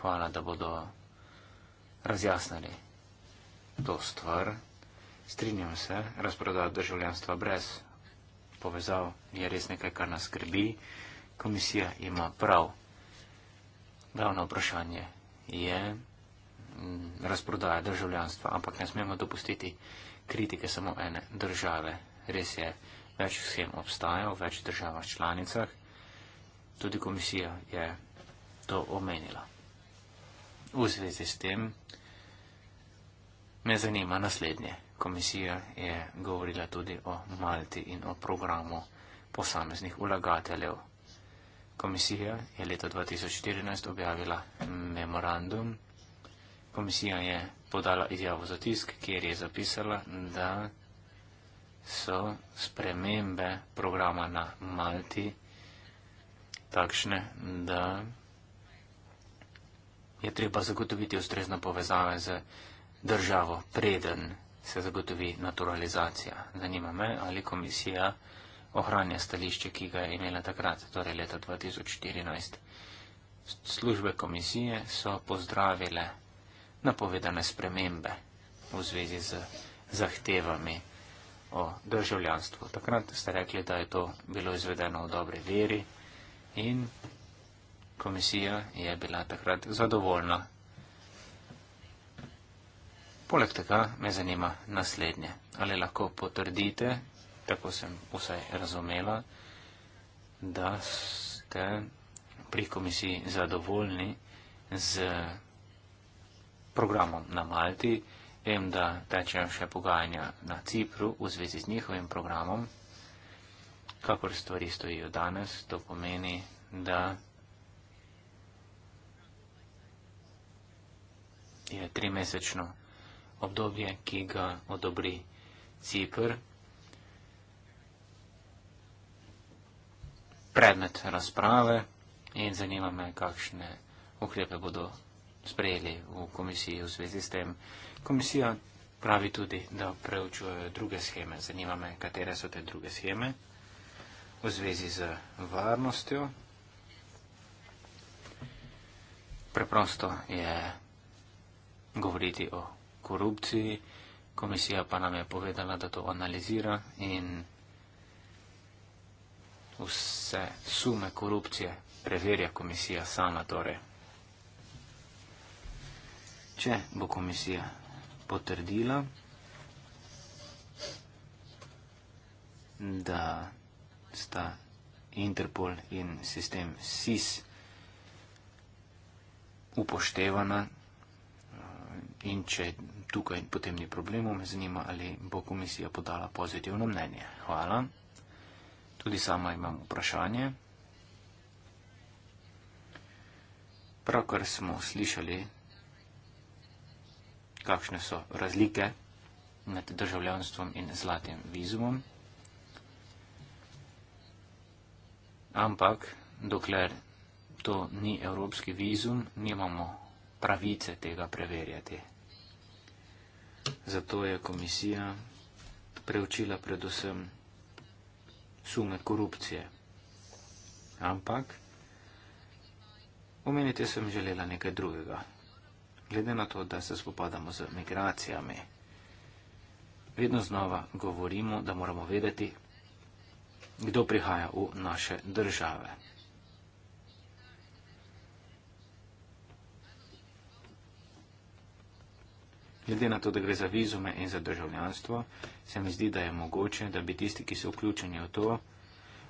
Hvala, da bodo razjasnili to stvar. Strinjam se, razprodaja državljanstva brez povezav je res nekaj, kar nas skrbi. Komisija ima prav. Glavno vprašanje je mm, razprodaja državljanstva, ampak ne smemo dopustiti kritike samo ene države. Res je, več vsem obstaja v več državah članicah. Tudi komisija je to omenila. V zvezi s tem me zanima naslednje. Komisija je govorila tudi o Malti in o programu posameznih ulagateljev. Komisija je leta 2014 objavila memorandum. Komisija je podala izjavo za tisk, kjer je zapisala, da so spremembe programa na Malti takšne, da je treba zagotoviti ustrezno povezave z državo, preden se zagotovi naturalizacija. Zanima me, ali komisija ohranja stališče, ki ga je imela takrat, torej leta 2014. Službe komisije so pozdravile napovedane spremembe v zvezi z zahtevami o državljanstvu. Takrat ste rekli, da je to bilo izvedeno v dobre veri in komisija je bila takrat zadovoljna. Poleg tega me zanima naslednje. Ali lahko potrdite, tako sem vsaj razumela, da ste pri komisiji zadovoljni z programom na Malti. Vem, da tečejo še pogajanja na Cipru v zvezi z njihovim programom. Kakor stvari stojijo danes, to pomeni, da je trimesečno obdobje, ki ga odobri CIPR. Predmet razprave in zanima me, kakšne ukrepe bodo sprejeli v komisiji v zvezi s tem. Komisija pravi tudi, da preučujejo druge scheme. Zanima me, katere so te druge scheme v zvezi z varnostjo. Preprosto je govoriti o korupciji. Komisija pa nam je povedala, da to analizira in vse sume korupcije preverja komisija sama torej. Če bo komisija potrdila, da sta Interpol in sistem SIS upoštevana, in če tukaj potem ni problemov, me zanima, ali bo komisija podala pozitivno mnenje. Hvala. Tudi sama imam vprašanje. Pravkar smo slišali, kakšne so razlike med državljanstvom in zlatim vizumom. Ampak, dokler to ni evropski vizum, nimamo pravice tega preverjati. Zato je komisija preučila predvsem sume korupcije. Ampak omeniti sem želela nekaj drugega. Glede na to, da se spopadamo z migracijami, vedno znova govorimo, da moramo vedeti, kdo prihaja v naše države. Glede na to, da gre za vizume in za državljanstvo, se mi zdi, da je mogoče, da bi tisti, ki so vključeni v to,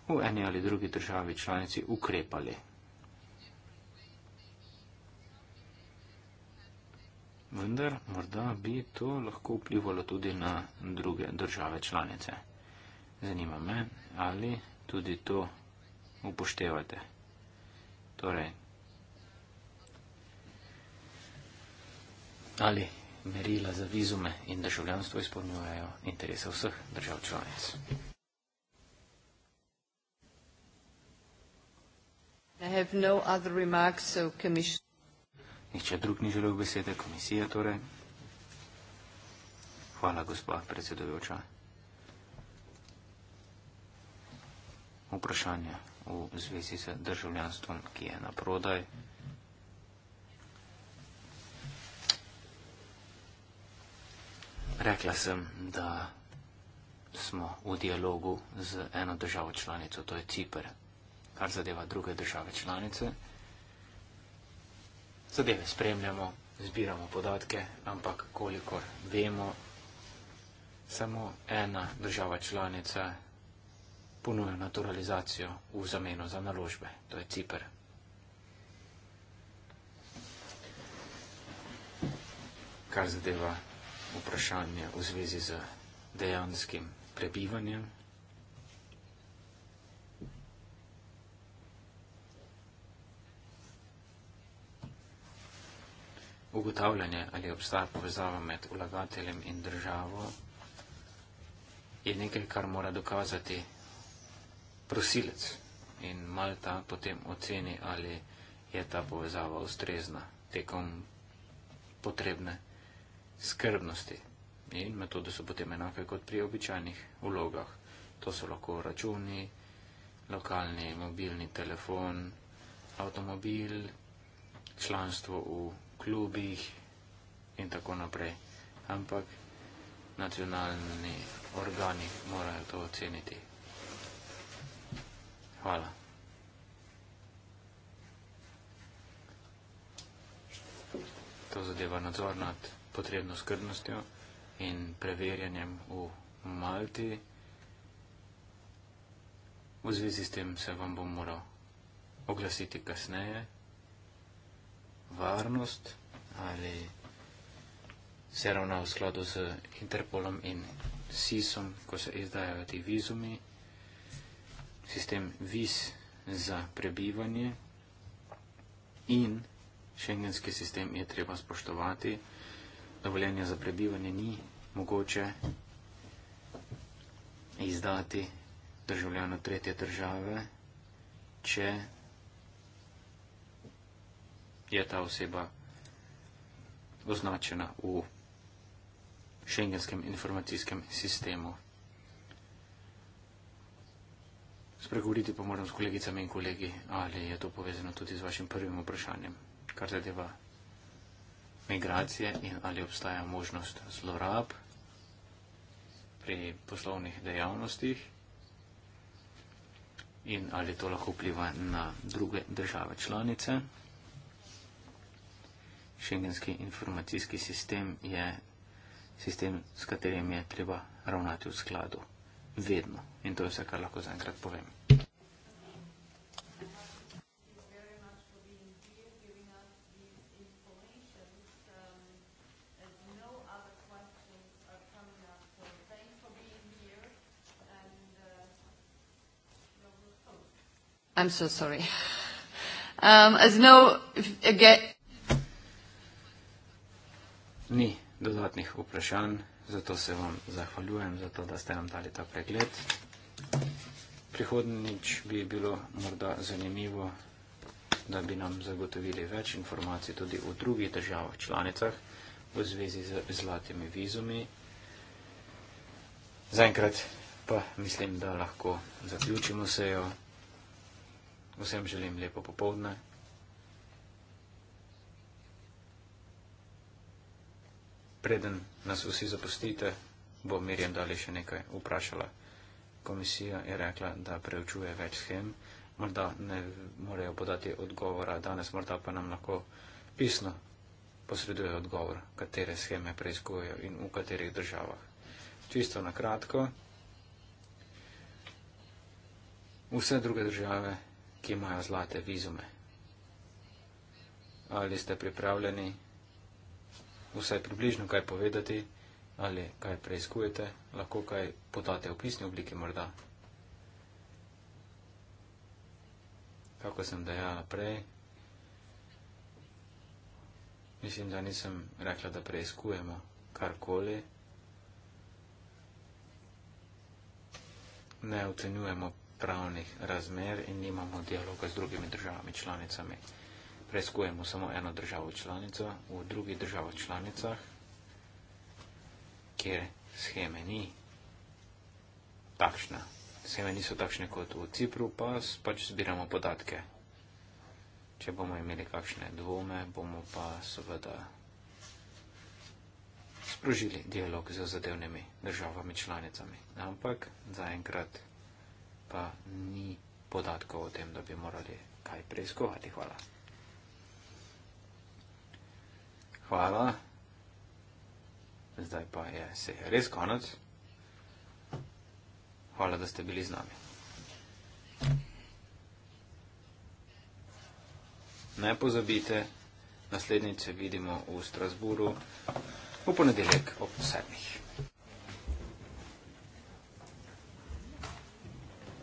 v eni ali drugi državi članici ukrepali. Vendar morda bi to lahko vplivalo tudi na druge države članice. Zanima me, ali tudi to upoštevate. Torej, ali merila za vizume in državljanstvo izpolnjujejo interese vseh držav članic. No Nihče drug ni želel besede, komisija torej. Hvala, gospa predsedujoča. Vprašanje v zvezi z državljanstvom, ki je na prodaj. Rekla sem, da smo v dialogu z eno državo članico, to je Cipr. Kar zadeva druge države članice, zadeve spremljamo, zbiramo podatke, ampak kolikor vemo, samo ena država članica ponuja naturalizacijo v zameno za naložbe, to je Cipr. Kar zadeva vprašanje v zvezi z dejanskim prebivanjem. Ugotavljanje, ali obstaja povezava med vlagateljem in državo, je nekaj, kar mora dokazati prosilec in Malta potem oceni, ali je ta povezava ustrezna tekom potrebne skrbnosti in metode so potem enake kot pri običajnih vlogah. To so lahko računi, lokalni mobilni telefon, avtomobil, članstvo v klubih in tako naprej. Ampak nacionalni organi morajo to oceniti. Hvala. To zadeva nadzor nad potrebno skrbnostjo in preverjanjem v Malti. V zvezi s tem se vam bom moral oglasiti kasneje. Varnost ali se ravna v skladu z Interpolom in SIS-om, ko se izdajajo ti vizumi. Sistem viz za prebivanje in šengenski sistem je treba spoštovati dovoljenja za prebivanje ni mogoče izdati državljanu tretje države, če je ta oseba označena v šengenskem informacijskem sistemu. Spregovoriti pa moram s kolegicami in kolegi, ali je to povezano tudi z vašim prvim vprašanjem, kar zadeva migracije in ali obstaja možnost zlorab pri poslovnih dejavnostih in ali to lahko vpliva na druge države članice. Šengenski informacijski sistem je sistem, s katerim je treba ravnati v skladu vedno. In to je vse, kar lahko zaenkrat povem. I'm so sorry. Um, as you know, if, again. Ni dodatnih vprašanj, zato se vam zahvaljujem, zato da ste nam dali ta pregled. Prihodnič bi bilo morda zanimivo, da bi nam zagotovili več informacij tudi o drugih državah članicah v zvezi z zlatimi vizumi. Zaenkrat pa mislim, da lahko zaključimo sejo. Vsem želim lepo popovdne. Preden nas vsi zapustite, bo Mirjam dali še nekaj vprašala. Komisija je rekla, da preučuje več schem, morda ne morejo podati odgovora danes, morda pa nam lahko pisno posreduje odgovor, katere scheme preizkujejo in v katerih državah. Čisto na kratko, vse druge države ki imajo zlate vizume. Ali ste pripravljeni vsaj približno kaj povedati ali kaj preizkujete, lahko kaj podate v pisni obliki morda. Kako sem dejala prej, mislim, da nisem rekla, da preizkujemo karkoli. Ne ocenjujemo pravnih razmer in nimamo dialoga z drugimi državami članicami. Preiskujemo samo eno državo članico, v drugih državah članicah, kjer scheme ni takšna. Scheme niso takšne kot v Cipru, pa pač zbiramo podatke. Če bomo imeli kakšne dvome, bomo pa seveda sprožili dialog z zadevnimi državami članicami. Ampak zaenkrat pa ni podatkov o tem, da bi morali kaj preizkovati. Hvala. Hvala. Zdaj pa je se res konec. Hvala, da ste bili z nami. Ne pozabite, naslednjič se vidimo v Strasburu v ponedeljek ob sedmih.